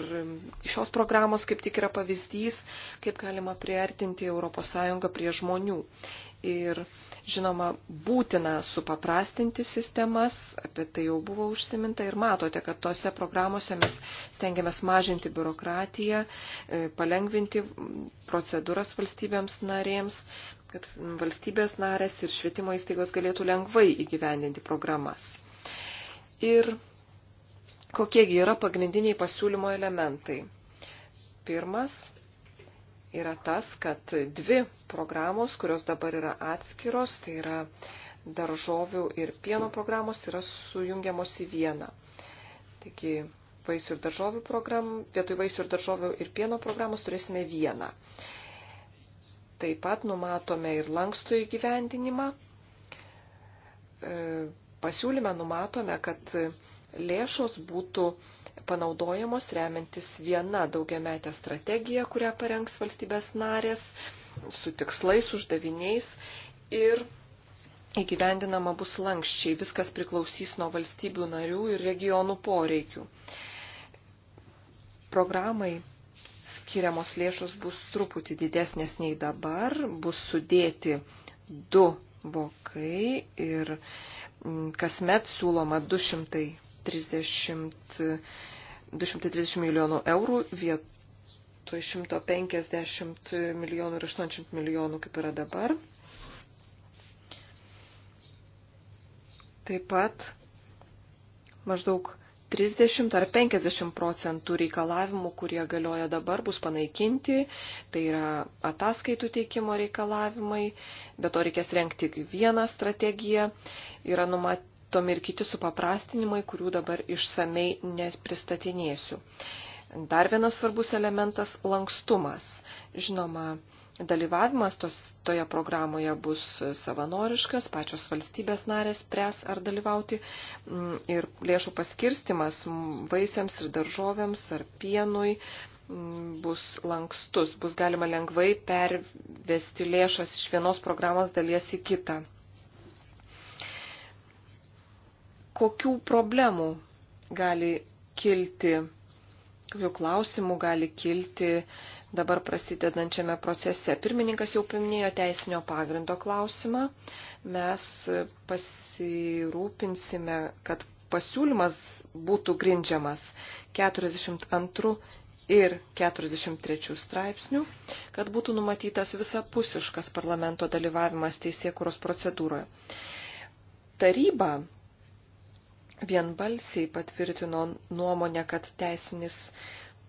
šios programos kaip tik yra pavyzdys, kaip galima priartinti ES prie žmonių. Ir žinoma, būtina supaprastinti sistemas, apie tai jau buvo užsiminta ir matote, kad tose programuose mes stengiamės mažinti biurokratiją, e, palengvinti procedūras valstybėms narėms, kad valstybės narės ir švietimo įstaigos galėtų lengvai įgyvendinti programas. Ir Kokiegi yra pagrindiniai pasiūlymo elementai? Pirmas yra tas, kad dvi programos, kurios dabar yra atskiros, tai yra daržovių ir pieno programos, yra sujungiamos į vieną. Taigi vaisių ir daržovių programų, vietoj vaisių ir daržovių ir pieno programos turėsime vieną. Taip pat numatome ir lankstų įgyvendinimą. E, pasiūlyme numatome, kad lėšos būtų panaudojamos remiantis viena daugiametė strategija, kurią parengs valstybės narės su tikslais, uždaviniais ir įgyvendinama bus lankščiai. Viskas priklausys nuo valstybių narių ir regionų poreikių. Programai skiriamos lėšos bus truputį didesnės nei dabar, bus sudėti du vokai ir mm, kasmet siūloma 200 30, 230 milijonų eurų vietoj 150 milijonų ir 80 milijonų, kaip yra dabar. Taip pat maždaug 30 ar 50 procentų reikalavimų, kurie galioja dabar, bus panaikinti. Tai yra ataskaitų teikimo reikalavimai, bet to reikės renkti vieną strategiją. Yra numat, numatom ir kiti supaprastinimai, kurių dabar išsamei nepristatinėsiu. Dar vienas svarbus elementas - lankstumas. Žinoma, dalyvavimas tos, toje programoje bus savanoriškas, pačios valstybės narės pres ar dalyvauti mm, ir lėšų paskirstimas vaisiams ir daržovėms ar pienui mm, bus lankstus, bus galima lengvai pervesti lėšas iš vienos programos dalies į kitą. kokių problemų gali kilti, kokių klausimų gali kilti dabar prasidedančiame procese. Pirmininkas jau paminėjo teisinio pagrindo klausimą. Mes pasirūpinsime, kad pasiūlymas būtų grindžiamas 42 ir 43 straipsnių, kad būtų numatytas visapusiškas parlamento dalyvavimas teisėkuros procedūroje. Taryba vienbalsiai patvirtino nuomonę, kad teisinis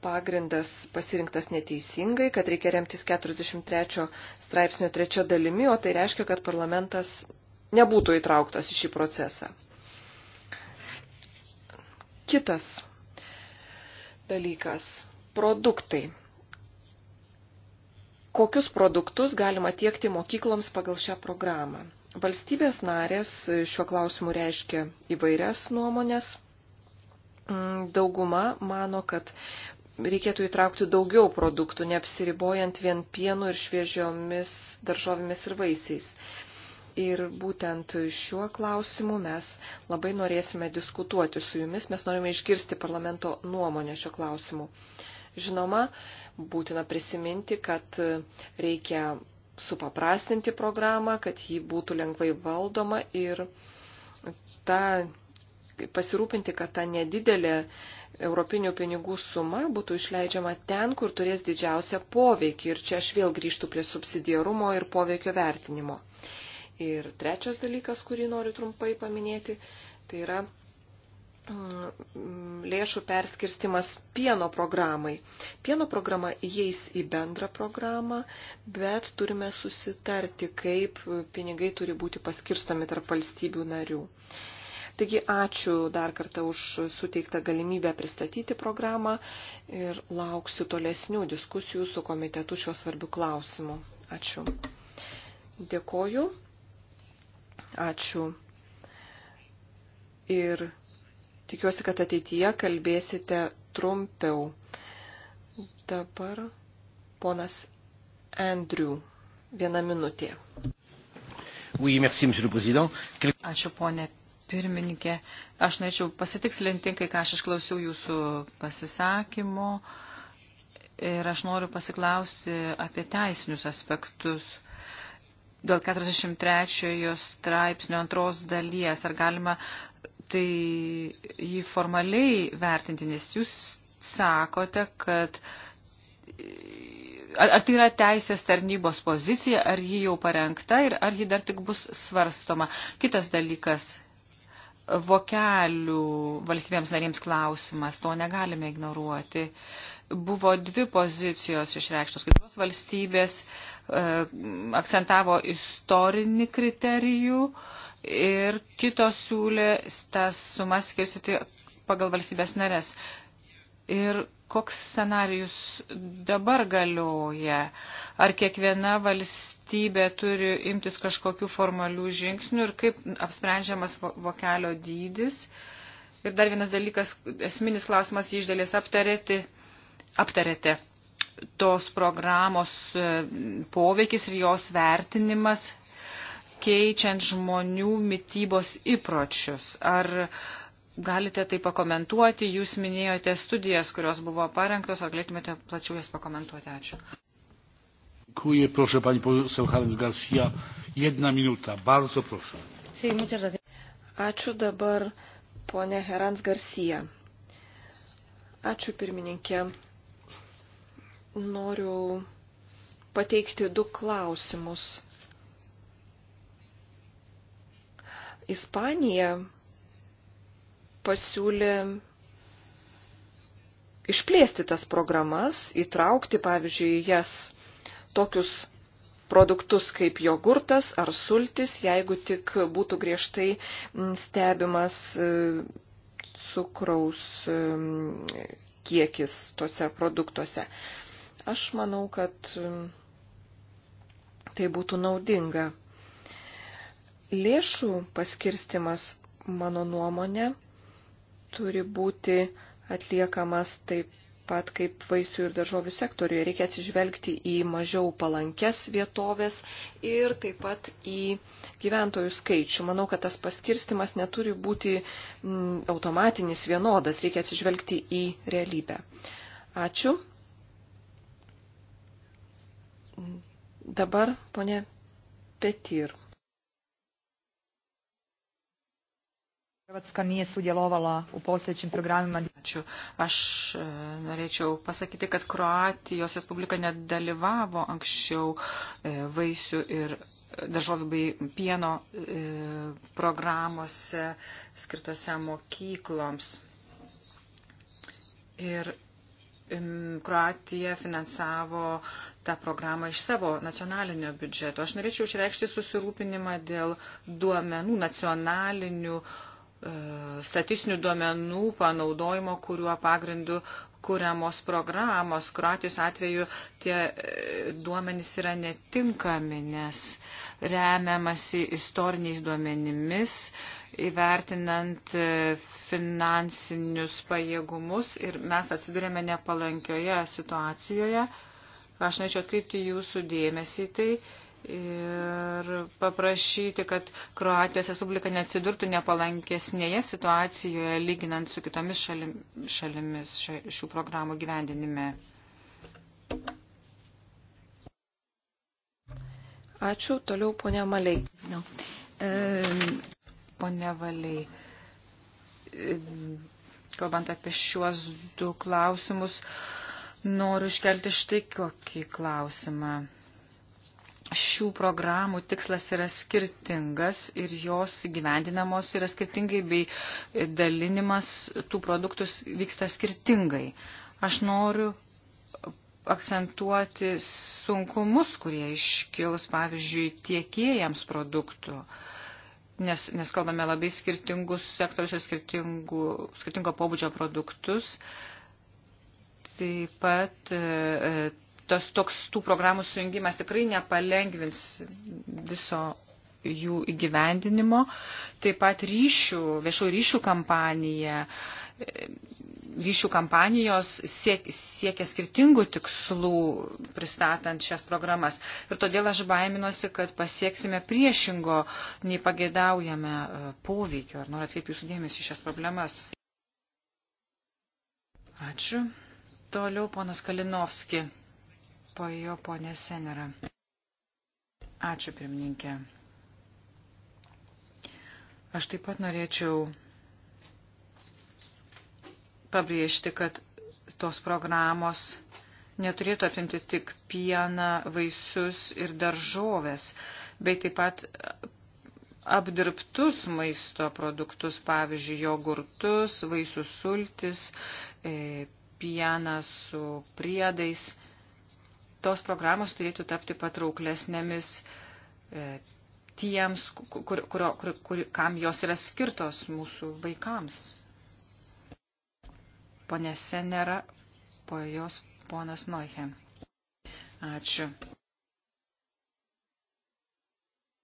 pagrindas pasirinktas neteisingai, kad reikia remtis 43 straipsnio trečia dalimi, o tai reiškia, kad parlamentas nebūtų įtrauktas į šį procesą. Kitas dalykas - produktai. Kokius produktus galima tiekti mokykloms pagal šią programą? Valstybės narės šiuo klausimu reiškia įvairias nuomonės. Mm, dauguma mano, kad reikėtų įtraukti daugiau produktų, neapsiribojant vien pienu ir šviežiomis daržovėmis ir vaisiais. Ir būtent šiuo klausimu mes labai norėsime diskutuoti su jumis, mes norime išgirsti parlamento nuomonę šiuo klausimu. Žinoma, būtina prisiminti, kad reikia supaprastinti programą, kad ji būtų lengvai valdoma ir ta, pasirūpinti, kad ta nedidelė europinių pinigų suma būtų išleidžiama ten, kur turės didžiausią poveikį. Ir čia aš vėl grįžtų prie subsidiarumo ir poveikio vertinimo. Ir trečias dalykas, kurį noriu trumpai paminėti, tai yra Mm, lėšų perskirstimas pieno programai. Pieno programa įeis į bendrą programą, bet turime susitarti, kaip pinigai turi būti paskirstomi tarp valstybių narių. Taigi ačiū dar kartą už suteiktą galimybę pristatyti programą ir lauksiu tolesnių diskusijų su komitetu šiuo svarbiu klausimu. Ačiū. Dėkoju. Ačiū. Ir Tikiuosi, kad ateityje kalbėsite trumpiau. Dabar ponas Andrew. Viena minutė. Oui, merci, Ačiū, ponė pirmininkė. Aš norėčiau pasitikslinti, kai ką aš išklausiau jūsų pasisakymo ir aš noriu pasiklausti apie teisinius aspektus. Dėl 43 straipsnio antros dalies, ar galima tai jį formaliai vertinti, nes jūs sakote, kad ar, ar tai yra teisės tarnybos pozicija, ar ji jau parengta ir ar ji dar tik bus svarstoma. Kitas dalykas - vokelių valstybėms narėms klausimas, to negalime ignoruoti. Buvo dvi pozicijos išreikštos. Kai kurios valstybės e, akcentavo istorinį kriterijų, e, ir kitos siūlė tas sumas skirstyti pagal valstybės narės. Ir koks scenarius dabar galioja? Ar kiekviena valstybė turi imtis kažkokių formalių žingsnių ir kaip apsprendžiamas vokelio dydis? Ir dar vienas dalykas, esminis klausimas, jį išdėlės aptarėti, aptarėte tos programos e, poveikis ir jos vertinimas keičiant žmonių mytybos įpročius. Ar galite tai pakomentuoti? Jūs minėjote studijas, kurios buvo parengtos, ar galėtumėte plačiau jas pakomentuoti? Ačiū. Dziękuję. Proszę pani poseł Hans Garcia. Jedna minuta. Bardzo proszę. Ačiū dabar ponė Herans Garcia. Ačiū pirmininkė. Noriu pateikti du klausimus. Ispanija pasiūlė išplėsti tas programas, įtraukti, pavyzdžiui, jas tokius produktus kaip jogurtas ar sultis, jeigu tik būtų griežtai mm, stebimas e, cukraus e, kiekis tose produktuose. Aš manau, kad mm, tai būtų naudinga. Lėšų paskirstimas, mano nuomonė, turi būti atliekamas taip pat kaip vaisių ir daržovių sektoriuje. Reikia atsižvelgti į mažiau palankes vietovės ir taip pat į gyventojų skaičių. Manau, kad tas paskirstimas neturi būti m, mm, automatinis vienodas, reikia atsižvelgti į realybę. Ačiū. Dabar, ponė Petir. Hrvatska nije sudjelovala u postojećim programima. Ačiū. Aš e, norėčiau pasakyti, kad Kroatijos Respublika nedalyvavo anksčiau e, vaisių ir daržovių bei pieno e, programuose skirtose mokykloms. Ir Kroatija finansavo tą programą iš savo nacionalinio biudžeto. Aš norėčiau išreikšti susirūpinimą dėl duomenų nacionalinių uh, E, statistinių duomenų panaudojimo, kuriuo pagrindu kuriamos programos. Kroatijos atveju tie e, duomenys yra netinkami, nes remiamasi istoriniais duomenimis, įvertinant e, finansinius pajėgumus ir mes atsidurėme nepalankioje situacijoje. Aš norėčiau atkreipti jūsų dėmesį tai ir paprašyti, kad Kroatijos Respublika neatsidurtų nepalankesnėje situacijoje lyginant su kitomis šalim, šalimis šių programų gyvendinime. Ačiū. Toliau ponia Maliai. No. E, ponia Valiai, kalbant apie šiuos du klausimus, noriu iškelti štai kokį klausimą šių programų tikslas yra skirtingas ir jos gyvendinamos yra skirtingai, bei dalinimas tų produktų vyksta skirtingai. Aš noriu akcentuoti sunkumus, kurie iškils, pavyzdžiui, tiekėjams produktų, nes, nes kalbame labai skirtingus sektorius ir skirtingo pobūdžio produktus. Taip pat e, e tas toks tų programų sujungimas tikrai nepalengvins viso jų įgyvendinimo. Taip pat ryšių, viešų ryšių kampanija, ryšių kampanijos siek, siekia skirtingų tikslų pristatant šias programas. Ir todėl aš baiminuosi, kad pasieksime priešingo, nei pageidaujame e, poveikio. Ar noriu atkreipti jūsų dėmesį šias problemas? Ačiū. Toliau ponas Kalinovski po jo ponė Senera. Ačiū, pirmininkė. Aš taip pat norėčiau pabrėžti, kad tos programos neturėtų apimti tik pieną, vaisius ir daržovės, bet taip pat apdirbtus maisto produktus, pavyzdžiui, jogurtus, vaisių sultis, e, pieną su priedais tos programos turėtų tapti patrauklesnėmis e, tiems, kur, kur, kur, kur, kam jos yra skirtos mūsų vaikams. Pone Senera, po jos ponas Noihe. Ačiū.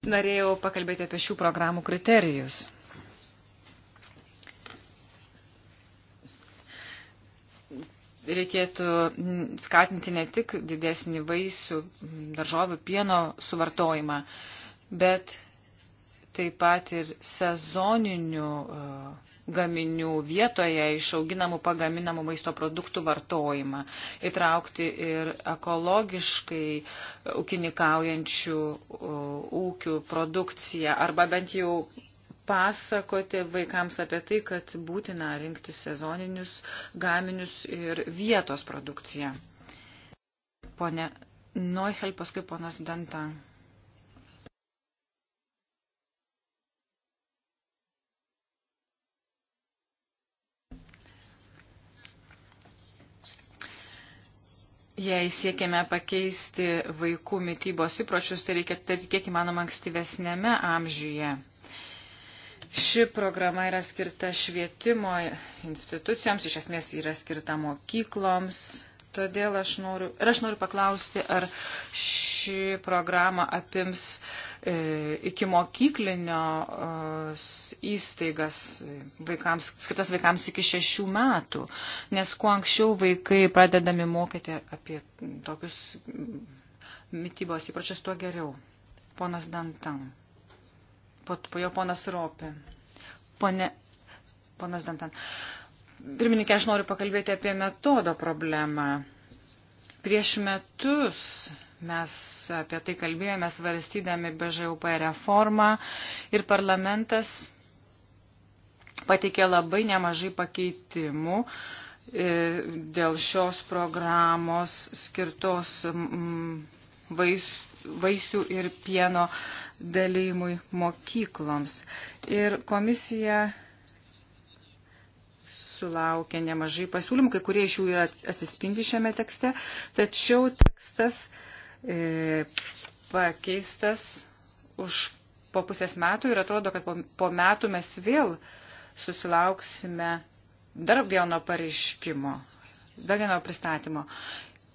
Norėjau pakalbėti apie šių programų kriterijus. reikėtų skatinti ne tik didesnį vaisių, daržovių, pieno suvartojimą, bet taip pat ir sezoninių e, gaminių vietoje išauginamų pagaminamų maisto produktų vartojimą, įtraukti ir ekologiškai ūkininkaujančių e, ūkių produkciją arba bent jau pasakoti vaikams apie tai, kad būtina rinkti sezoninius gaminius ir vietos produkciją. Pone Neuhel, paskui ponas Danta. Jei siekiame pakeisti vaikų mytybos įpročius, tai reikia tai kiek įmanoma ankstyvesnėme amžiuje. Ši programa yra skirta švietimo institucijoms, iš esmės yra skirta mokykloms, Todėl aš noriu, ir aš noriu paklausti, ar ši programa apims e, iki mokyklinio e, įstaigas vaikams, skirtas vaikams iki šešių metų, nes kuo anksčiau vaikai pradedami mokyti apie tokius mytybos įpročius, tuo geriau. Ponas Dantam po, po jo ponas Ropė. Pone, ponas Dantan. Pirmininkė, aš noriu pakalbėti apie metodo problemą. Prieš metus mes apie tai kalbėjome svarstydami BŽUP reformą ir parlamentas pateikė labai nemažai pakeitimų e, dėl šios programos skirtos vaisių ir pieno dalymui mokykloms. Ir komisija sulaukė nemažai pasiūlymų, kai kurie iš jų yra atsispindi šiame tekste, tačiau tekstas e, pakeistas už po pusės metų ir atrodo, kad po, po metų mes vėl susilauksime dar vieno pareiškimo, dar vieno pristatymo.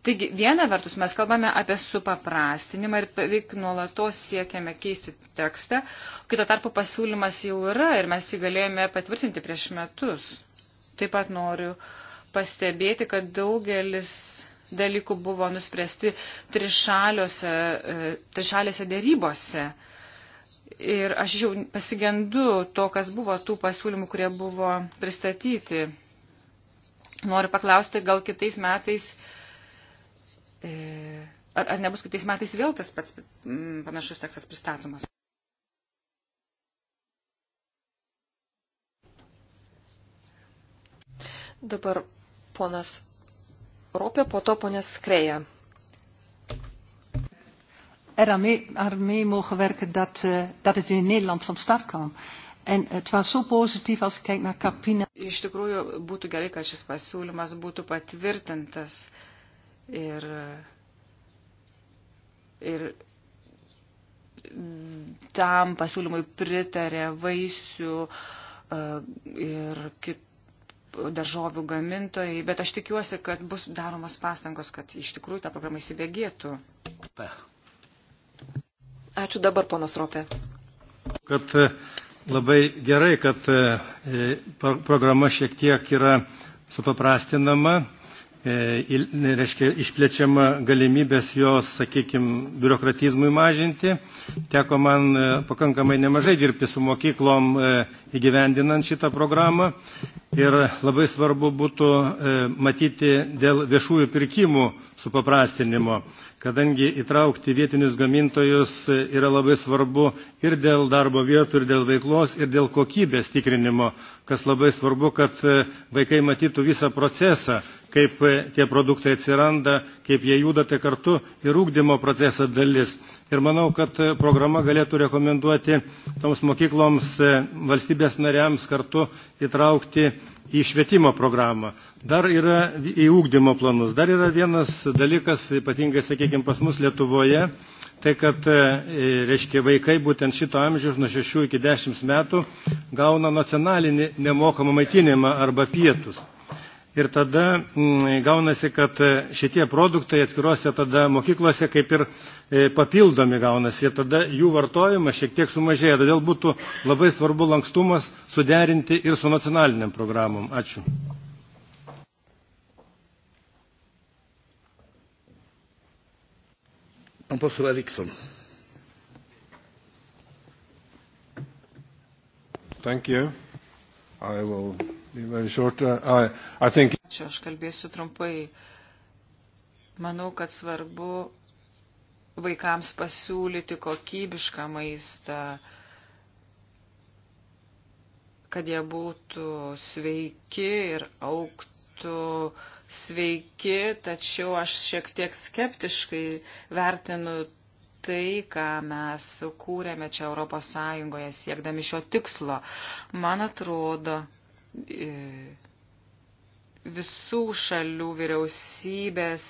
Taigi, viena vertus mes kalbame apie supaprastinimą ir beveik nuolatos siekiame keisti tekstą, kito tarpu pasiūlymas jau yra ir mes jį galėjome patvirtinti prieš metus. Taip pat noriu pastebėti, kad daugelis dalykų buvo nuspręsti e, trišalėse dėrybose. Ir aš jau pasigendu to, kas buvo tų pasiūlymų, kurie buvo pristatyti. Noriu paklausti, gal kitais metais E, ar, ar nebus kitais metais vėl tas pats mm, panašus tekstas pristatomas? Dabar ponas Ropė, po to ponas Skreja. Er aan mee, aan mee mogen werken dat, uh, dat het in Nederland van start kwam. En het was zo positief als ik kijk naar Capina. Iš tikrųjų, būtų gerai, kad šis pasiūlymas būtų patvirtintas. Uh, ir, ir tam pasiūlymui pritarė vaisių e, ir kitų daržovių gamintojai, bet aš tikiuosi, kad bus daromas pastangos, kad iš tikrųjų ta programa įsivėgėtų. Ačiū dabar, ponas Ropė. Kad e, labai gerai, kad e, programa šiek tiek yra supaprastinama E, reiškia, išplečiama galimybės jos, sakykime, biurokratizmui mažinti. Teko man e, pakankamai nemažai dirbti su mokyklom e, įgyvendinant šitą programą ir labai svarbu būtų matyti dėl viešųjų pirkimų supaprastinimo, kadangi įtraukti vietinius gamintojus yra labai svarbu ir dėl darbo vietų, ir dėl veiklos, ir dėl kokybės tikrinimo, kas labai svarbu, kad vaikai matytų visą procesą kaip e, tie produktai atsiranda, kaip jie juda, tai kartu ir ūkdymo proceso dalis. Ir manau, kad e, programa galėtų rekomenduoti toms mokykloms e, valstybės nariams kartu įtraukti į švietimo programą. Dar yra į ūkdymo planus. Dar yra vienas dalykas, ypatingai, sakykime, pas mus Lietuvoje, tai kad reiškia, vaikai būtent šito amžiaus nuo 6 iki 10 metų gauna nacionalinį nemokamą maitinimą arba pietus ir tada mm, gaunasi, kad e, šitie produktai atskiruose tada mokyklose kaip ir e, papildomi gaunasi ir tada jų vartojimas šiek tiek sumažėja. Todėl būtų labai svarbu lankstumas suderinti ir su nacionaliniam programom. Ačiū. Pan poseł Eriksson. Thank you. I will Ačiū, uh, aš kalbėsiu trumpai. Manau, kad svarbu vaikams pasiūlyti kokybišką maistą, kad jie būtų sveiki ir auktų sveiki, tačiau aš šiek tiek skeptiškai vertinu tai, ką mes kūrėme čia Europos Sąjungoje siekdami šio tikslo. Man atrodo, E, visų šalių vyriausybės,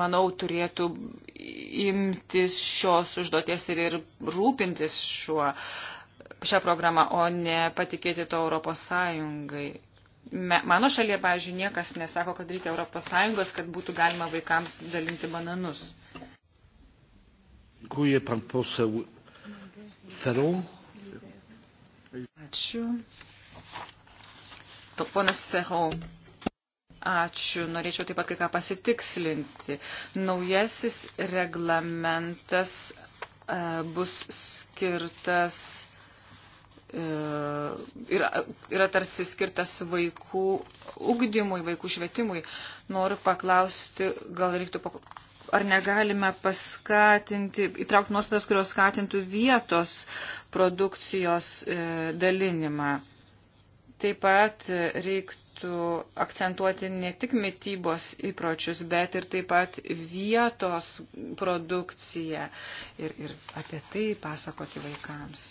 manau, turėtų imtis šios užduoties ir, ir rūpintis šiuo, šią programą, o ne patikėti to Europos Sąjungai. Me, mano šalyje, pavyzdžiui, niekas nesako, kad reikia Europos Sąjungos, kad būtų galima vaikams dalinti bananus. Dziękuję pan poseł Ferron. Ačiū. To ponas Ferro. Ačiū. Norėčiau taip pat kai ką pasitikslinti. Naujasis reglamentas e, bus skirtas e, yra, yra tarsi skirtas vaikų ugdymui, vaikų švietimui. Noriu paklausti, gal reiktų ar negalime paskatinti, įtraukti nuostatas, kurios skatintų vietos produkcijos e, dalinimą. Taip pat e, reiktų akcentuoti ne tik mytybos įpročius, bet ir taip pat vietos produkciją ir, ir apie tai pasakoti vaikams.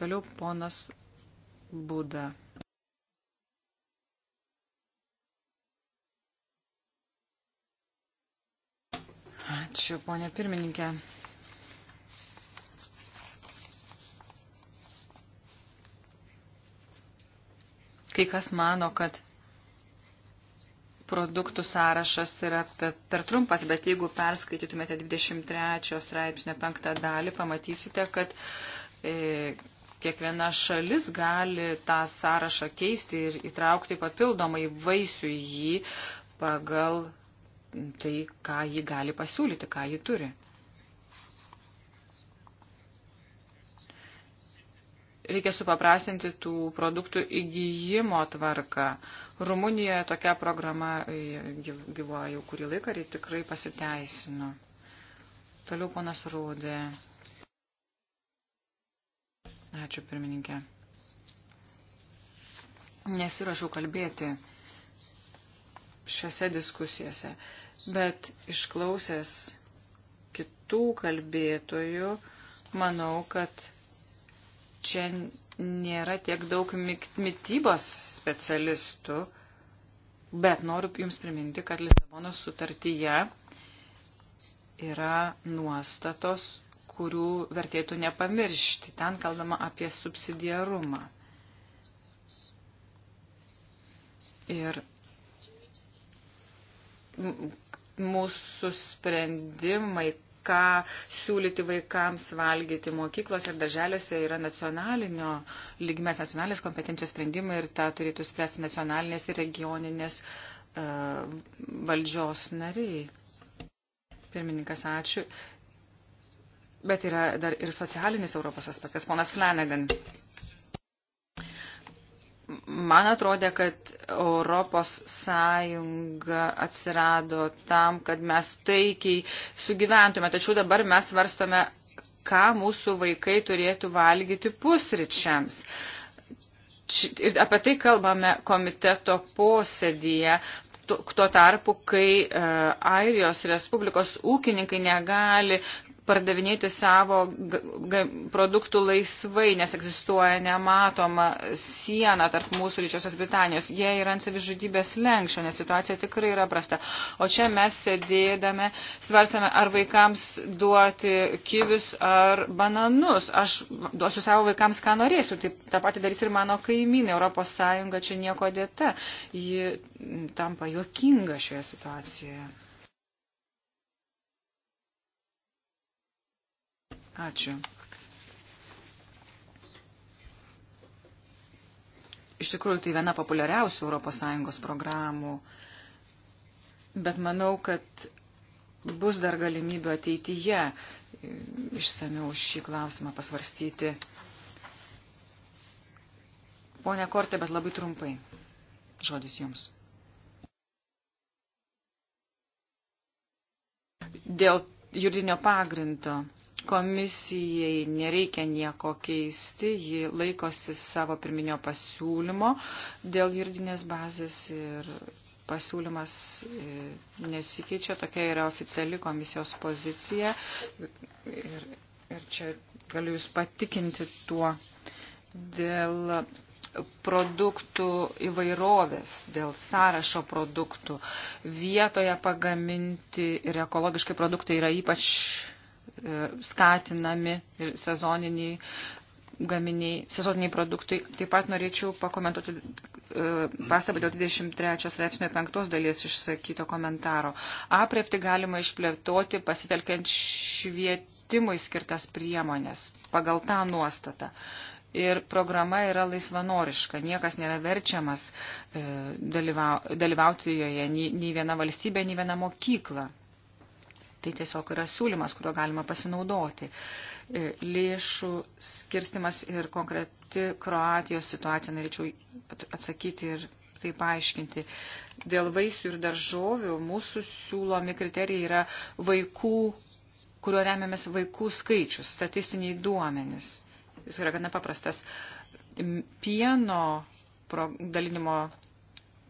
Toliau ponas Būda. Ačiū, ponė pirmininkė. Kai kas mano, kad produktų sąrašas yra per trumpas, bet jeigu perskaitytumėte 23 straipsnio 5 dalį, pamatysite, kad e, kiekviena šalis gali tą sąrašą keisti ir įtraukti papildomai vaisių į jį pagal tai, ką ji gali pasiūlyti, ką ji turi. Reikia supaprastinti tų produktų įgyjimo tvarką. Rumunijoje tokia programa e, gyvoja jau kurį laiką ir tikrai pasiteisino. Toliau ponas Rūdė. Ačiū pirmininkė. Nesirašau kalbėti šiose diskusijose. Bet išklausęs kitų kalbėtojų, manau, kad čia nėra tiek daug mytybos specialistų, bet noriu Jums priminti, kad Lisabonos sutartyje yra nuostatos, kurių vertėtų nepamiršti. Ten kalbama apie subsidiarumą. Ir mūsų sprendimai, ką siūlyti vaikams valgyti mokyklose ir darželiuose yra nacionalinio lygmens, nacionalinės kompetencijos sprendimai ir tą turėtų spręsti nacionalinės ir regioninės uh, valdžios nariai. Pirmininkas, ačiū. Bet yra dar ir socialinis Europos aspektas. Ponas Flanagan man atrodė, kad Europos Sąjunga atsirado tam, kad mes taikiai sugyventume, tačiau dabar mes varstome, ką mūsų vaikai turėtų valgyti pusryčiams. Ir apie tai kalbame komiteto posėdėje, tuo tarpu, kai e, Airijos Respublikos ūkininkai negali pardavinėti savo produktų laisvai, nes egzistuoja nematoma siena tarp mūsų ir Didžiosios Britanijos. Jie yra ant savižudybės lenkščio, nes situacija tikrai yra prasta. O čia mes sėdėdame, svarstame, ar vaikams duoti kivius ar bananus. Aš duosiu savo vaikams, ką norėsiu. Tai tą patį darys ir mano kaimynai. Europos Sąjunga čia nieko dėta. Ji tampa juokinga šioje situacijoje. Ačiū. Iš tikrųjų, tai viena populiariausių ES programų, bet manau, kad bus dar galimybių ateityje išsamiau šį klausimą pasvarstyti. Pone Kortė, bet labai trumpai. Žodis jums. Dėl juridinio pagrindo Komisijai nereikia nieko keisti, ji laikosi savo pirminio pasiūlymo dėl juridinės bazės ir pasiūlymas e, nesikeičia, tokia yra oficiali komisijos pozicija ir, ir čia galiu Jūs patikinti tuo dėl produktų įvairovės, dėl sąrašo produktų. Vietoje pagaminti ir ekologiškai produktai yra ypač E, skatinami ir sezoniniai gaminiai, sezoniniai produktai. Taip pat norėčiau pakomentuoti e, pastabą dėl 23 straipsnio 5 dalies išsakyto komentaro. Aprepti galima išplėtoti pasitelkiant švietimui skirtas priemonės pagal tą nuostatą. Ir programa yra laisvanoriška, niekas nėra verčiamas e, dalyvau, dalyvauti joje, nei, nei viena valstybė, nei viena mokykla. Tai tiesiog yra siūlymas, kurio galima pasinaudoti. E, lėšų skirstimas ir konkreti Kroatijos situacija, norėčiau atsakyti ir tai paaiškinti. Dėl vaisių ir daržovių mūsų siūlomi kriterijai yra vaikų, kuriuo remiamės vaikų skaičius, statistiniai duomenys. Jis yra gana paprastas. Pieno dalinimo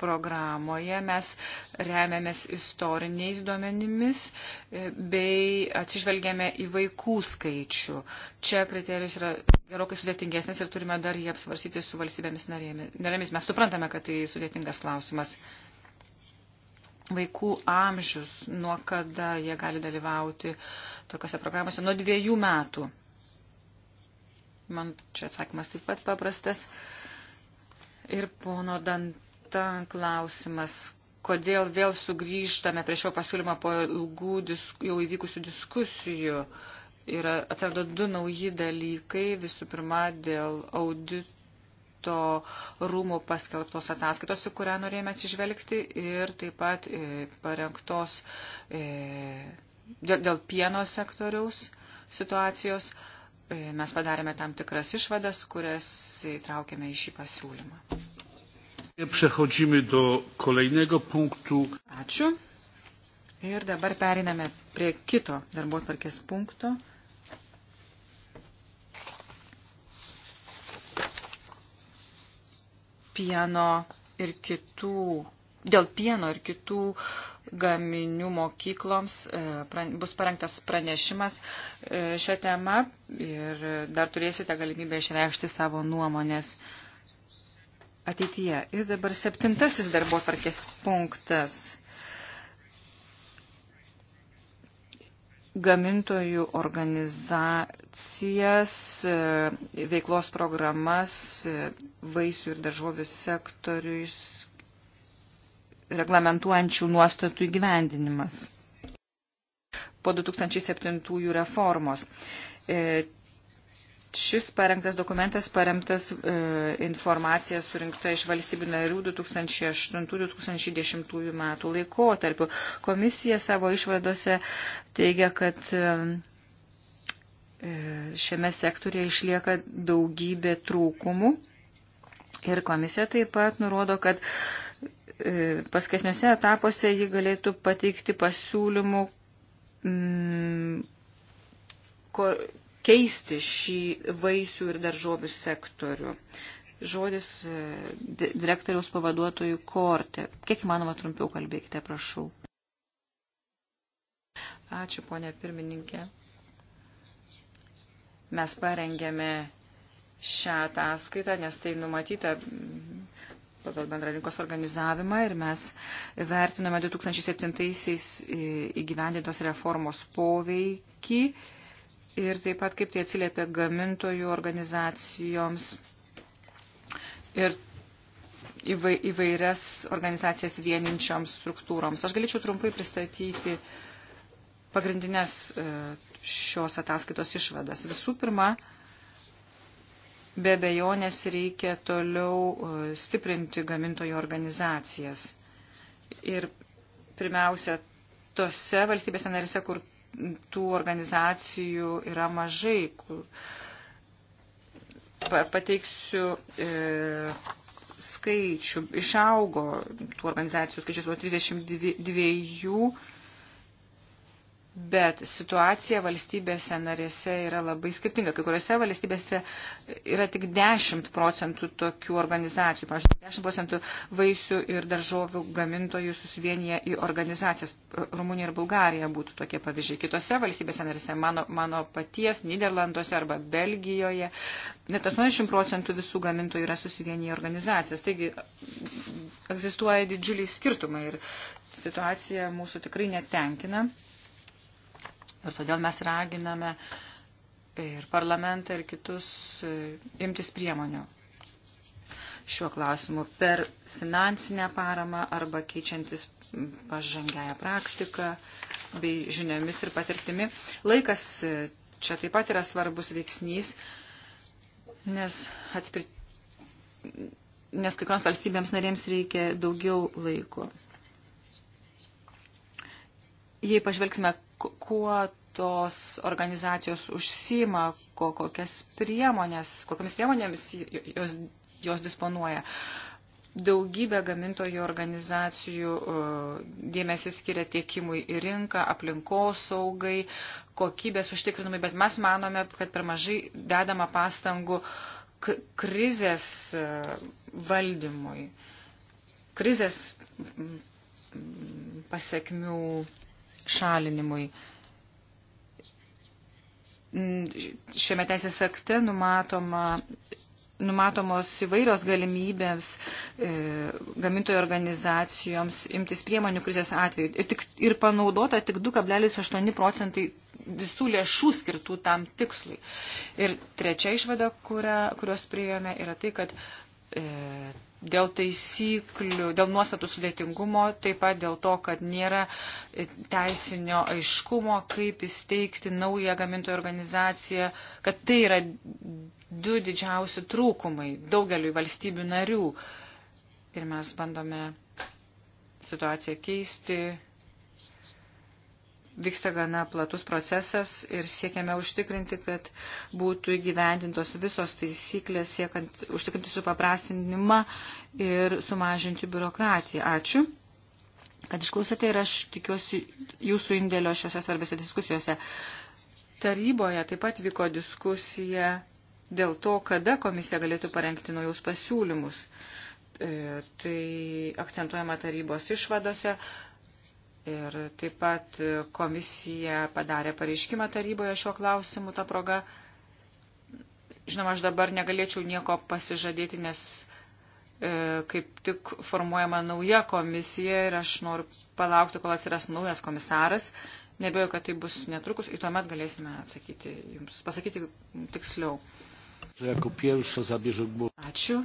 programoje mes remiamės istoriniais duomenimis e, bei atsižvelgiame į vaikų skaičių. Čia kriterijus yra gerokai sudėtingesnis ir turime dar jį apsvarsyti su valstybėmis narėmis. Mes suprantame, kad tai sudėtingas klausimas. Vaikų amžius, nuo kada jie gali dalyvauti tokiose programose, nuo dviejų metų. Man čia atsakymas taip pat paprastas. Ir pono Dant Kita klausimas. Kodėl vėl sugrįžtame prie šio pasiūlymo po ilgų disk, jau įvykusių diskusijų? Ir atsirado du nauji dalykai. Visų pirma, dėl auditų audito rūmų paskelbtos ataskaitos, į kurią norėjome atsižvelgti ir taip pat e, parengtos e, dėl, dėl pieno sektoriaus situacijos. E, mes padarėme tam tikras išvadas, kurias įtraukėme į šį pasiūlymą. Ačiū. Ir dabar periname prie kito darbo tvarkės punkto. Pieno ir kitų, dėl pieno ir kitų gaminių mokykloms e, bus parengtas pranešimas e, šią temą ir dar turėsite galimybę išreikšti savo nuomonės ateityje. Ir dabar septintasis darbo tvarkės punktas. Gamintojų organizacijas, e, veiklos programas, e, vaisių ir daržovių sektorius, reglamentuojančių nuostatų įgyvendinimas po 2007 reformos. E, Šis parengtas dokumentas paremtas e, informacija surinkta iš valstybių narių 2008-2010 metų laikotarpiu. Komisija savo išvadose teigia, kad e, e, šiame sektorėje išlieka daugybė trūkumų. Ir komisija taip pat nurodo, kad e, paskesniuose etapuose ji galėtų pateikti pasiūlymų. Mm, ko, keisti šį vaisių ir daržovių sektorių. Žodis e, direktoriaus pavaduotojų kortė. Kiek įmanoma trumpiau kalbėkite, prašau. Ačiū, ponė pirmininkė. Mes parengėme šią ataskaitą, nes tai numatyta pagal bendrą rinkos organizavimą ir mes vertiname 2007-aisiais e, įgyvendintos reformos poveikį ir taip pat kaip tai atsiliepia gamintojų organizacijoms ir įvairias organizacijas vieninčioms struktūroms. Aš galėčiau trumpai pristatyti pagrindinės e, šios ataskaitos išvadas. Visų pirma, be bejonės reikia toliau e, stiprinti gamintojų organizacijas. Ir pirmiausia, tose valstybėse narise, kur tų organizacijų yra mažai. Kur... Pateiksiu e, skaičių. Išaugo tų organizacijų skaičius nuo 32 Bet situacija valstybėse narėse yra labai skirtinga. Kai kuriuose valstybėse yra tik 10 procentų tokių organizacijų. Pavyzdžiui, 10 procentų vaisių ir daržovių gamintojų susivienyje į organizacijas. Rumunija ir Bulgarija būtų tokie pavyzdžiai. Kitose valstybėse narėse, mano, mano paties, Niderlanduose arba Belgijoje, net 80 procentų visų gamintojų yra susivienyje į organizacijas. Taigi egzistuoja didžiuliai skirtumai ir situacija mūsų tikrai netenkina. Ir todėl mes raginame ir parlamentą, ir kitus e, imtis priemonių šiuo klausimu per finansinę paramą arba keičiantis pažangiają praktiką bei žiniomis ir patirtimi. Laikas e, čia taip pat yra svarbus veiksnys, nes, atspir... nes kai kurioms valstybėms narėms reikia daugiau laiko. Jei pažvelgsime, kuo tos organizacijos užsima, ko, kokias priemonės, kokiamis priemonėmis jos, jos disponuoja. Daugybė gamintojų organizacijų e, dėmesį skiria tiekimui į rinką, aplinkos saugai, kokybės užtikrinumai, bet mes manome, kad per mažai dedama pastangų krizės e, valdymui, krizės pasiekmių šalinimui. Mm, šiame teisės akte numatoma, numatomos įvairios galimybės e, gamintojų organizacijoms imtis priemonių krizės atveju. Ir, tik, ir panaudota tik 2,8 procentai visų lėšų skirtų tam tikslui. Ir trečia išvada, kurią, kurios priėjome, yra tai, kad e, dėl taisyklių, dėl nuostatų sudėtingumo, taip pat dėl to, kad nėra teisinio aiškumo, kaip įsteigti naują gamintojų organizaciją, kad tai yra du didžiausi trūkumai daugeliu valstybių narių. Ir mes bandome situaciją keisti, vyksta gana platus procesas ir siekiame užtikrinti, kad būtų įgyvendintos visos taisyklės, siekant užtikrinti supaprastinimą ir sumažinti biurokratiją. Ačiū, kad išklausėte ir aš tikiuosi jūsų indėlio šiuose svarbiose diskusijose. Taryboje taip pat vyko diskusija dėl to, kada komisija galėtų parengti naujus pasiūlymus. E, tai akcentuojama tarybos išvadose. Ir taip pat komisija padarė pareiškimą taryboje šio klausimu tą progą. Žinoma, aš dabar negalėčiau nieko pasižadėti, nes e, kaip tik formuojama nauja komisija ir aš noriu palaukti, kol atsiras naujas komisaras. Nebejoju, kad tai bus netrukus ir tuomet galėsime atsakyti jums, pasakyti tiksliau. Ačiū.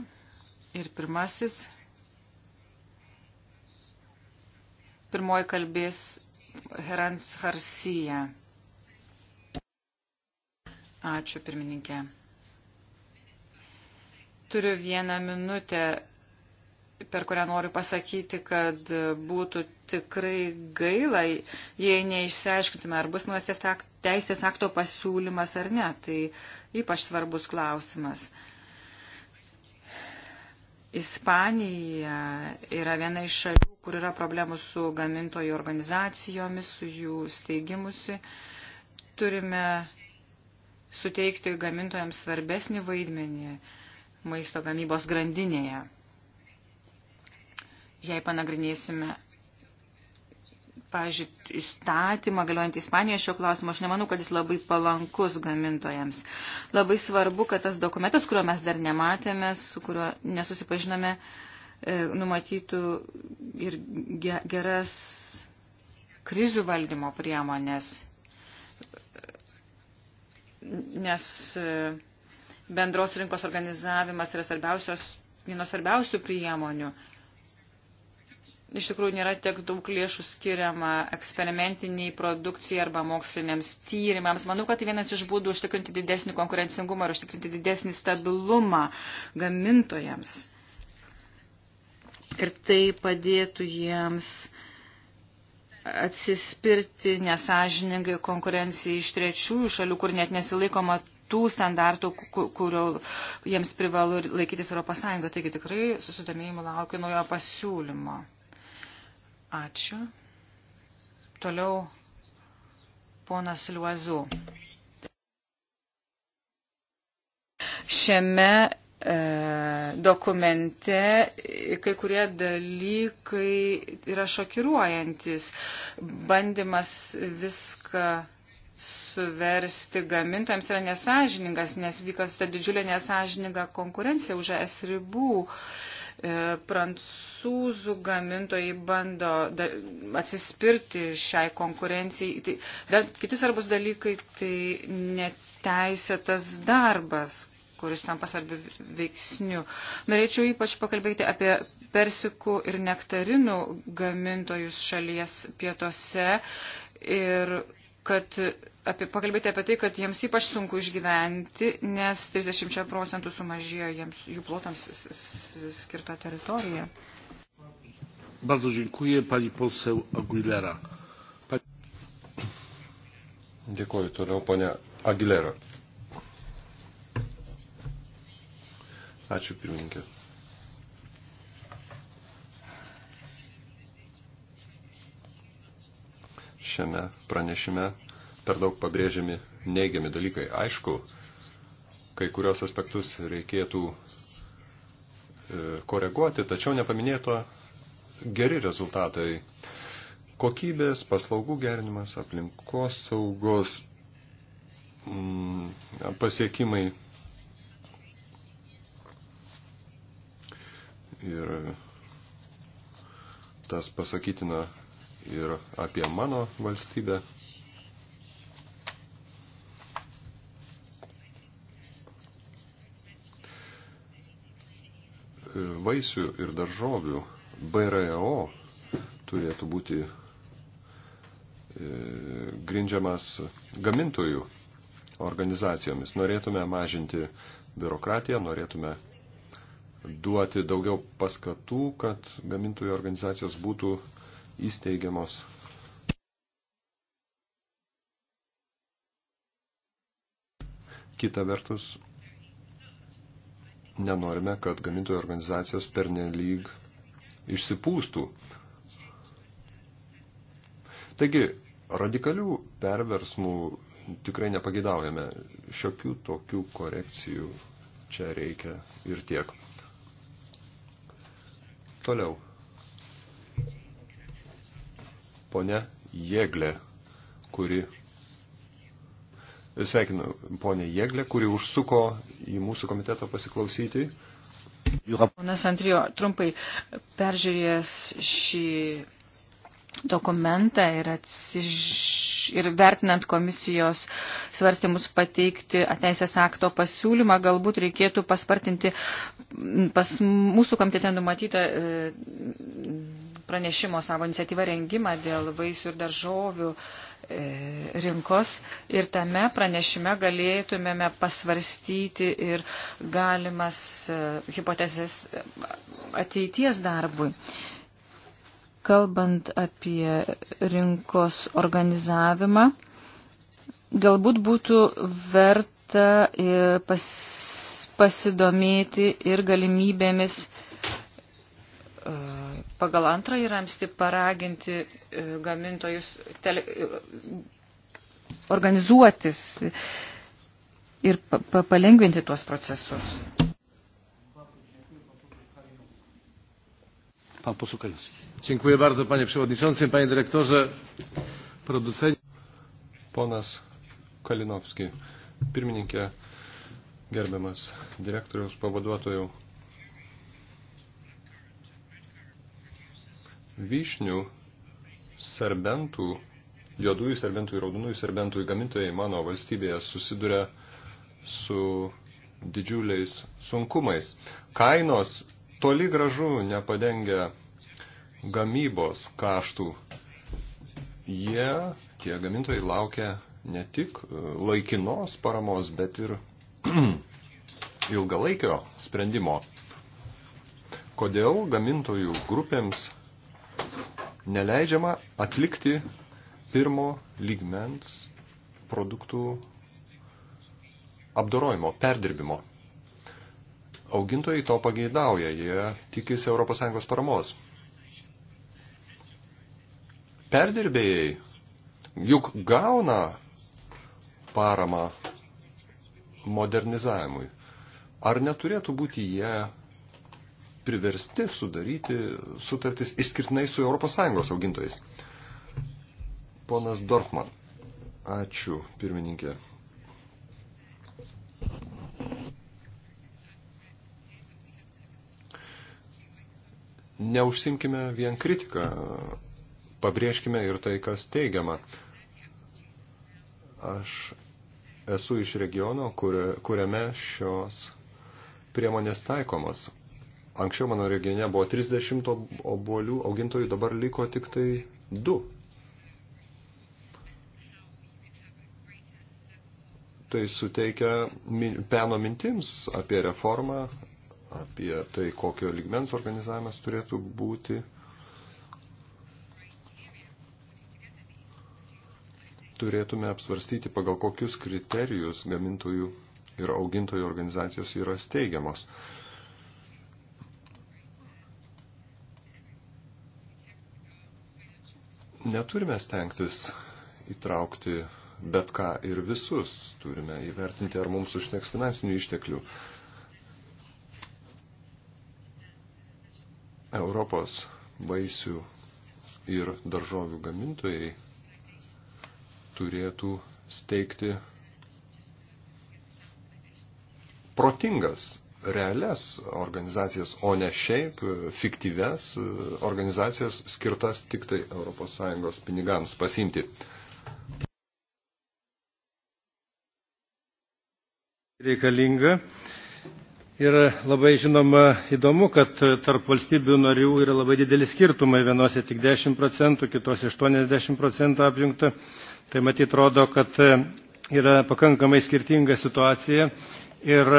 Ir pirmasis Pirmoji kalbės Herans Harsija. Ačiū, pirmininkė. Turiu vieną minutę, per kurią noriu pasakyti, kad būtų tikrai gaila, jei neišsiaiškintume, ar bus nuostės teisės akto pasiūlymas ar ne. Tai ypač svarbus klausimas. Ispanija yra viena iš šalių kur yra problemų su gamintojų organizacijomis, su jų steigimusi. Turime suteikti gamintojams svarbesnį vaidmenį maisto gamybos grandinėje. Jei panagrinėsime, pažiūrėjau, įstatymą galiojant Ispanijoje šio klausimo, aš nemanau, kad jis labai palankus gamintojams. Labai svarbu, kad tas dokumentas, kurio mes dar nematėme, su kuriuo nesusipažinome, uh, E, numatytų ir geras krizių valdymo priemonės, nes e, bendros rinkos organizavimas yra svarbiausios, vienos svarbiausių priemonių. Iš tikrųjų, nėra tiek daug lėšų skiriama eksperimentiniai produkcijai arba moksliniams tyrimams. Manau, kad tai vienas iš būdų užtikrinti didesnį konkurencingumą ir užtikrinti didesnį stabilumą gamintojams ir tai padėtų jiems atsispirti nesažiningai konkurencijai iš trečiųjų šalių, kur net nesilaikoma tų standartų, kurio jiems privalu laikytis Europos Sąjunga. Taigi tikrai susidomėjimu laukiu naujo pasiūlymo. Ačiū. Toliau ponas Liuazu. Šiame E, dokumente kai kurie dalykai yra šokiruojantis. Bandymas viską suversti gamintojams yra nesažiningas, nes vykas ta didžiulė nesažininga konkurencija už es ribų. E, prancūzų gamintojai bando atsispirti šiai konkurencijai. Tai, dar, kiti svarbus dalykai tai neteisėtas darbas, kuris tampa svarbiu veiksniu. Norėčiau ypač pakalbėti apie persikų ir nektarinų gamintojus šalies pietose ir kad apie, pakalbėti apie tai, kad jiems ypač sunku išgyventi, nes 30 procentų sumažėjo jiems jų plotams skirta teritorija. Bardzo dziękuję pani poseł Aguilera. Pani... Dėkuoju toliau, ponia Aguilera. Ačiū pirmininkė. Šiame pranešime per daug pabrėžiami neigiami dalykai. Aišku, kai kurios aspektus reikėtų e, koreguoti, tačiau nepaminėto geri rezultatai. Kokybės, paslaugų gerinimas, aplinkos saugos mm, pasiekimai Ir tas pasakytina ir apie mano valstybę. Vaisių ir daržovių BRO e turėtų būti e, grindžiamas gamintojų organizacijomis. Norėtume mažinti biurokratiją, norėtume duoti daugiau paskatų, kad gamintojų organizacijos būtų įsteigiamos. Kita vertus, nenorime, kad gamintojų organizacijos pernelyg išsipūstų. Taigi, radikalių perversmų tikrai nepagidaujame. Šiokių tokių korekcijų čia reikia ir tiek. Toliau. Pone Jėglė, kuri. Sveikinu, ponė Jėglė, kuri užsuko į mūsų komitetą pasiklausyti. Ponas Antrijo, trumpai peržiūrėjęs šį dokumentą ir, atsiž... ir vertinant komisijos svarstymus pateikti teisės akto pasiūlymą, galbūt reikėtų paspartinti pas mūsų komitete numatytą e, pranešimo savo iniciatyvą rengimą dėl vaisių ir daržovių e, rinkos ir tame pranešime galėtumėme pasvarstyti ir galimas e, hipotezės ateities darbui kalbant apie rinkos organizavimą, galbūt būtų verta e, pas, pasidomėti ir galimybėmis e, pagal antrąjį ramstį paraginti e, gamintojus tele, organizuotis ir pa, pa, palengvinti tuos procesus. Pan poseł Kalinowski. Dziękuję bardzo panie przewodniczący, panie dyrektorze, producenci. Ponas Kalinowski, pirmininkė, gerbiamas direktoriaus pavaduotojų. Vyšnių serbentų, juodųjų serbentų ir raudonųjų serbentų gamintojai mano valstybėje susiduria su didžiuliais sunkumais. Kainos toli gražu nepadengia gamybos kaštų. Jie, tie gamintojai, laukia ne tik e, laikinos paramos, bet ir ilgalaikio sprendimo. Kodėl gamintojų grupėms neleidžiama atlikti pirmo lygmens produktų apdorojimo, perdirbimo. Augintojai to pageidauja, jie tikisi ES paramos. Perdirbėjai juk gauna paramą modernizavimui. Ar neturėtų būti jie priversti sudaryti sutartis išskirtinai su ES augintojais? Ponas Dorfman. Ačiū, pirmininkė. neužsimkime vien kritiką, pabrėžkime ir tai, kas teigiama. Aš esu iš regiono, kur, kuriame šios priemonės taikomos. Anksčiau mano regione buvo 30 obolių augintojų, dabar liko tik tai 2. Tai suteikia min, peno mintims apie reformą apie tai, kokio ligmens organizavimas turėtų būti. Turėtume apsvarstyti, pagal kokius kriterijus gamintojų ir augintojų organizacijos yra steigiamos. Neturime stengtis įtraukti bet ką ir visus. Turime įvertinti, ar mums užteks finansinių išteklių. Europos vaisių ir daržovių gamintojai turėtų steigti protingas, realias organizacijas, o ne šiaip fiktyves organizacijas skirtas tik tai ES pinigams pasimti. Reikalinga Ir labai žinoma įdomu, kad tarp valstybių narių yra labai dideli skirtumai, vienose tik 10 procentų, kitose 80 procentų apjungta. Tai matyt rodo, kad yra pakankamai skirtinga situacija ir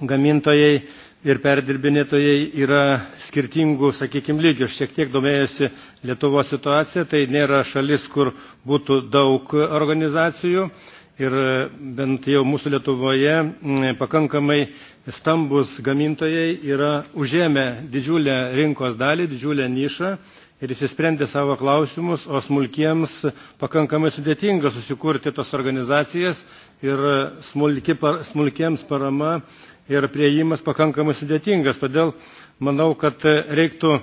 gamintojai ir perdirbinėtojai yra skirtingų, sakykime, lygių. Aš šiek tiek domėjusi Lietuvos situacija, tai nėra šalis, kur būtų daug organizacijų ir e, bent jau mūsų Lietuvoje pakankamai stambus gamintojai yra užėmę didžiulę rinkos dalį, didžiulę nišą ir įsisprendė savo klausimus, o smulkiems pakankamai sudėtinga susikurti tos organizacijas ir e, smulki, smulkiems parama ir prieimas pakankamai sudėtingas. Todėl manau, kad e, reiktų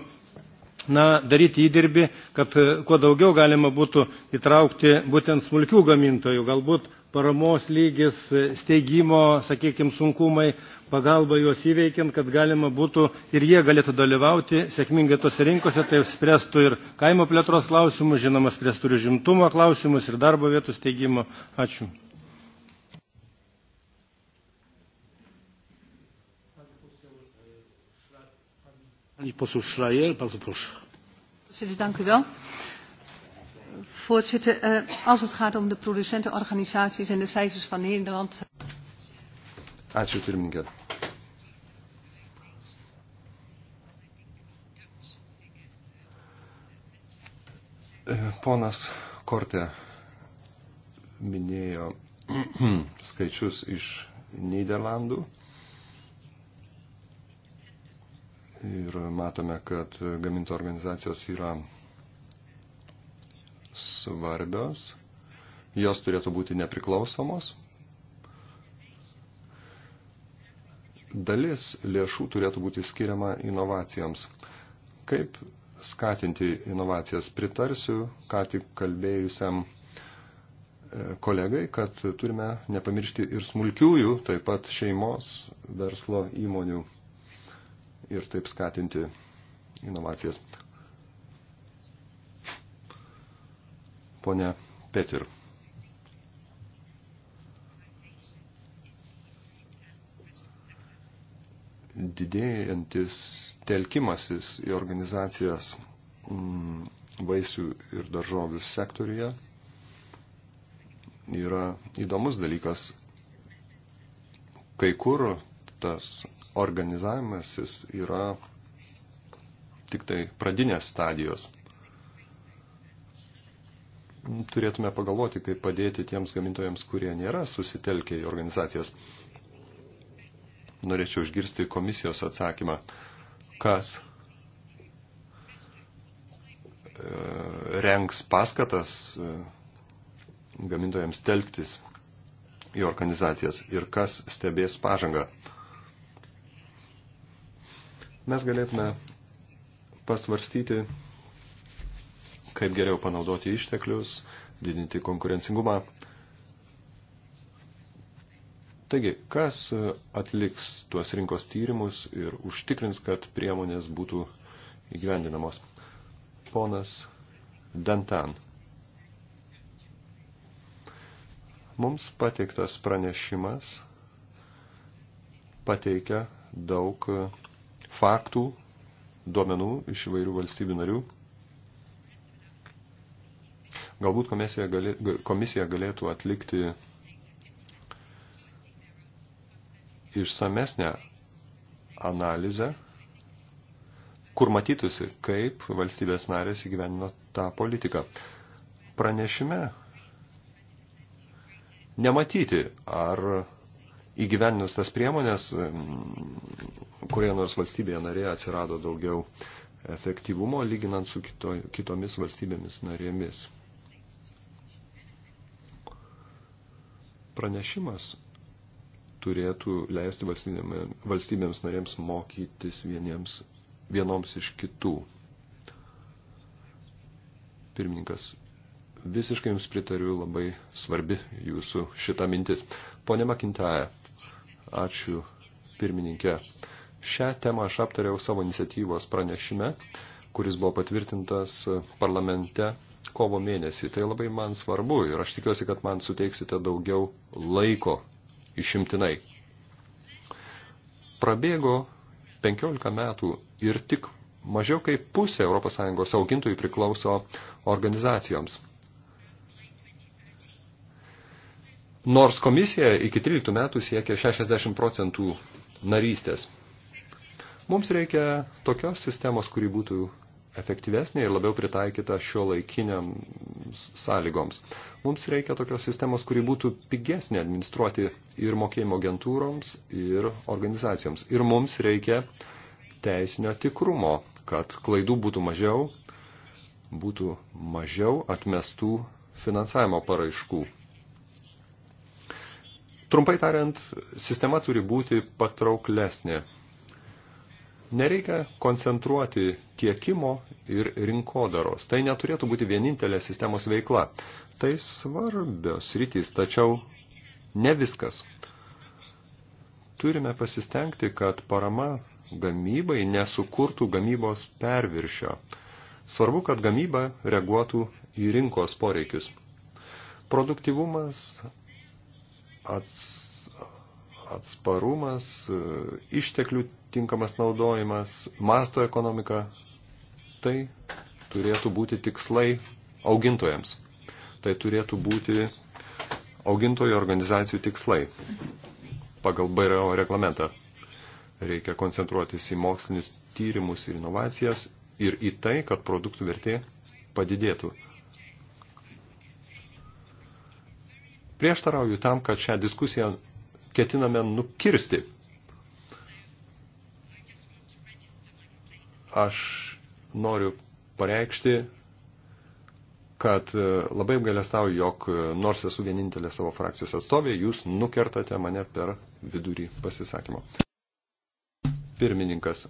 na, daryti įdirbį, kad e, kuo daugiau galima būtų įtraukti būtent smulkių gamintojų, galbūt paramos lygis, e, steigimo, sakykime, sunkumai, pagalba juos įveikiant, kad galima būtų ir jie galėtų dalyvauti sėkmingai tose rinkose, tai spręstų ir kaimo plėtros klausimus, žinoma, spręstų ir žimtumo klausimus, ir darbo vietų steigimo. Ačiū. Pani poseł Schreier, bardzo proszę. Voorzitter, dank u wel. Voorzitter, uh, als het gaat om de producentenorganisaties en de cijfers van Nederland. Eh, Ačiū pirmininkė. Eh, ponas Kortė minėjo skaičius iš Niderlandų. Ir matome, kad gaminto organizacijos yra svarbios. Jos turėtų būti nepriklausomos. Dalis lėšų turėtų būti skiriama inovacijoms. Kaip skatinti inovacijas? Pritarsiu ką tik kalbėjusiam e, kolegai, kad turime nepamiršti ir smulkiųjų, taip pat šeimos verslo įmonių ir taip skatinti inovacijas. Pone Petir. Didėjantis telkimasis į organizacijas mm, vaisių ir daržovių sektoriuje yra įdomus dalykas. Kai kur tas organizavimasis yra tik tai pradinės stadijos. Turėtume pagalvoti, kaip padėti tiems gamintojams, kurie nėra susitelkę į organizacijas. Norėčiau išgirsti komisijos atsakymą, kas e, rengs paskatas e, gamintojams telktis į organizacijas ir kas stebės pažangą. Mes galėtume pasvarstyti, kaip geriau panaudoti išteklius, didinti konkurencingumą. Taigi, kas atliks tuos rinkos tyrimus ir užtikrins, kad priemonės būtų įgyvendinamos? Ponas Dantan. Mums pateiktas pranešimas pateikia daug faktų, duomenų iš įvairių valstybių narių. Galbūt komisija, galė, komisija galėtų atlikti išsamesnę analizę, kur matytųsi, kaip valstybės narės įgyvenino tą politiką. Pranešime nematyti, ar įgyveninus tas priemonės, kurie nors valstybėje narėje atsirado daugiau efektyvumo lyginant su kito, kitomis valstybėmis narėmis. Pranešimas turėtų leisti valstybėms narėms mokytis vieniems, vienoms iš kitų. Pirmininkas, visiškai jums pritariu, labai svarbi jūsų šita mintis. Pone Makintaja, Ačiū pirmininkė. Šią temą aš aptariau savo iniciatyvos pranešime, kuris buvo patvirtintas parlamente kovo mėnesį. Tai labai man svarbu ir aš tikiuosi, kad man suteiksite daugiau laiko išimtinai. Prabėgo 15 metų ir tik mažiau kaip pusė ES augintojų priklauso organizacijoms. Nors komisija iki 13 metų siekia 60 procentų narystės. Mums reikia tokios sistemos, kuri būtų efektyvesnė ir labiau pritaikyta šio laikiniam sąlygoms. Mums reikia tokios sistemos, kuri būtų pigesnė administruoti ir mokėjimo agentūroms, ir organizacijoms. Ir mums reikia teisinio tikrumo, kad klaidų būtų mažiau, būtų mažiau atmestų finansavimo paraiškų. Trumpai tariant, sistema turi būti patrauklesnė. Nereikia koncentruoti tiekimo ir rinkodaros. Tai neturėtų būti vienintelė sistemos veikla. Tai svarbios rytis, tačiau ne viskas. Turime pasistengti, kad parama gamybai nesukurtų gamybos perviršio. Svarbu, kad gamyba reaguotų į rinkos poreikius. Produktivumas atsparumas, išteklių tinkamas naudojimas, masto ekonomika. Tai turėtų būti tikslai augintojams. Tai turėtų būti augintojų organizacijų tikslai pagal BRO reglamentą. Reikia koncentruotis į mokslinius tyrimus ir inovacijas ir į tai, kad produktų vertė padidėtų. Prieštarauju tam, kad šią diskusiją ketiname nukirsti. Aš noriu pareikšti, kad e, labai apgalėstauju, jog e, nors esu vienintelė savo frakcijos atstovė, jūs nukertate mane per vidurį pasisakymo. Pirmininkas,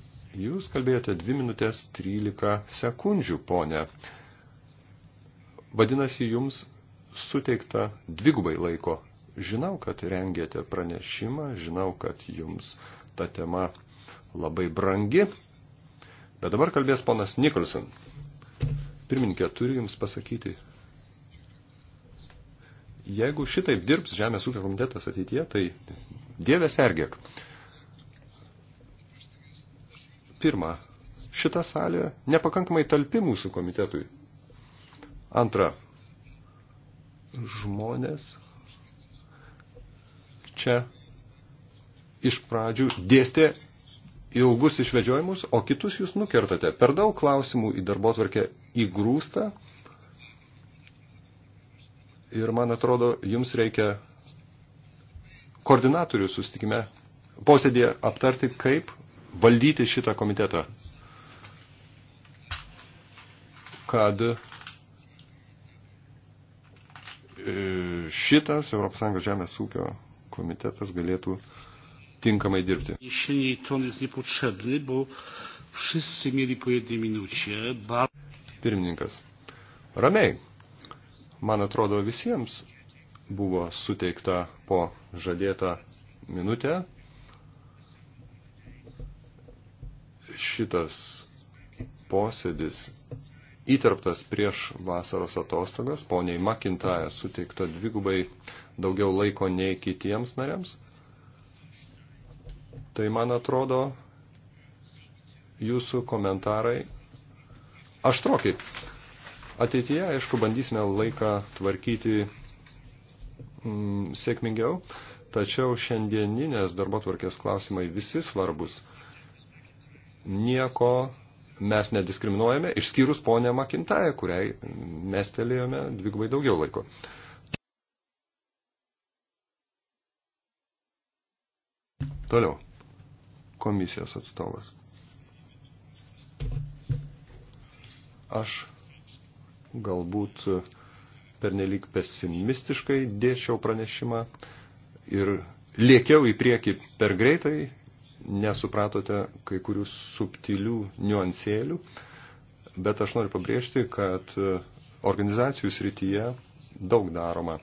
jūs kalbėjote 2 minutės 13 sekundžių, ponė. Vadinasi, jums suteikta dvigubai laiko. Žinau, kad rengėte pranešimą, žinau, kad jums ta tema labai brangi, bet dabar kalbės ponas Nikolson. Pirmininkė, turiu jums pasakyti, jeigu šitaip dirbs Žemės ūkio komitetas ateityje, tai dievė sergėk. Pirma, šita salė nepakankamai talpi mūsų komitetui. Antra, žmonės čia iš pradžių dėstė ilgus išvedžiojimus, o kitus jūs nukertate. Per daug klausimų į darbo tvarkę įgrūsta ir, man atrodo, jums reikia koordinatorių sustikime posėdėje aptarti, kaip valdyti šitą komitetą, kad E, šitas ES žemės ūkio komitetas galėtų tinkamai dirbti. Pirmininkas. Ramiai. Man atrodo, visiems buvo suteikta po žadėtą minutę. Šitas posėdis įtarptas prieš vasaros atostogas. Poniai Makintaja suteikta dvigubai daugiau laiko nei kitiems nariams. Tai man atrodo, jūsų komentarai aštrokiai. Ateityje, aišku, bandysime laiką tvarkyti mm, sėkmingiau, tačiau šiandieninės darbo tvarkės klausimai visi svarbus. Nieko mes nediskriminuojame, išskyrus ponę Makintają, kuriai mes telėjome dvigubai daugiau laiko. Toliau. Komisijos atstovas. Aš galbūt pernelyg pesimistiškai dėčiau pranešimą ir liekiau į priekį per greitai nesupratote kai kurių subtilių niuansėlių, bet aš noriu pabrėžti, kad e, organizacijų srityje daug daroma.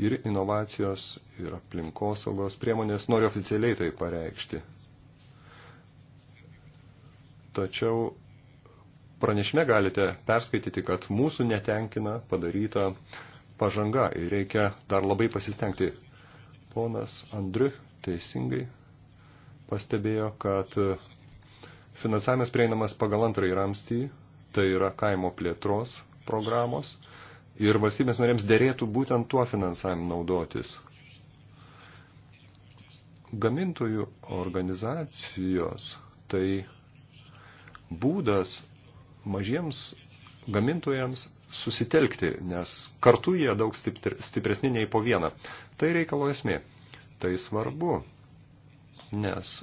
Ir inovacijos, ir aplinkosaugos priemonės noriu oficialiai tai pareikšti. Tačiau pranešime galite perskaityti, kad mūsų netenkina padaryta pažanga ir reikia dar labai pasistengti. Ponas Andriu teisingai pastebėjo, kad finansavimas prieinamas pagal antrąjį ramstį, tai yra kaimo plėtros programos, ir valstybės norėms dėrėtų būtent tuo finansavimu naudotis. Gamintojų organizacijos tai būdas mažiems gamintojams susitelkti, nes kartu jie daug stipresni nei po vieną. Tai reikalo esmė. Tai svarbu nes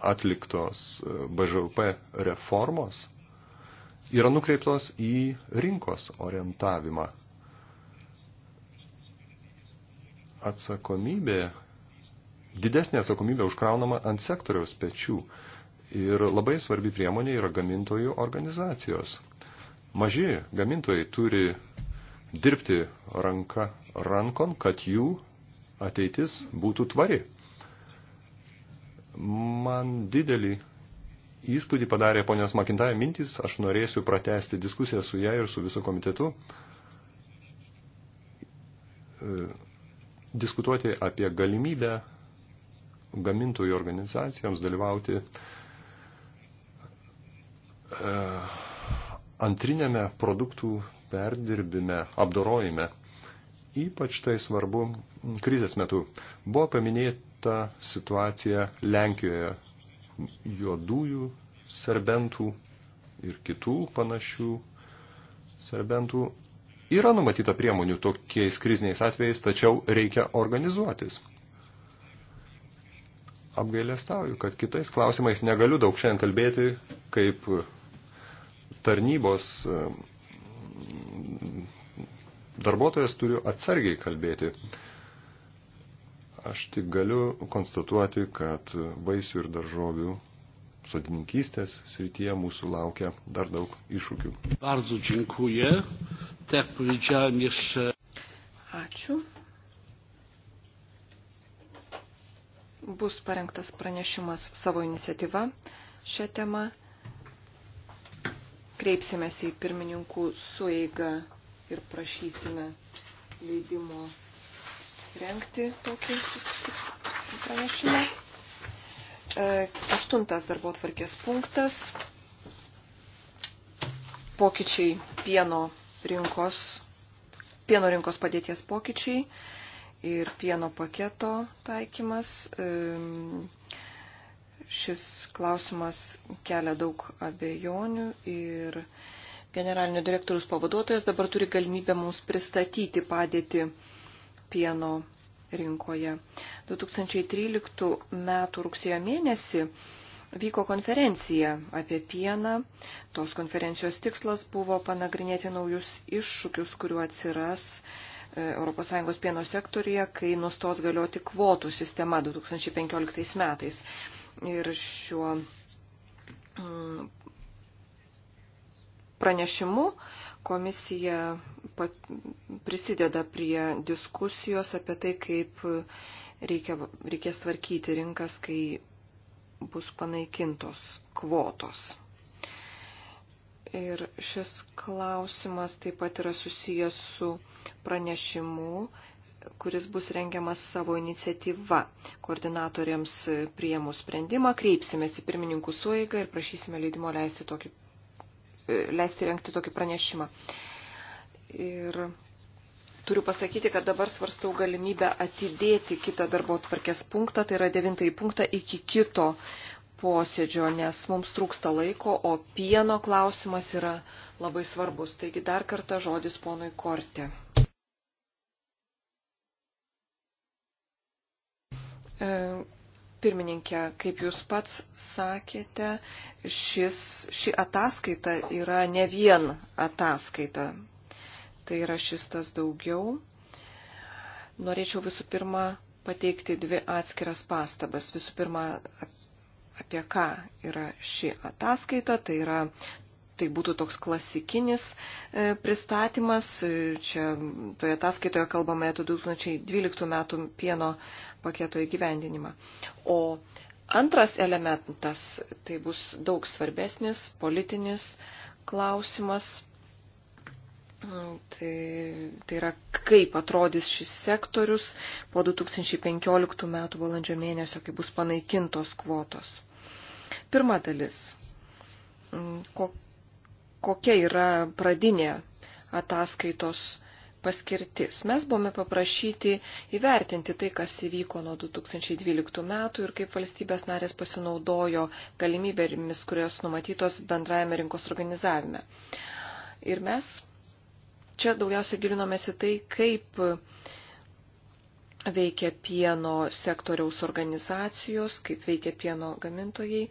atliktos e, BŽUP reformos yra nukreiptos į rinkos orientavimą. Atsakomybė, didesnė atsakomybė užkraunama ant sektoriaus pečių ir labai svarbi priemonė yra gamintojų organizacijos. Maži gamintojai turi dirbti ranka rankon, kad jų ateitis būtų tvari. Man didelį įspūdį padarė ponios Makintaja mintis, aš norėsiu pratesti diskusiją su ją ir su visu komitetu, e, diskutuoti apie galimybę gamintojų organizacijoms dalyvauti e, antrinėme produktų perdirbime, apdorojime. Ypač tai svarbu krizės metu. Buvo paminėti ta situacija Lenkijoje juodųjų serbentų ir kitų panašių serbentų. Yra numatyta priemonių tokiais kriziniais atvejais, tačiau reikia organizuotis. Apgailestauju, kad kitais klausimais negaliu daug šiandien kalbėti, kaip tarnybos ehm, darbuotojas turiu atsargiai kalbėti. Aš tik galiu konstatuoti, kad vaisių ir daržovių sodininkystės srityje mūsų laukia dar daug iššūkių. Bardzo dziękuję. Tak powiedziałem jeszcze. Ačiū. Bus parengtas pranešimas savo iniciatyva šią temą. Kreipsimės į pirmininkų sueigą ir prašysime leidimo renkti tokį pranešimą. E, aštuntas darbo tvarkės punktas. Pokyčiai pieno rinkos, pieno rinkos padėties pokyčiai ir pieno paketo taikymas. E, šis klausimas kelia daug abejonių ir generalinio direktorius pavaduotojas dabar turi galimybę mums pristatyti padėtį pieno rinkoje. 2013 m. rugsėjo mėnesį vyko konferencija apie pieną. Tos konferencijos tikslas buvo panagrinėti naujus iššūkius, kuriuo atsiras e, ES pieno sektorija, kai nustos galioti kvotų sistema 2015 metais. Ir šiuo mm, pranešimu Komisija pat, prisideda prie diskusijos apie tai, kaip reikia, reikės tvarkyti rinkas, kai bus panaikintos kvotos. Ir šis klausimas taip pat yra susijęs su pranešimu, kuris bus rengiamas savo iniciatyva. Koordinatoriams priemų sprendimą kreipsimės į pirmininkų suėgą ir prašysime leidimo leisti tokį leisti renkti tokį pranešimą. Ir turiu pasakyti, kad dabar svarstau galimybę atidėti kitą darbo tvarkės punktą, tai yra devintąjį punktą iki kito posėdžio, nes mums trūksta laiko, o pieno klausimas yra labai svarbus. Taigi dar kartą žodis ponui Kortė. E, Pirmininkė, kaip jūs pats sakėte, šis, ši ataskaita yra ne vien ataskaita. Tai yra šis tas daugiau. Norėčiau visų pirma pateikti dvi atskiras pastabas. Visų pirma, apie ką yra ši ataskaita. Tai yra tai būtų toks klasikinis e, pristatymas. E, čia toje ataskaitoje kalbame apie 2012 metų pieno paketo įgyvendinimą. O antras elementas tai bus daug svarbesnis politinis klausimas. Mm, tai, tai yra, kaip atrodys šis sektorius po 2015 metų valandžio mėnesio, kai bus panaikintos kvotos. Pirma dalis. Mm, Kok kokia yra pradinė ataskaitos paskirtis. Mes buvome paprašyti įvertinti tai, kas įvyko nuo 2012 metų ir kaip valstybės narės pasinaudojo galimybėmis, kurios numatytos bendrajame rinkos organizavime. Ir mes čia daugiausia gilinomės į tai, kaip veikia pieno sektoriaus organizacijos, kaip veikia pieno gamintojai,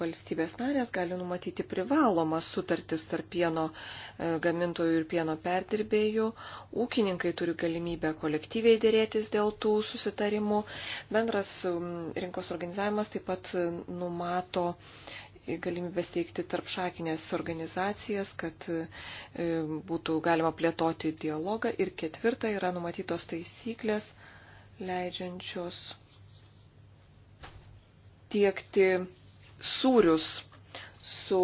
valstybės narės gali numatyti privalomas sutartis tarp pieno e, gamintojų ir pieno perdirbėjų. Ūkininkai turi galimybę kolektyviai dėrėtis dėl tų susitarimų. Bendras rinkos organizavimas taip pat e, numato galimybę steigti tarp šakinės organizacijas, kad e, būtų galima plėtoti dialogą. Ir ketvirta yra numatytos taisyklės leidžiančios tiekti sūrius su,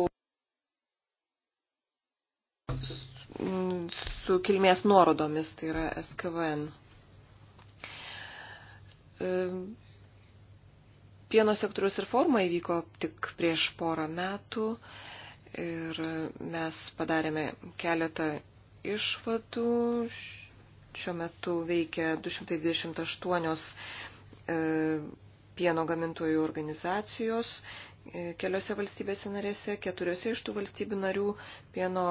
su kilmės nuorodomis, tai yra SKVN. Pieno sektorius reforma įvyko tik prieš porą metų ir mes padarėme keletą išvadų. Šiuo metu veikia 228 pieno gamintojų organizacijos e, keliose valstybėse narėse, keturiose iš tų valstybių narių pieno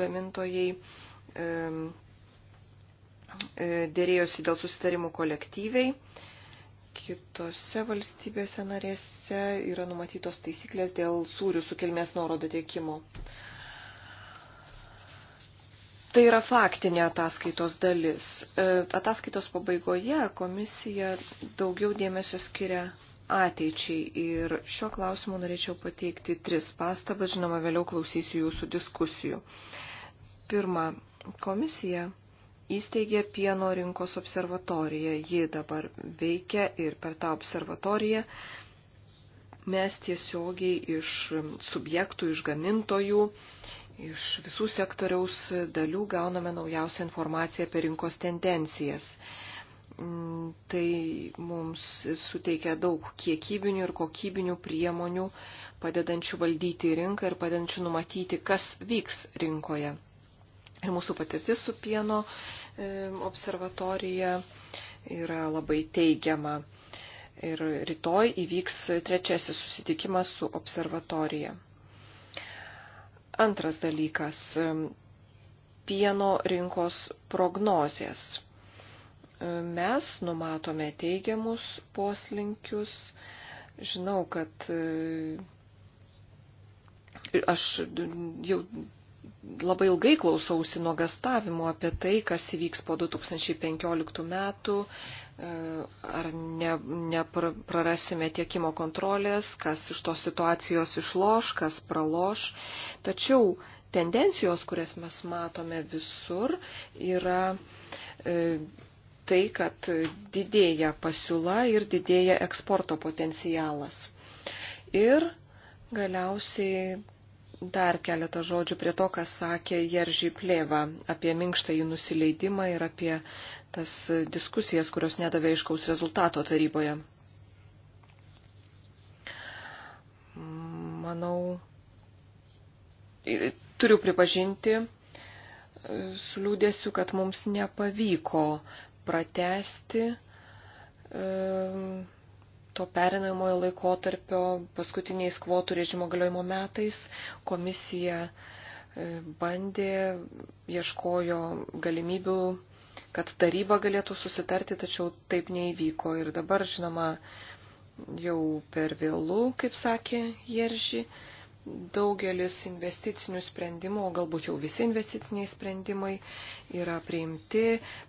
gamintojai e, dėrėjosi dėl susitarimų kolektyviai. Kitose valstybėse narėse yra numatytos taisyklės dėl sūrių su kilmės nuorodą tiekimo. Tai yra faktinė ataskaitos dalis. E, ataskaitos pabaigoje komisija daugiau dėmesio skiria ateičiai ir šiuo klausimu norėčiau pateikti tris pastabas, žinoma, vėliau klausysiu jūsų diskusijų. Pirma, komisija įsteigė pieno rinkos observatoriją. Ji dabar veikia ir per tą observatoriją mes tiesiogiai iš subjektų, iš gamintojų Iš visų sektoriaus dalių gauname naujausią informaciją apie rinkos tendencijas. Mm, tai mums suteikia daug kiekybinių ir kokybinių priemonių, padedančių valdyti rinką ir padedančių numatyti, kas vyks rinkoje. Ir mūsų patirtis su pieno e, observatorija yra labai teigiama. Ir rytoj įvyks trečiasis susitikimas su observatorija. Antras dalykas - pieno rinkos prognozės. Mes numatome teigiamus poslinkius. Žinau, kad e, aš jau labai ilgai klausausi nuogastavimo apie tai, kas įvyks po 2015 metų, ar neprarasime ne tiekimo kontrolės, kas iš tos situacijos išloš, kas praloš. Tačiau tendencijos, kurias mes matome visur, yra e, tai, kad didėja pasiūla ir didėja eksporto potencialas. Ir galiausiai dar keletą žodžių prie to, ką sakė Jeržy Plėva apie minkštą į nusileidimą ir apie tas diskusijas, kurios nedavė iškaus rezultato taryboje. Manau, turiu pripažinti su liūdėsiu, kad mums nepavyko pratesti ehm, to perinamojo laikotarpio paskutiniais kvotų režimo galiojimo metais. Komisija e, bandė, ieškojo galimybių kad taryba galėtų susitarti, tačiau taip neįvyko. Ir dabar, žinoma, jau per vėlų, kaip sakė Jerži, daugelis investicinių sprendimų, o galbūt jau visi investiciniai sprendimai yra priimti.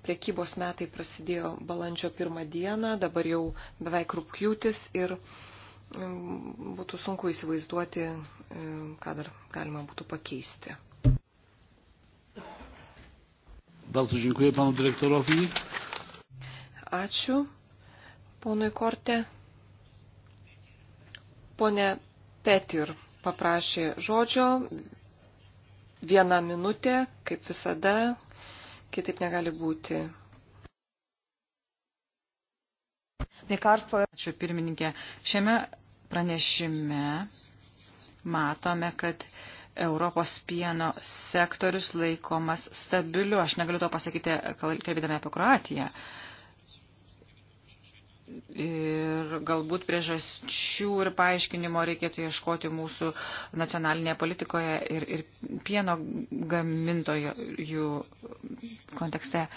Priekybos metai prasidėjo balandžio pirmą dieną, dabar jau beveik rūpjūtis ir mm, būtų sunku įsivaizduoti, e, ką dar galima būtų pakeisti. Bardzo dziękuję panu dyrektorowi. Ačiū, ponui Korte. Pone Petir paprašė žodžio. Viena minutė, kaip visada, kitaip negali būti. Mikarpo. Ačiū pirmininkė. Šiame pranešime matome, kad Europos pieno sektorius laikomas stabiliu. Aš negaliu to pasakyti, kalbėdami apie Kroatiją. Ir galbūt priežasčių ir paaiškinimo reikėtų ieškoti mūsų nacionalinėje politikoje ir, ir pieno gamintojų kontekste.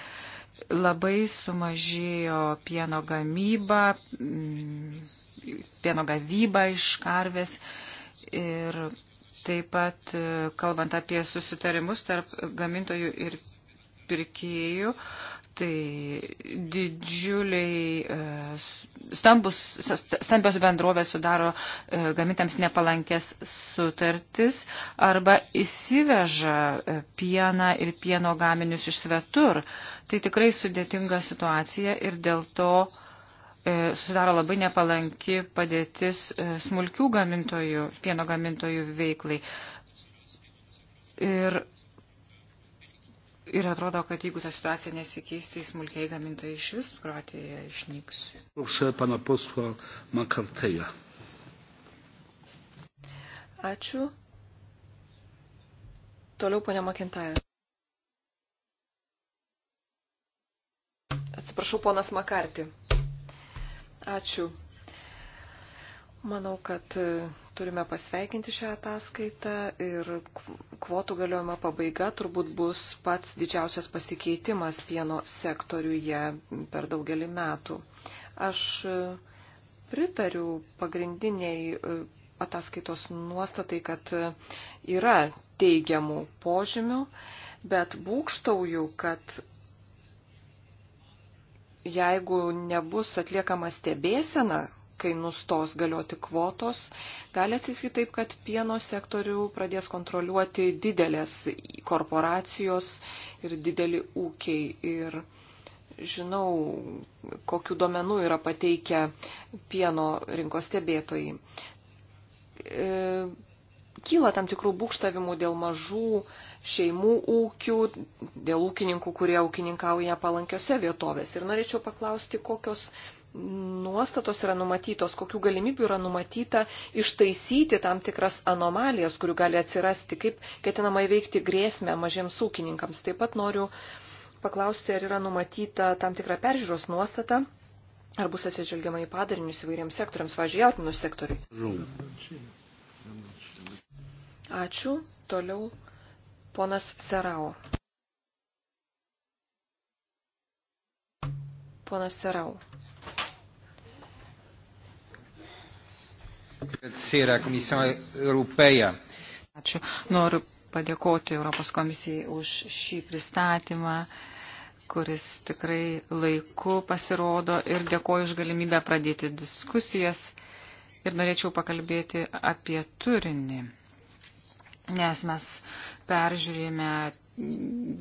Labai sumažėjo pieno gamyba, mm, pieno gavyba iš karvės ir Taip pat, e, kalbant apie susitarimus tarp gamintojų ir pirkėjų, tai didžiuliai e, stambus, stambios bendrovės sudaro e, gamintams nepalankės sutartis arba įsiveža pieną ir pieno gaminius iš svetur. Tai tikrai sudėtinga situacija ir dėl to uh, E, susidaro labai nepalanki padėtis e, smulkių gamintojų, pieno gamintojų veiklai. Ir, ir atrodo, kad jeigu ta situacija nesikeis, tai smulkiai gamintojai iš vis Kroatijoje išnyks. Prašau, pana poslo Makartėja. Ačiū. Toliau ponia Makintaja. Atsiprašau, ponas Makarti. Ačiū. Manau, kad e, turime pasveikinti šią ataskaitą ir kvotų galiojama pabaiga turbūt bus pats didžiausias pasikeitimas pieno sektoriuje per daugelį metų. Aš e, pritariu pagrindiniai e, ataskaitos nuostatai, kad yra teigiamų požymių, bet būkštauju, kad jeigu nebus atliekama stebėsena, kai nustos galioti kvotos, gali atsiskiti taip, kad pieno sektorių pradės kontroliuoti didelės korporacijos ir dideli ūkiai. Ir žinau, kokiu domenu yra pateikę pieno rinkos stebėtojai. E, kyla tam tikrų būkštavimų dėl mažų šeimų ūkių, dėl ūkininkų, kurie ūkininkauja palankiose vietovėse. Ir norėčiau paklausti, kokios nuostatos yra numatytos, kokių galimybių yra numatyta ištaisyti tam tikras anomalijas, kurių gali atsirasti, kaip ketinama įveikti grėsmę mažiems ūkininkams. Taip pat noriu paklausti, ar yra numatyta tam tikra peržiūros nuostata, ar bus atsižvelgiama į padarinius įvairiems sektoriams, važiuoju, jautinų sektoriui. Ačiū. Toliau ponas Serau. Ponas Serau. Ačiū. Noriu padėkoti Europos komisijai už šį pristatymą, kuris tikrai laiku pasirodo ir dėkoju už galimybę pradėti diskusijas ir norėčiau pakalbėti apie turinį, nes mes peržiūrėjome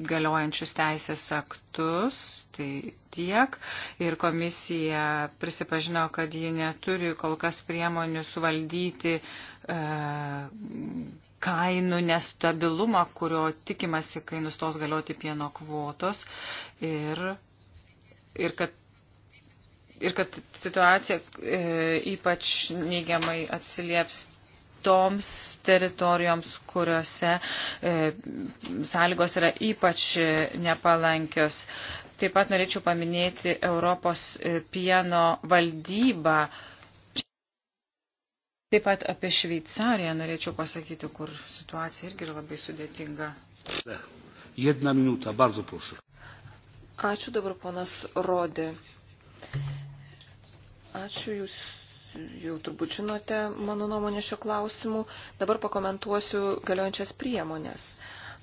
galiojančius teisės aktus, tai tiek, ir komisija prisipažino, kad ji neturi kol kas priemonių suvaldyti e, kainų nestabilumą, kurio tikimasi, kai nustos galioti pieno kvotos ir, ir kad ir kad situacija e, ypač neigiamai atsilieps toms teritorijoms, kuriuose e, sąlygos yra ypač nepalankios. Taip pat norėčiau paminėti Europos e, pieno valdybą. Taip pat apie Šveicariją norėčiau pasakyti, kur situacija irgi yra labai sudėtinga. Jedna minuta, bardzo proszę. Ačiū dabar ponas Rodė. Ačiū Jūs. Jau turbūt žinote mano nuomonę šio klausimu. Dabar pakomentuosiu galiojančias priemonės.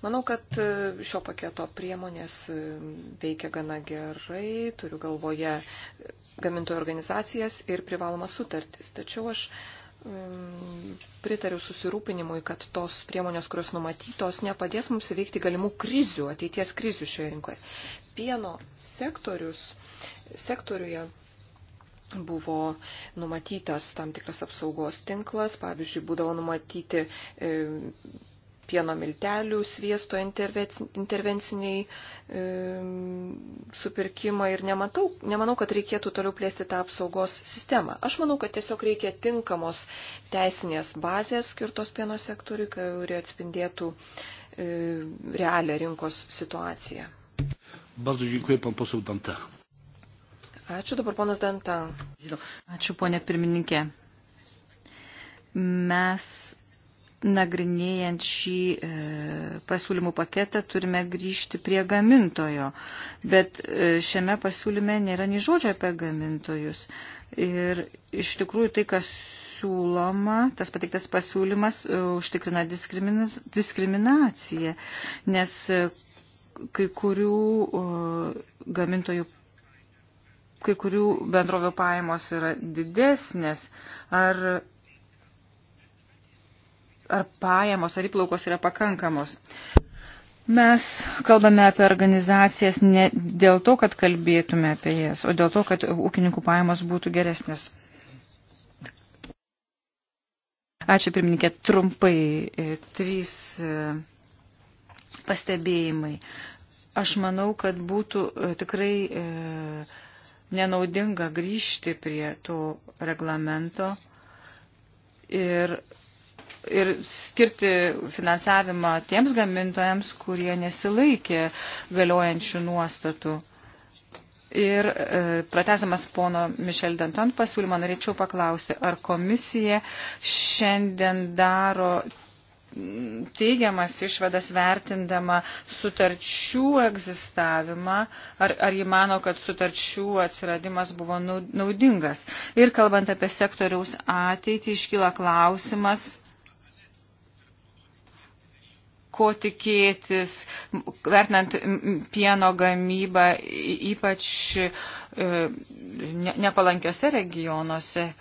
Manau, kad e, šio paketo priemonės e, veikia gana gerai, turiu galvoje e, gamintojų organizacijas ir privalomas sutartis. Tačiau aš mm, pritariu susirūpinimui, kad tos priemonės, kurios numatytos, nepadės mums įveikti galimų krizių, ateities krizių šioje rinkoje. Pieno sektorius, sektoriuje buvo numatytas tam tikras apsaugos tinklas, pavyzdžiui, būdavo numatyti e, pieno miltelių, sviesto intervenciniai e, supirkimai ir nematau, nemanau, kad reikėtų toliau plėsti tą apsaugos sistemą. Aš manau, kad tiesiog reikia tinkamos teisinės bazės skirtos pieno sektoriui, kuri atspindėtų e, realią rinkos situaciją. Bardzo dziękuję pan poseł Dante. Ačiū dabar ponas Danta. Ačiū ponė pirmininkė. Mes nagrinėjant šį e, pasiūlymų paketą turime grįžti prie gamintojo, bet e, šiame pasiūlyme nėra nei žodžio apie gamintojus. Ir iš tikrųjų tai, kas siūloma, tas pateiktas pasiūlymas e, užtikrina diskriminaciją, nes e, kai kurių e, gamintojų kai kurių bendrovių pajamos yra didesnės, ar, ar pajamos, ar įplaukos yra pakankamos. Mes kalbame apie organizacijas ne dėl to, kad kalbėtume apie jas, o dėl to, kad ūkininkų pajamos būtų geresnės. Ačiū, pirmininkė, trumpai e, trys e, pastebėjimai. Aš manau, kad būtų e, tikrai e, nenaudinga grįžti prie to reglamento ir, ir skirti finansavimą tiems gamintojams, kurie nesilaikė galiojančių nuostatų. Ir e, pratesamas pono Mišel Danton pasiūlymą norėčiau paklausti, ar komisija šiandien daro teigiamas išvadas vertindama sutarčių egzistavimą, ar, ar jį mano, kad sutarčių atsiradimas buvo naudingas. Ir kalbant apie sektoriaus ateitį, iškyla klausimas, ko tikėtis, vertinant pieno gamybą, ypač e, nepalankiose regionuose. E,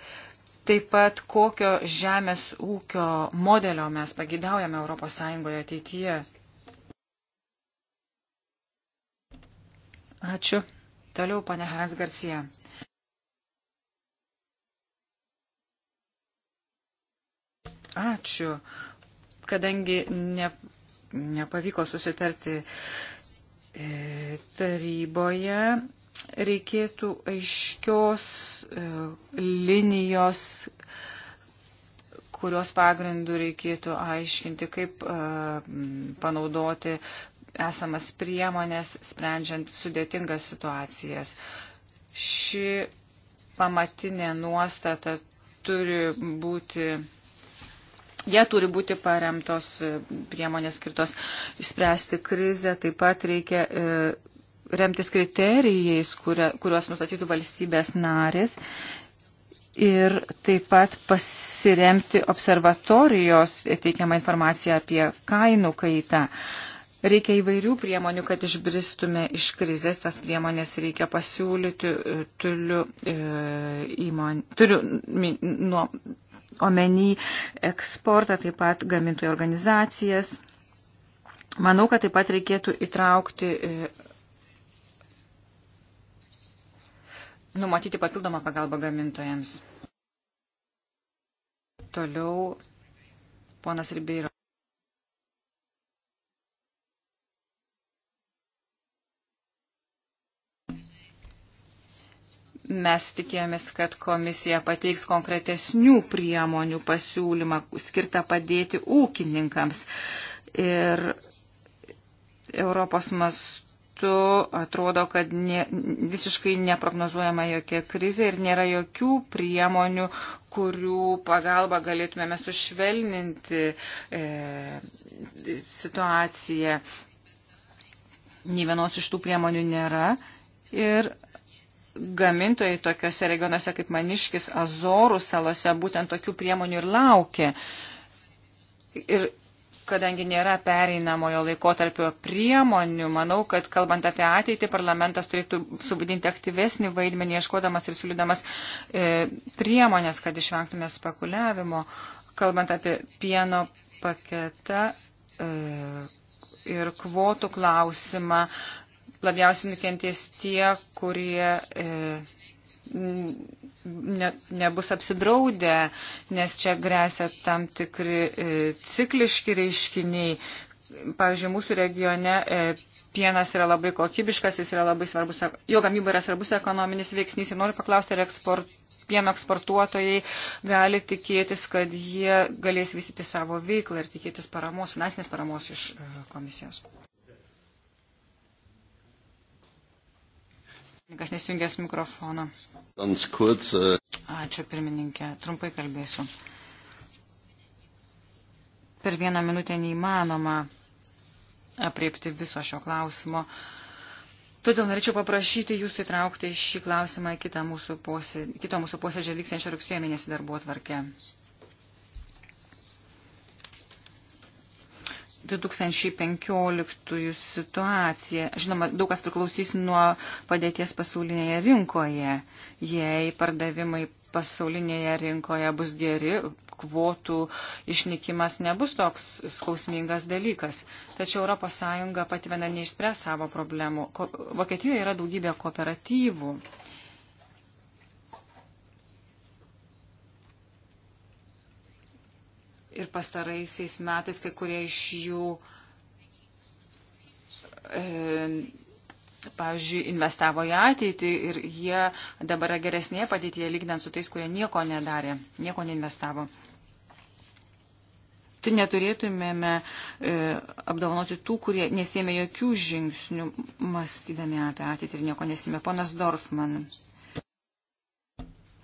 Taip pat kokio žemės ūkio modelio mes pagidaujame ES ateityje. Ačiū. Toliau, pane Hans Garcia. Ačiū, kadangi ne, nepavyko susitarti E, taryboje reikėtų aiškios e, linijos, kurios pagrindų reikėtų aiškinti, kaip e, panaudoti esamas priemonės, sprendžiant sudėtingas situacijas. Ši pamatinė nuostata turi būti Jie turi būti paremtos e, priemonės skirtos išspręsti krizę, taip pat reikia e, remtis kriterijais, kuriuos nustatytų valstybės narės ir taip pat pasiremti observatorijos teikiamą informaciją apie kainų kaitą. Reikia įvairių priemonių, kad išbristume iš krizės. Tas priemonės reikia pasiūlyti. E, turiu, e, įmon, turiu nuo omeny eksportą, taip pat gamintojų organizacijas. Manau, kad taip pat reikėtų įtraukti. E, numatyti papildomą pagalbą gamintojams. Toliau ponas Ribeiro. Mes tikėjomės, kad komisija pateiks konkretesnių priemonių pasiūlymą skirtą padėti ūkininkams. Ir Europos mastu atrodo, kad ne, visiškai neprognozuojama jokia krizė ir nėra jokių priemonių, kurių pagalba galėtumėme sušvelninti e, situaciją. Nė vienos iš tų priemonių nėra. Ir gamintojai tokiuose regionuose kaip Maniškis, Azorų salose būtent tokių priemonių ir laukia. Ir kadangi nėra pereinamojo laikotarpio priemonių, manau, kad kalbant apie ateitį, parlamentas turėtų subudinti aktyvesnį vaidmenį, ieškodamas ir siūlydamas e, priemonės, kad išvengtume spekuliavimo. Kalbant apie pieno paketą e, ir kvotų klausimą, labiausiai nukentės tie, kurie e, ne, nebus apsidraudę, nes čia grėsia tam tikri e, cikliški reiškiniai. Pavyzdžiui, mūsų regione e, pienas yra labai kokybiškas, jis yra labai svarbus, jo gamyba yra svarbus ekonominis veiksnys ir noriu paklausti, ar eksport, pieno eksportuotojai gali tikėtis, kad jie galės vystyti savo veiklą ir tikėtis paramos, finansinės paramos iš e, komisijos. Kas nesijungęs mikrofoną. Äh, Ačiū pirmininkė, trumpai kalbėsiu. Per vieną minutę neįmanoma apriepti viso šio klausimo. Todėl norėčiau paprašyti jūsų įtraukti šį klausimą į kitą mūsų posėdžio, kito mūsų posėdžio vyksiančio rugsėjo mėnesį darbo tvarkę. 2015 situacija. Žinoma, daug kas priklausys nuo padėties pasaulinėje rinkoje. Jei pardavimai pasaulinėje rinkoje bus geri, kvotų išnikimas nebus toks skausmingas dalykas. Tačiau ES pati viena neišspręs savo problemų. Vokietijoje yra daugybė kooperatyvų ir pastaraisiais metais kai kurie iš jų, e, pavyzdžiui, investavo į ateitį ir jie dabar yra geresnėje padėtyje lyginant su tais, kurie nieko nedarė, nieko neinvestavo. Tai neturėtumėme e, apdovanoti tų, kurie nesėmė jokių žingsnių, mąstydami apie ateitį ir nieko nesėmė. Ponas Dorfman.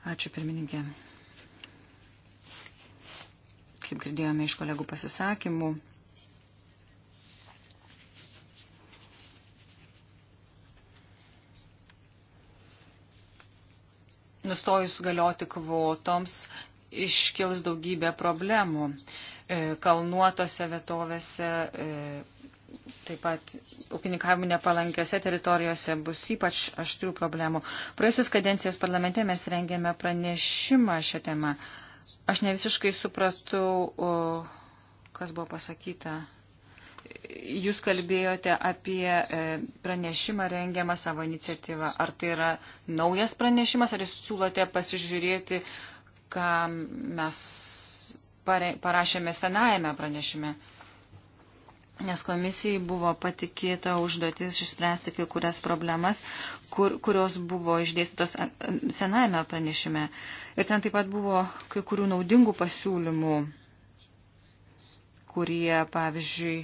Ačiū, pirmininkė kaip girdėjome iš kolegų pasisakymų, nustojus galioti kvotoms iškils daugybė problemų. E, kalnuotose vietovėse, e, taip pat ūkininkavimų nepalankiose teritorijose bus ypač aštrių problemų. Praėjusios kadencijos parlamente mes rengėme pranešimą šią temą. Aš ne visiškai supratau, o, kas buvo pasakyta. Jūs kalbėjote apie e, pranešimą rengiamą savo iniciatyvą. Ar tai yra naujas pranešimas, ar jūs siūlote pasižiūrėti, ką mes parašėme senajame pranešime? nes komisijai buvo patikėta užduotis išspręsti kai kurias problemas, kur, kurios buvo išdėstytos senajame pranešime. Ir ten taip pat buvo kai kurių naudingų pasiūlymų, kurie, pavyzdžiui,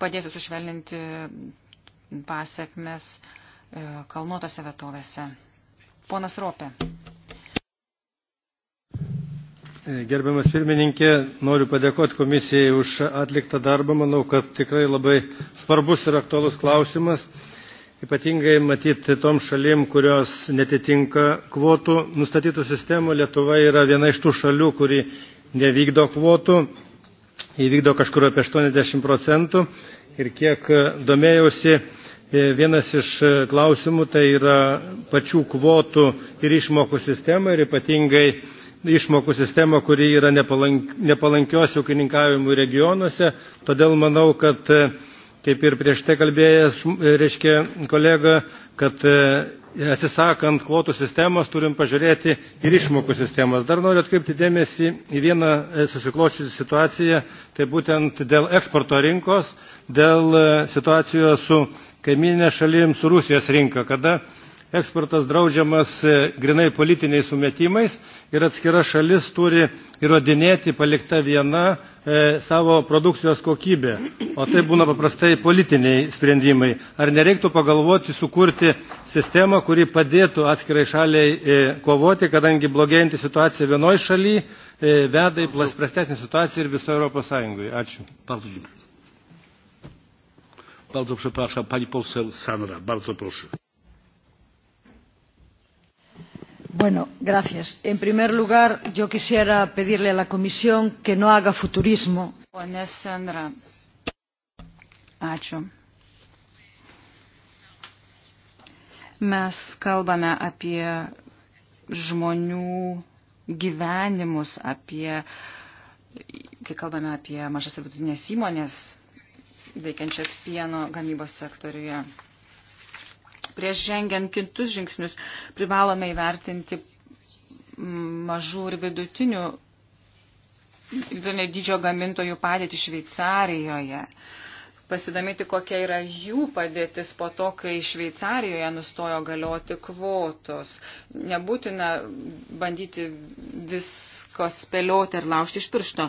padėtų sušvelninti pasiekmes e, kalnuotose vietovėse. Ponas Ropė. Gerbiamas pirmininkė, noriu padėkoti komisijai už atliktą darbą. Manau, kad tikrai labai svarbus ir aktualus klausimas. Ypatingai matyti tom šalim, kurios netitinka kvotų nustatytų sistemų. Lietuva yra viena iš tų šalių, kuri nevykdo kvotų. Įvykdo kažkur apie 80 procentų. Ir kiek domėjausi, e, Vienas iš klausimų tai yra pačių kvotų ir išmokų sistema ir ypatingai išmokų sistemą, kuri yra nepalank, nepalankios ūkininkavimų regionuose. Todėl manau, kad e, kaip ir prieš tai kalbėjęs, e, reiškia kolega, kad e, atsisakant kvotų sistemos turim pažiūrėti ir išmokų sistemas. Dar noriu atkreipti dėmesį į vieną susikloščiusią situaciją, tai būtent dėl eksporto rinkos, dėl situacijos su kaiminė šalim, su Rusijos rinka, kada eksportas draudžiamas e, grinai politiniais sumetimais ir atskira šalis turi įrodinėti palikta viena e, savo produkcijos kokybę o tai būna paprastai politiniai sprendimai. ar nereiktų pagalvoti sukurti sistemą kuri padėtų atskirai šaliai e, kovoti kadangi blogėjanti situacija vienoje šalyje e, veda į prastesnę situaciją ir visoje europos sąjungoje. ačiū. Bardzo przepraszam, pani poseł Sanra, bardzo proszę. Bueno, gracias. En primer lugar, yo quisiera pedirle a la Comisión que no haga futurismo. Pone Sandra. Ačiū. Mes kalbame apie žmonių gyvenimus, apie, kai kalbame apie mažas ir vidutinės įmonės veikiančias pieno gamybos sektoriuje. Prieš žengiant kitus žingsnius privalome įvertinti mažų ir vidutinių dydžio gamintojų padėtį Šveicarijoje. Pasidomėti, kokia yra jų padėtis po to, kai Šveicarijoje nustojo galioti kvotos. Nebūtina bandyti visko spėlioti ir laužti iš piršto.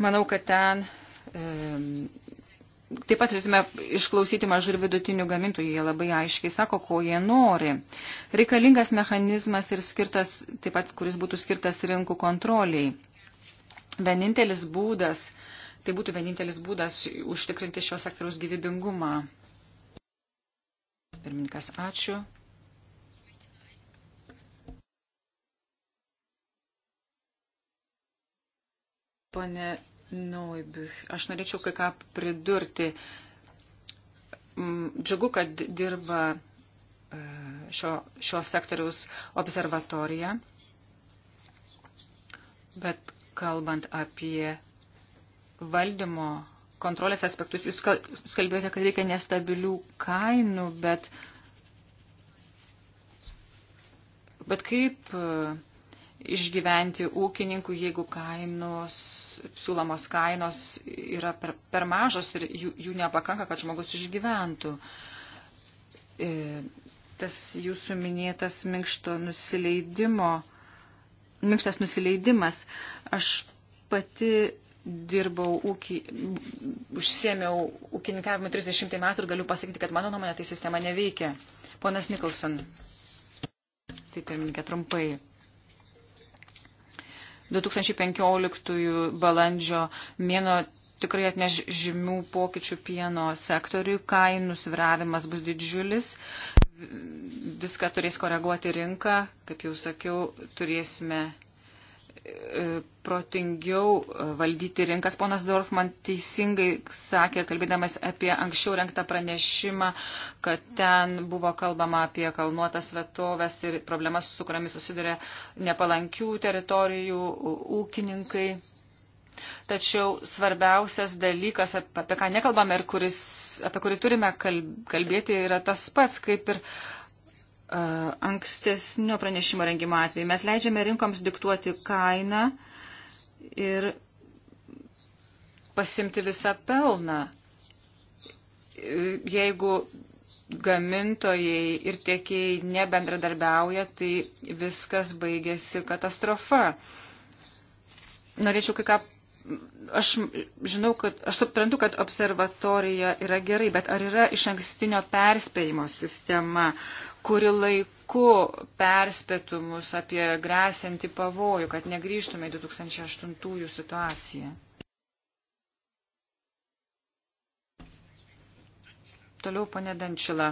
Manau, kad ten e, Taip pat turėtume išklausyti mažų ir vidutinių gamintojų, jie labai aiškiai sako, ko jie nori. Reikalingas mechanizmas ir skirtas, taip pat, kuris būtų skirtas rinkų kontroliai. Vienintelis būdas, tai būtų vienintelis būdas užtikrinti šios sektoriaus gyvybingumą. Pirmininkas, ačiū. Pone Noibich. Nu, aš norėčiau kai ką pridurti. Mm, džiugu, kad dirba e, šio, šio sektoriaus observatorija, bet kalbant apie valdymo kontrolės aspektus, jūs kalbėjote, kad reikia nestabilių kainų, bet, bet kaip e, išgyventi ūkininkų, jeigu kainos siūlomos kainos yra per, per mažos ir jų, jų nepakanka, kad žmogus išgyventų. E, tas jūsų minėtas minkšto nusileidimo, minkštas nusileidimas. Aš pati dirbau ūkį, užsėmiau ūkininkavimu 30 metų ir galiu pasakyti, kad mano nuomonė tai sistema neveikia. Ponas Nikolson. Taip, pirmininkė, trumpai. 2015 balandžio mėno tikrai atneš žymių pokyčių pieno sektoriui, kainų sviravimas bus didžiulis, viską turės koreguoti rinka, kaip jau sakiau, turėsime E, protingiau e, valdyti rinkas. Ponas Dorfman teisingai sakė, kalbėdamas apie anksčiau renktą pranešimą, kad ten buvo kalbama apie kalnuotas vietovės ir problemas, su kuriamis susiduria nepalankių teritorijų ūkininkai. Tačiau svarbiausias dalykas, apie ką nekalbame ir kuris, apie kurį turime kalbėti, yra tas pats, kaip ir uh, Uh, ankstesnio pranešimo rengimo atveju. Mes leidžiame rinkoms diktuoti kainą ir pasimti visą pelną. Jeigu gamintojai ir tiekėjai nebendradarbiauja, tai viskas baigėsi katastrofa. Norėčiau kai ką. Aš žinau, kad aš suprantu, kad observatorija yra gerai, bet ar yra iš ankstinio perspėjimo sistema, kuri laiku perspėtų mus apie grėsinti pavojų, kad negrįžtume į 2008 situaciją. Toliau ponė Dančila.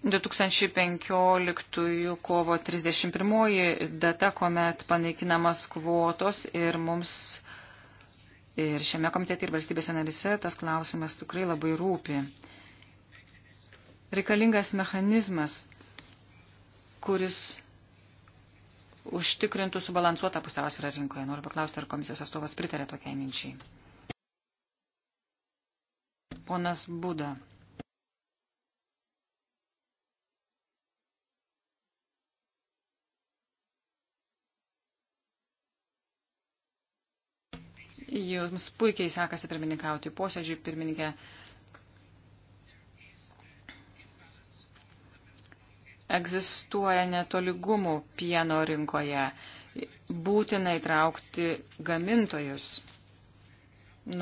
Du 2015 kovo 31 data, kuomet panaikinamas kvotos ir mums Ir šiame komitete ir valstybėse narise tas klausimas tikrai labai rūpi. Reikalingas mechanizmas, kuris užtikrintų subalansuotą pusiausvyrą rinkoje. Noriu paklausti, ar komisijos atstovas pritarė tokiai minčiai. Ponas Buda. Jums puikiai sekasi pirmininkauti posėdžiui, pirmininkė. Egzistuoja netoligumų pieno rinkoje. Būtina įtraukti gamintojus.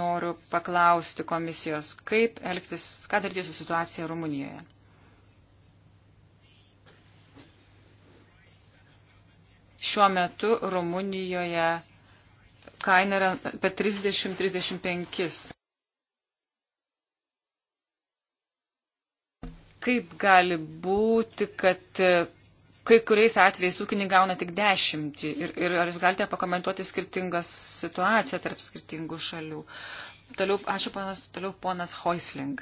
Noriu paklausti komisijos, kaip elgtis, ką daryti su situacija Rumunijoje. Šiuo metu Rumunijoje kaina yra apie 30-35. Kaip gali būti, kad e, kai kuriais atvejais ūkiniai gauna tik dešimtį ir, ir ar jūs galite pakomentuoti skirtingą situaciją tarp skirtingų šalių? Toliau, ačiū ponas, toliau ponas Hoisling.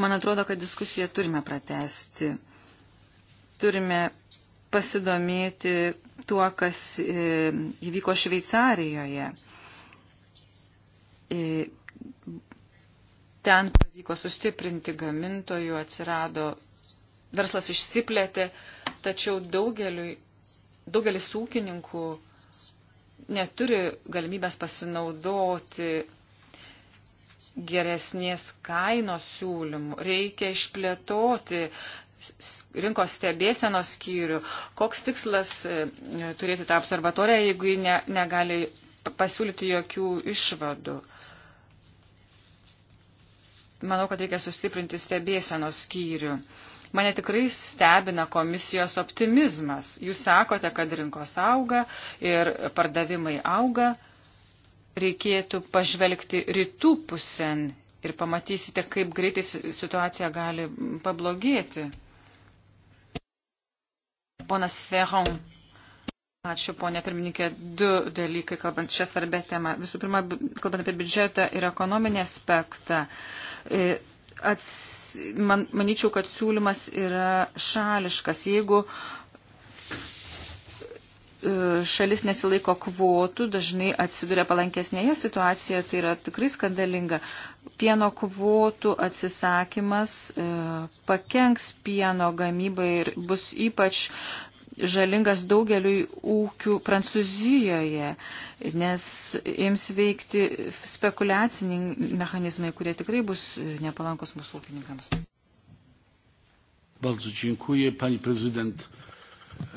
Man atrodo, kad diskusiją turime pratesti. Turime pasidomėti tuo, kas e, įvyko Šveicarijoje. E, ten pavyko sustiprinti gamintojų, atsirado, verslas išsiplėtė, tačiau daugeliu, daugelis ūkininkų neturi galimybės pasinaudoti geresnės kainos siūlymų. Reikia išplėtoti uh, rinkos stebėsenos skyrių. Koks tikslas e, turėti tą observatoriją, jeigu ji ne, negali pasiūlyti jokių išvadų? Manau, kad reikia sustiprinti stebėsenos skyrių. Mane tikrai stebina komisijos optimizmas. Jūs sakote, kad rinkos auga ir pardavimai auga. Reikėtų pažvelgti rytų pusėn ir pamatysite, kaip greitai situacija gali pablogėti. Ponas Ferron. Ačiū, ponė pirmininkė. Du dalykai, kalbant šią svarbę temą. Visų pirma, kalbant apie biudžetą ir ekonominį aspektą. E, ats, man, manyčiau, kad siūlymas yra šališkas. Jeigu E, šalis nesilaiko kvotų, dažnai atsiduria palankesnėje situacijoje, tai yra tikrai skandalinga. Pieno kvotų atsisakymas e, pakenks pieno gamybai ir bus ypač žalingas daugeliui ūkių Prancūzijoje, nes ims veikti spekuliaciniai mechanizmai, kurie tikrai bus nepalankos mūsų ūkininkams. Bardzo dziękuję, pani prezydent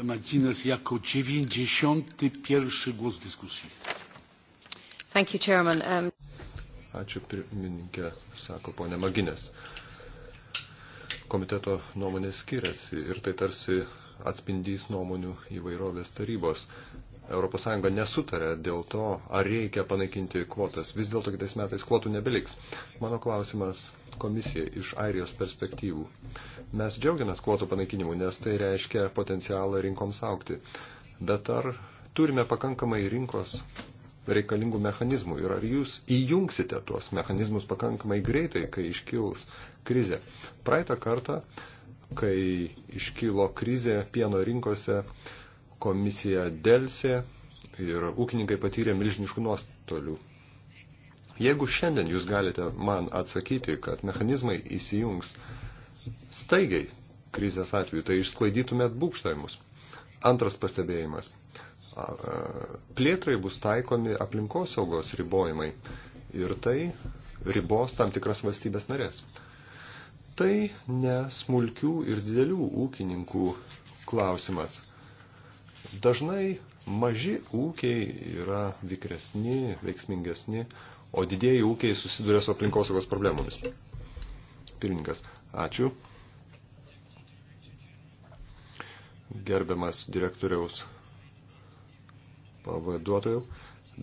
mcguinness jako dziewięćdzisiąt jeden głos w dyskusji. Um, Ačiū pirmininkė, sako ponė Maginės. Komiteto nuomonės skiriasi ir tai tarsi atspindys nuomonių įvairovės tarybos ES nesutarė dėl to, ar reikia panaikinti kvotas. Vis dėlto kitais metais kvotų nebeliks. Mano klausimas komisija iš Airijos perspektyvų. Mes džiaugiamės kvotų panaikinimu, nes tai reiškia potencialą rinkoms aukti. Bet ar turime pakankamai rinkos reikalingų mechanizmų ir ar jūs įjungsite tuos mechanizmus pakankamai greitai, kai iškils krizė. Praeitą kartą, kai iškilo krizė pieno rinkose, uh, komisija dėlsė ir ūkininkai patyrė milžiniškų nuostolių. Jeigu šiandien jūs galite man atsakyti, kad mechanizmai įsijungs staigiai krizės atveju, tai išsklaidytumėt būkštavimus. Antras pastebėjimas. Plėtrai bus taikomi aplinkosaugos ribojimai ir tai ribos tam tikras valstybės narės. Tai ne smulkių ir didelių ūkininkų klausimas – Dažnai maži ūkiai yra vikresni, veiksmingesni, o didėjai ūkiai susiduria su aplinkosaugos problemomis. Pirmininkas, ačiū. Gerbiamas direktoriaus pavaduotojų.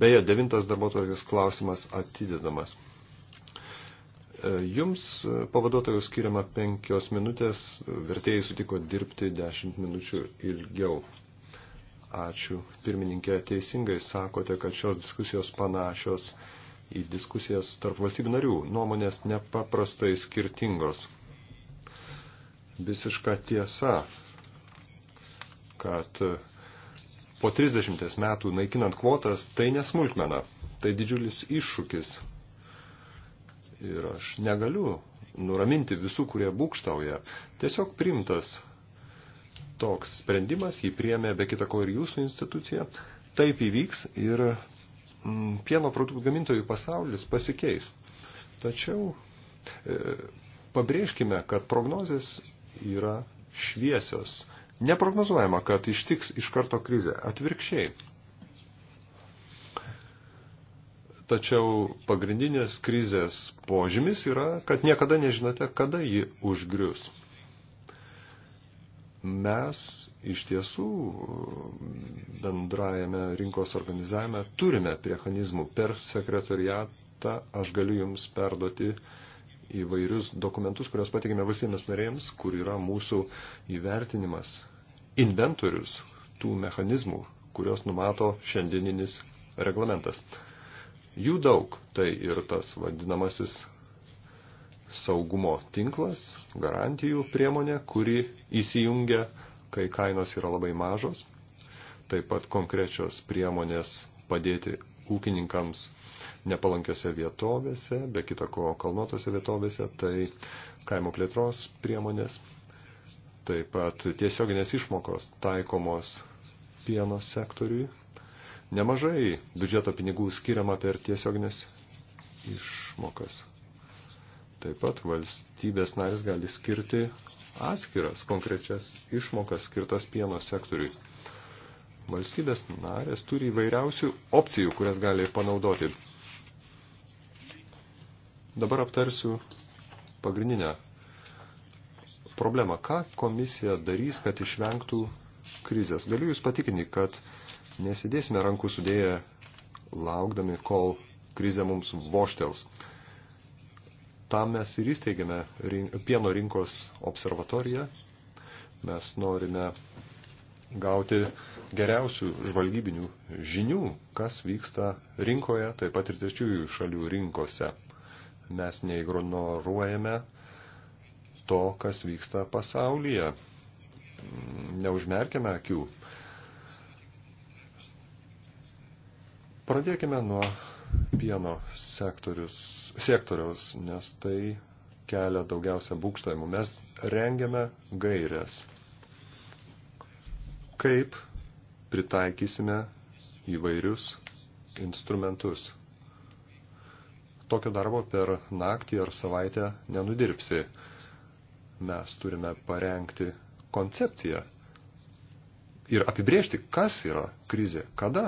Beje, devintas darbuotojas klausimas atidedamas. E, jums e, pavaduotojų skiriama penkios minutės, vertėjai sutiko dirbti dešimt minučių ilgiau. Ačiū. Pirmininkė, teisingai sakote, kad šios diskusijos panašios į diskusijas tarp valstybių narių. Nuomonės nepaprastai skirtingos. Visiška tiesa, kad po 30 metų naikinant kvotas tai nesmulkmena, tai didžiulis iššūkis. Ir aš negaliu nuraminti visų, kurie būkštauja. Tiesiog primtas toks sprendimas, jį priemė be kitako ir jūsų institucija, taip įvyks ir mm, pieno produktų gamintojų pasaulis pasikeis. Tačiau e, pabrėžkime, kad prognozės yra šviesios. Neprognozuojama, kad ištiks iš karto krizė. Atvirkščiai. Tačiau pagrindinės krizės požymis yra, kad niekada nežinote, kada ji užgrius mes iš tiesų bendrajame rinkos organizavime turime mechanizmų. Per sekretariatą aš galiu jums perduoti įvairius dokumentus, kuriuos patikime valstybės narėjams, kur yra mūsų įvertinimas, inventorius tų mechanizmų, kuriuos numato šiandieninis reglamentas. Jų daug, tai ir tas vadinamasis saugumo tinklas, garantijų priemonė, kuri įsijungia, kai kainos yra labai mažos. Taip pat konkrečios priemonės padėti ūkininkams nepalankiose vietovėse, be kita ko kalnuotose vietovėse, tai kaimo plėtros priemonės. Taip pat tiesioginės išmokos taikomos pieno sektoriui. Nemažai biudžeto pinigų skiriama per tiesioginės išmokas. Taip pat valstybės narės gali skirti atskiras konkrečias išmokas skirtas pieno sektoriui. Valstybės narės turi įvairiausių opcijų, kurias gali panaudoti. Dabar aptarsiu pagrindinę problemą. Ką komisija darys, kad išvengtų krizės? Galiu Jūs patikinti, kad nesidėsime rankų sudėję laukdami, kol krizė mums voštels. Tam mes ir įsteigėme pieno rinkos observatoriją. Mes norime gauti geriausių žvalgybinių žinių, kas vyksta rinkoje, taip pat ir trečiųjų šalių rinkose. Mes neignoruojame to, kas vyksta pasaulyje. Neužmerkime akių. Pradėkime nuo pieno sektoriaus, nes tai kelia daugiausia būkštavimų. Mes rengiame gairias, kaip pritaikysime įvairius instrumentus. Tokio darbo per naktį ar savaitę nenudirbsi. Mes turime parengti koncepciją ir apibriežti, kas yra krizė, kada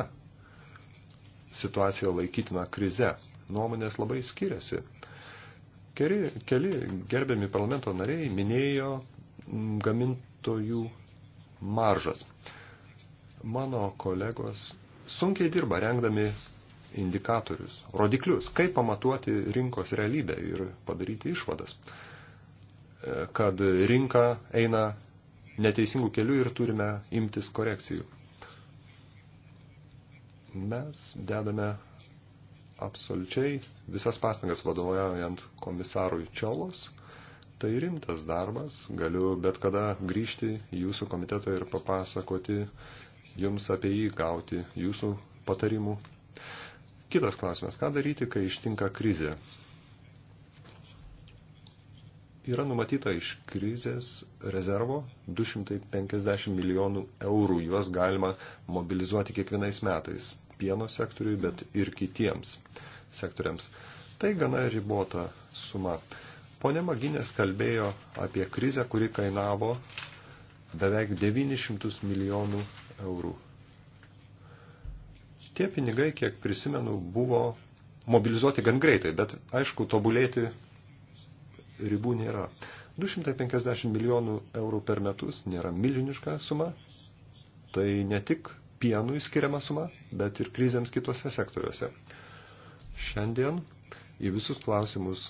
situaciją laikytiną krize. Nuomonės labai skiriasi. Keli, keli gerbiami parlamento nariai minėjo mm, gamintojų maržas. Mano kolegos sunkiai dirba rengdami indikatorius, rodiklius, kaip pamatuoti rinkos realybę ir padaryti išvadas, e, kad rinka eina neteisingų kelių ir turime imtis korekcijų. Mes dedame absoliučiai visas pastangas vadovaujant komisarui Čiolos. Tai rimtas darbas, galiu bet kada grįžti į jūsų komitetą ir papasakoti jums apie jį, gauti jūsų patarimų. Kitas klausimas, ką daryti, kai ištinka krizė? yra numatyta iš krizės rezervo 250 milijonų eurų. Juos galima mobilizuoti kiekvienais metais pieno sektoriui, bet ir kitiems sektoriams. Tai gana ribota suma. Pone Maginės kalbėjo apie krizę, kuri kainavo beveik 900 milijonų eurų. Tie pinigai, kiek prisimenu, buvo mobilizuoti gan greitai, bet aišku, tobulėti ribų nėra. 250 milijonų eurų per metus nėra milžiniška suma. Tai ne tik pienui skiriama suma, bet ir krizėms kitose sektoriuose. Šiandien į visus klausimus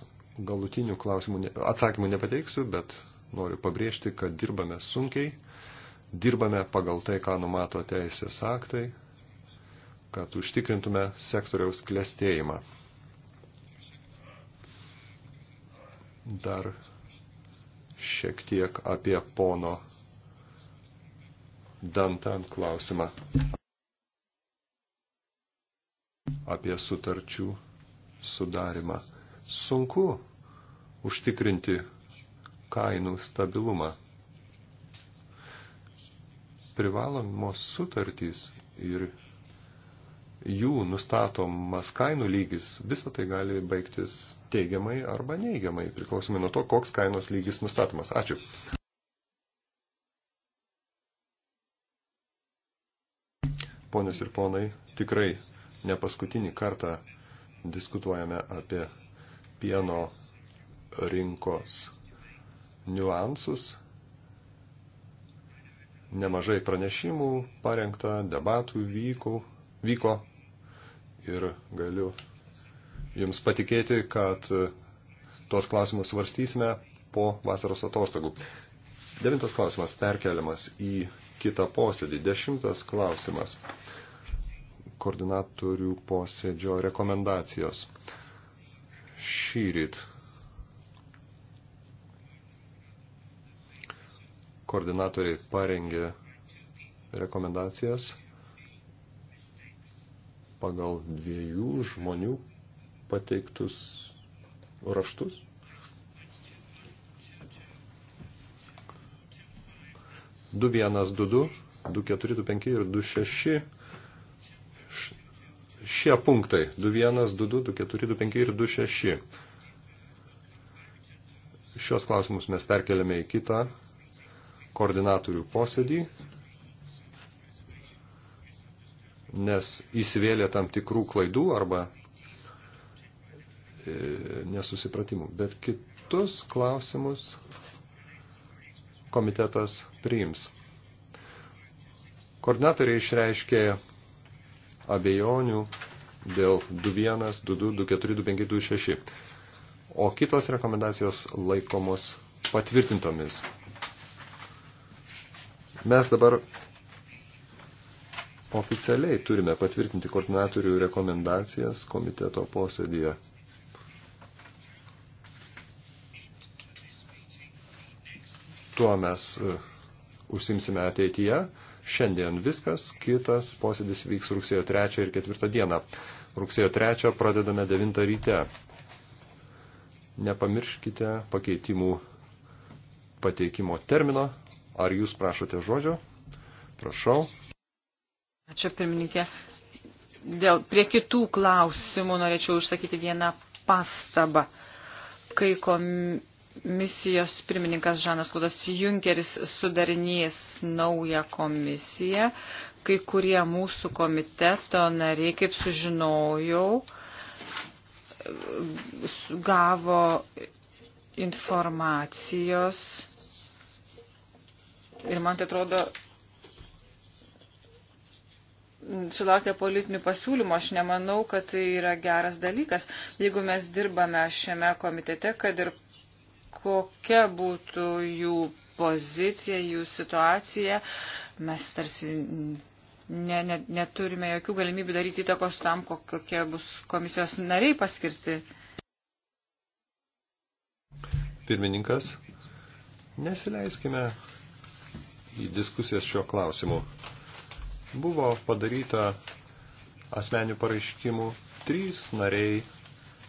galutinių klausimų, atsakymų nepateiksiu, bet noriu pabrėžti, kad dirbame sunkiai, dirbame pagal tai, ką numato teisės aktai, kad užtikrintume sektoriaus klestėjimą. Dar šiek tiek apie pono Dantan klausimą. Apie sutarčių sudarimą. Sunku užtikrinti kainų stabilumą. Privalomos sutartys ir jų nustatomas kainų lygis, visą tai gali baigtis teigiamai arba neigiamai, priklausomai nuo to, koks kainos lygis nustatomas. Ačiū. Ponios ir ponai, tikrai ne paskutinį kartą diskutuojame apie pieno rinkos niuansus. Nemažai pranešimų parengta, debatų vyko, vyko ir galiu Jums patikėti, kad e, tuos klausimus svarstysime po vasaros atostogų. Devintas klausimas perkeliamas į kitą posėdį. Dešimtas klausimas koordinatorių posėdžio rekomendacijos. Šyryt koordinatoriai parengė rekomendacijas pagal dviejų žmonių pateiktus raštus. Du vienas, du du, du keturi, du penki ir du šeši. Šie punktai. Du vienas, du du, du keturi, du penki ir du šeši. Šios klausimus mes perkeliame į kitą koordinatorių posėdį nes įsivėlė tam tikrų klaidų arba E, nesusipratimų. Bet kitus klausimus komitetas priims. Koordinatoriai išreiškė abejonių dėl 21, 22, 24, 25, 26. O kitos rekomendacijos laikomos patvirtintomis. Mes dabar oficialiai turime patvirtinti koordinatorių rekomendacijas komiteto posėdėje tuo mes e, užsimsime ateityje. Šiandien viskas, kitas posėdis vyks rugsėjo 3 ir 4 dieną. Rugsėjo 3 pradedame 9 ryte. Nepamirškite pakeitimų pateikimo termino. Ar jūs prašote žodžio? Prašau. Ačiū pirmininkė. Dėl prie kitų klausimų norėčiau užsakyti vieną pastabą. Kai kom misijos pirmininkas Žanas Klaudas Junkeris sudarinys naują komisiją. Kai kurie mūsų komiteto nariai, kaip sužinojau, gavo informacijos ir man tai atrodo sulaukia politinių pasiūlymų, aš nemanau, kad tai yra geras dalykas. Jeigu mes dirbame šiame komitete, kad ir kokia būtų jų pozicija, jų situacija. Mes tarsi ne, ne, neturime jokių galimybių daryti įtakos tam, kokie bus komisijos nariai paskirti. Pirmininkas, nesileiskime į diskusijas šiuo klausimu. Buvo padaryta asmenių pareiškimų, trys nariai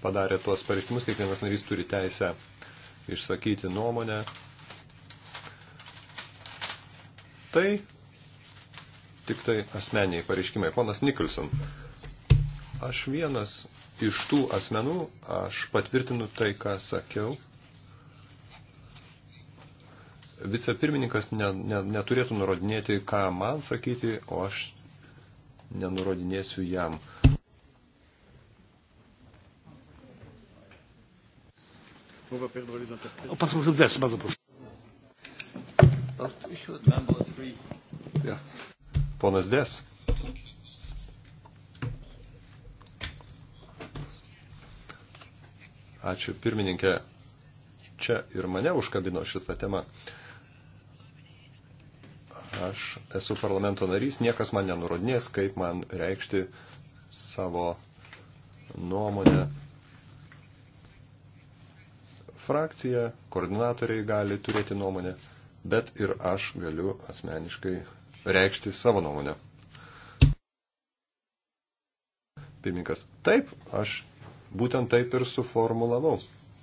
padarė tuos pareiškimus, kiekvienas narys turi teisę išsakyti nuomonę. Tai tik tai asmeniai pareiškimai. Ponas Nikolson, aš vienas iš tų asmenų, aš patvirtinu tai, ką sakiau. Vicepirmininkas ne, ne, neturėtų nurodinėti, ką man sakyti, o aš nenurodinėsiu jam. Uh, Mogę pierdolić na interpretację. O, pan profesor Des, bardzo proszę. Ponas Des. Ačiū pirmininkė. Čia ir mane užkabino šitą temą. Aš esu parlamento narys, niekas man nenurodinės, kaip man reikšti savo nuomonę Frakcija, koordinatoriai gali turėti nuomonę, bet ir aš galiu asmeniškai reikšti savo nuomonę. Pirmininkas, taip, aš būtent taip ir suformulavau,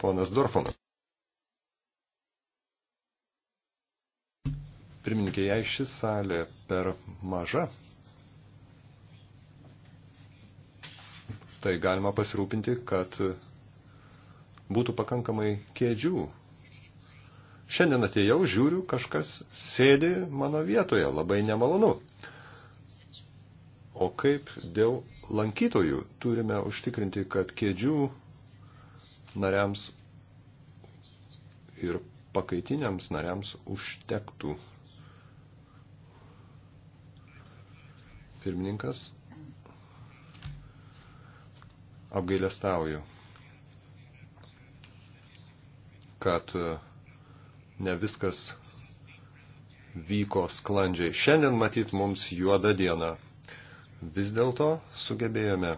ponas Dorfonas. Pirmininkė, jei ši salė per maža, tai galima pasirūpinti, kad būtų pakankamai kėdžių. Šiandien atėjau, žiūriu, kažkas sėdi mano vietoje, labai nemalonu. O kaip dėl lankytojų turime užtikrinti, kad kėdžių nariams ir pakaitiniams nariams užtektų. Pirmininkas, apgailestauju kad e, ne viskas vyko sklandžiai. Šiandien matyt mums juoda diena. Vis dėlto sugebėjome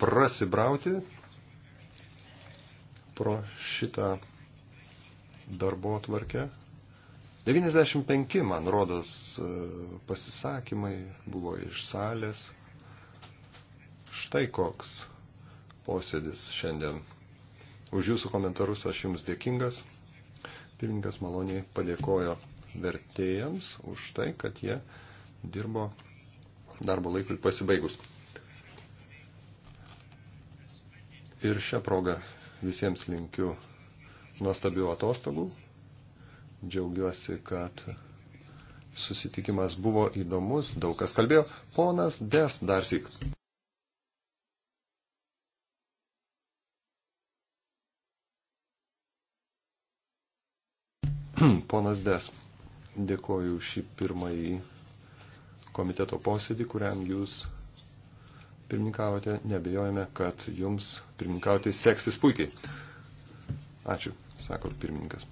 prasibrauti pro šitą darbo atvarkę. 95, man rodos, e, pasisakymai buvo iš salės. Štai koks posėdis šiandien. Už jūsų komentarus aš jums dėkingas. Pirmininkas maloniai padėkojo vertėjams už tai, kad jie dirbo darbo laikui pasibaigus. Ir šią progą visiems linkiu nuostabių atostogų. Džiaugiuosi, kad susitikimas buvo įdomus, daug kas kalbėjo. Ponas Des dar sik. Ponas Des, dėkoju šį pirmąjį komiteto posėdį, kuriam jūs pirmininkavote. Nebejojame, kad jums pirmininkauti seksis puikiai. Ačiū, sako pirmininkas.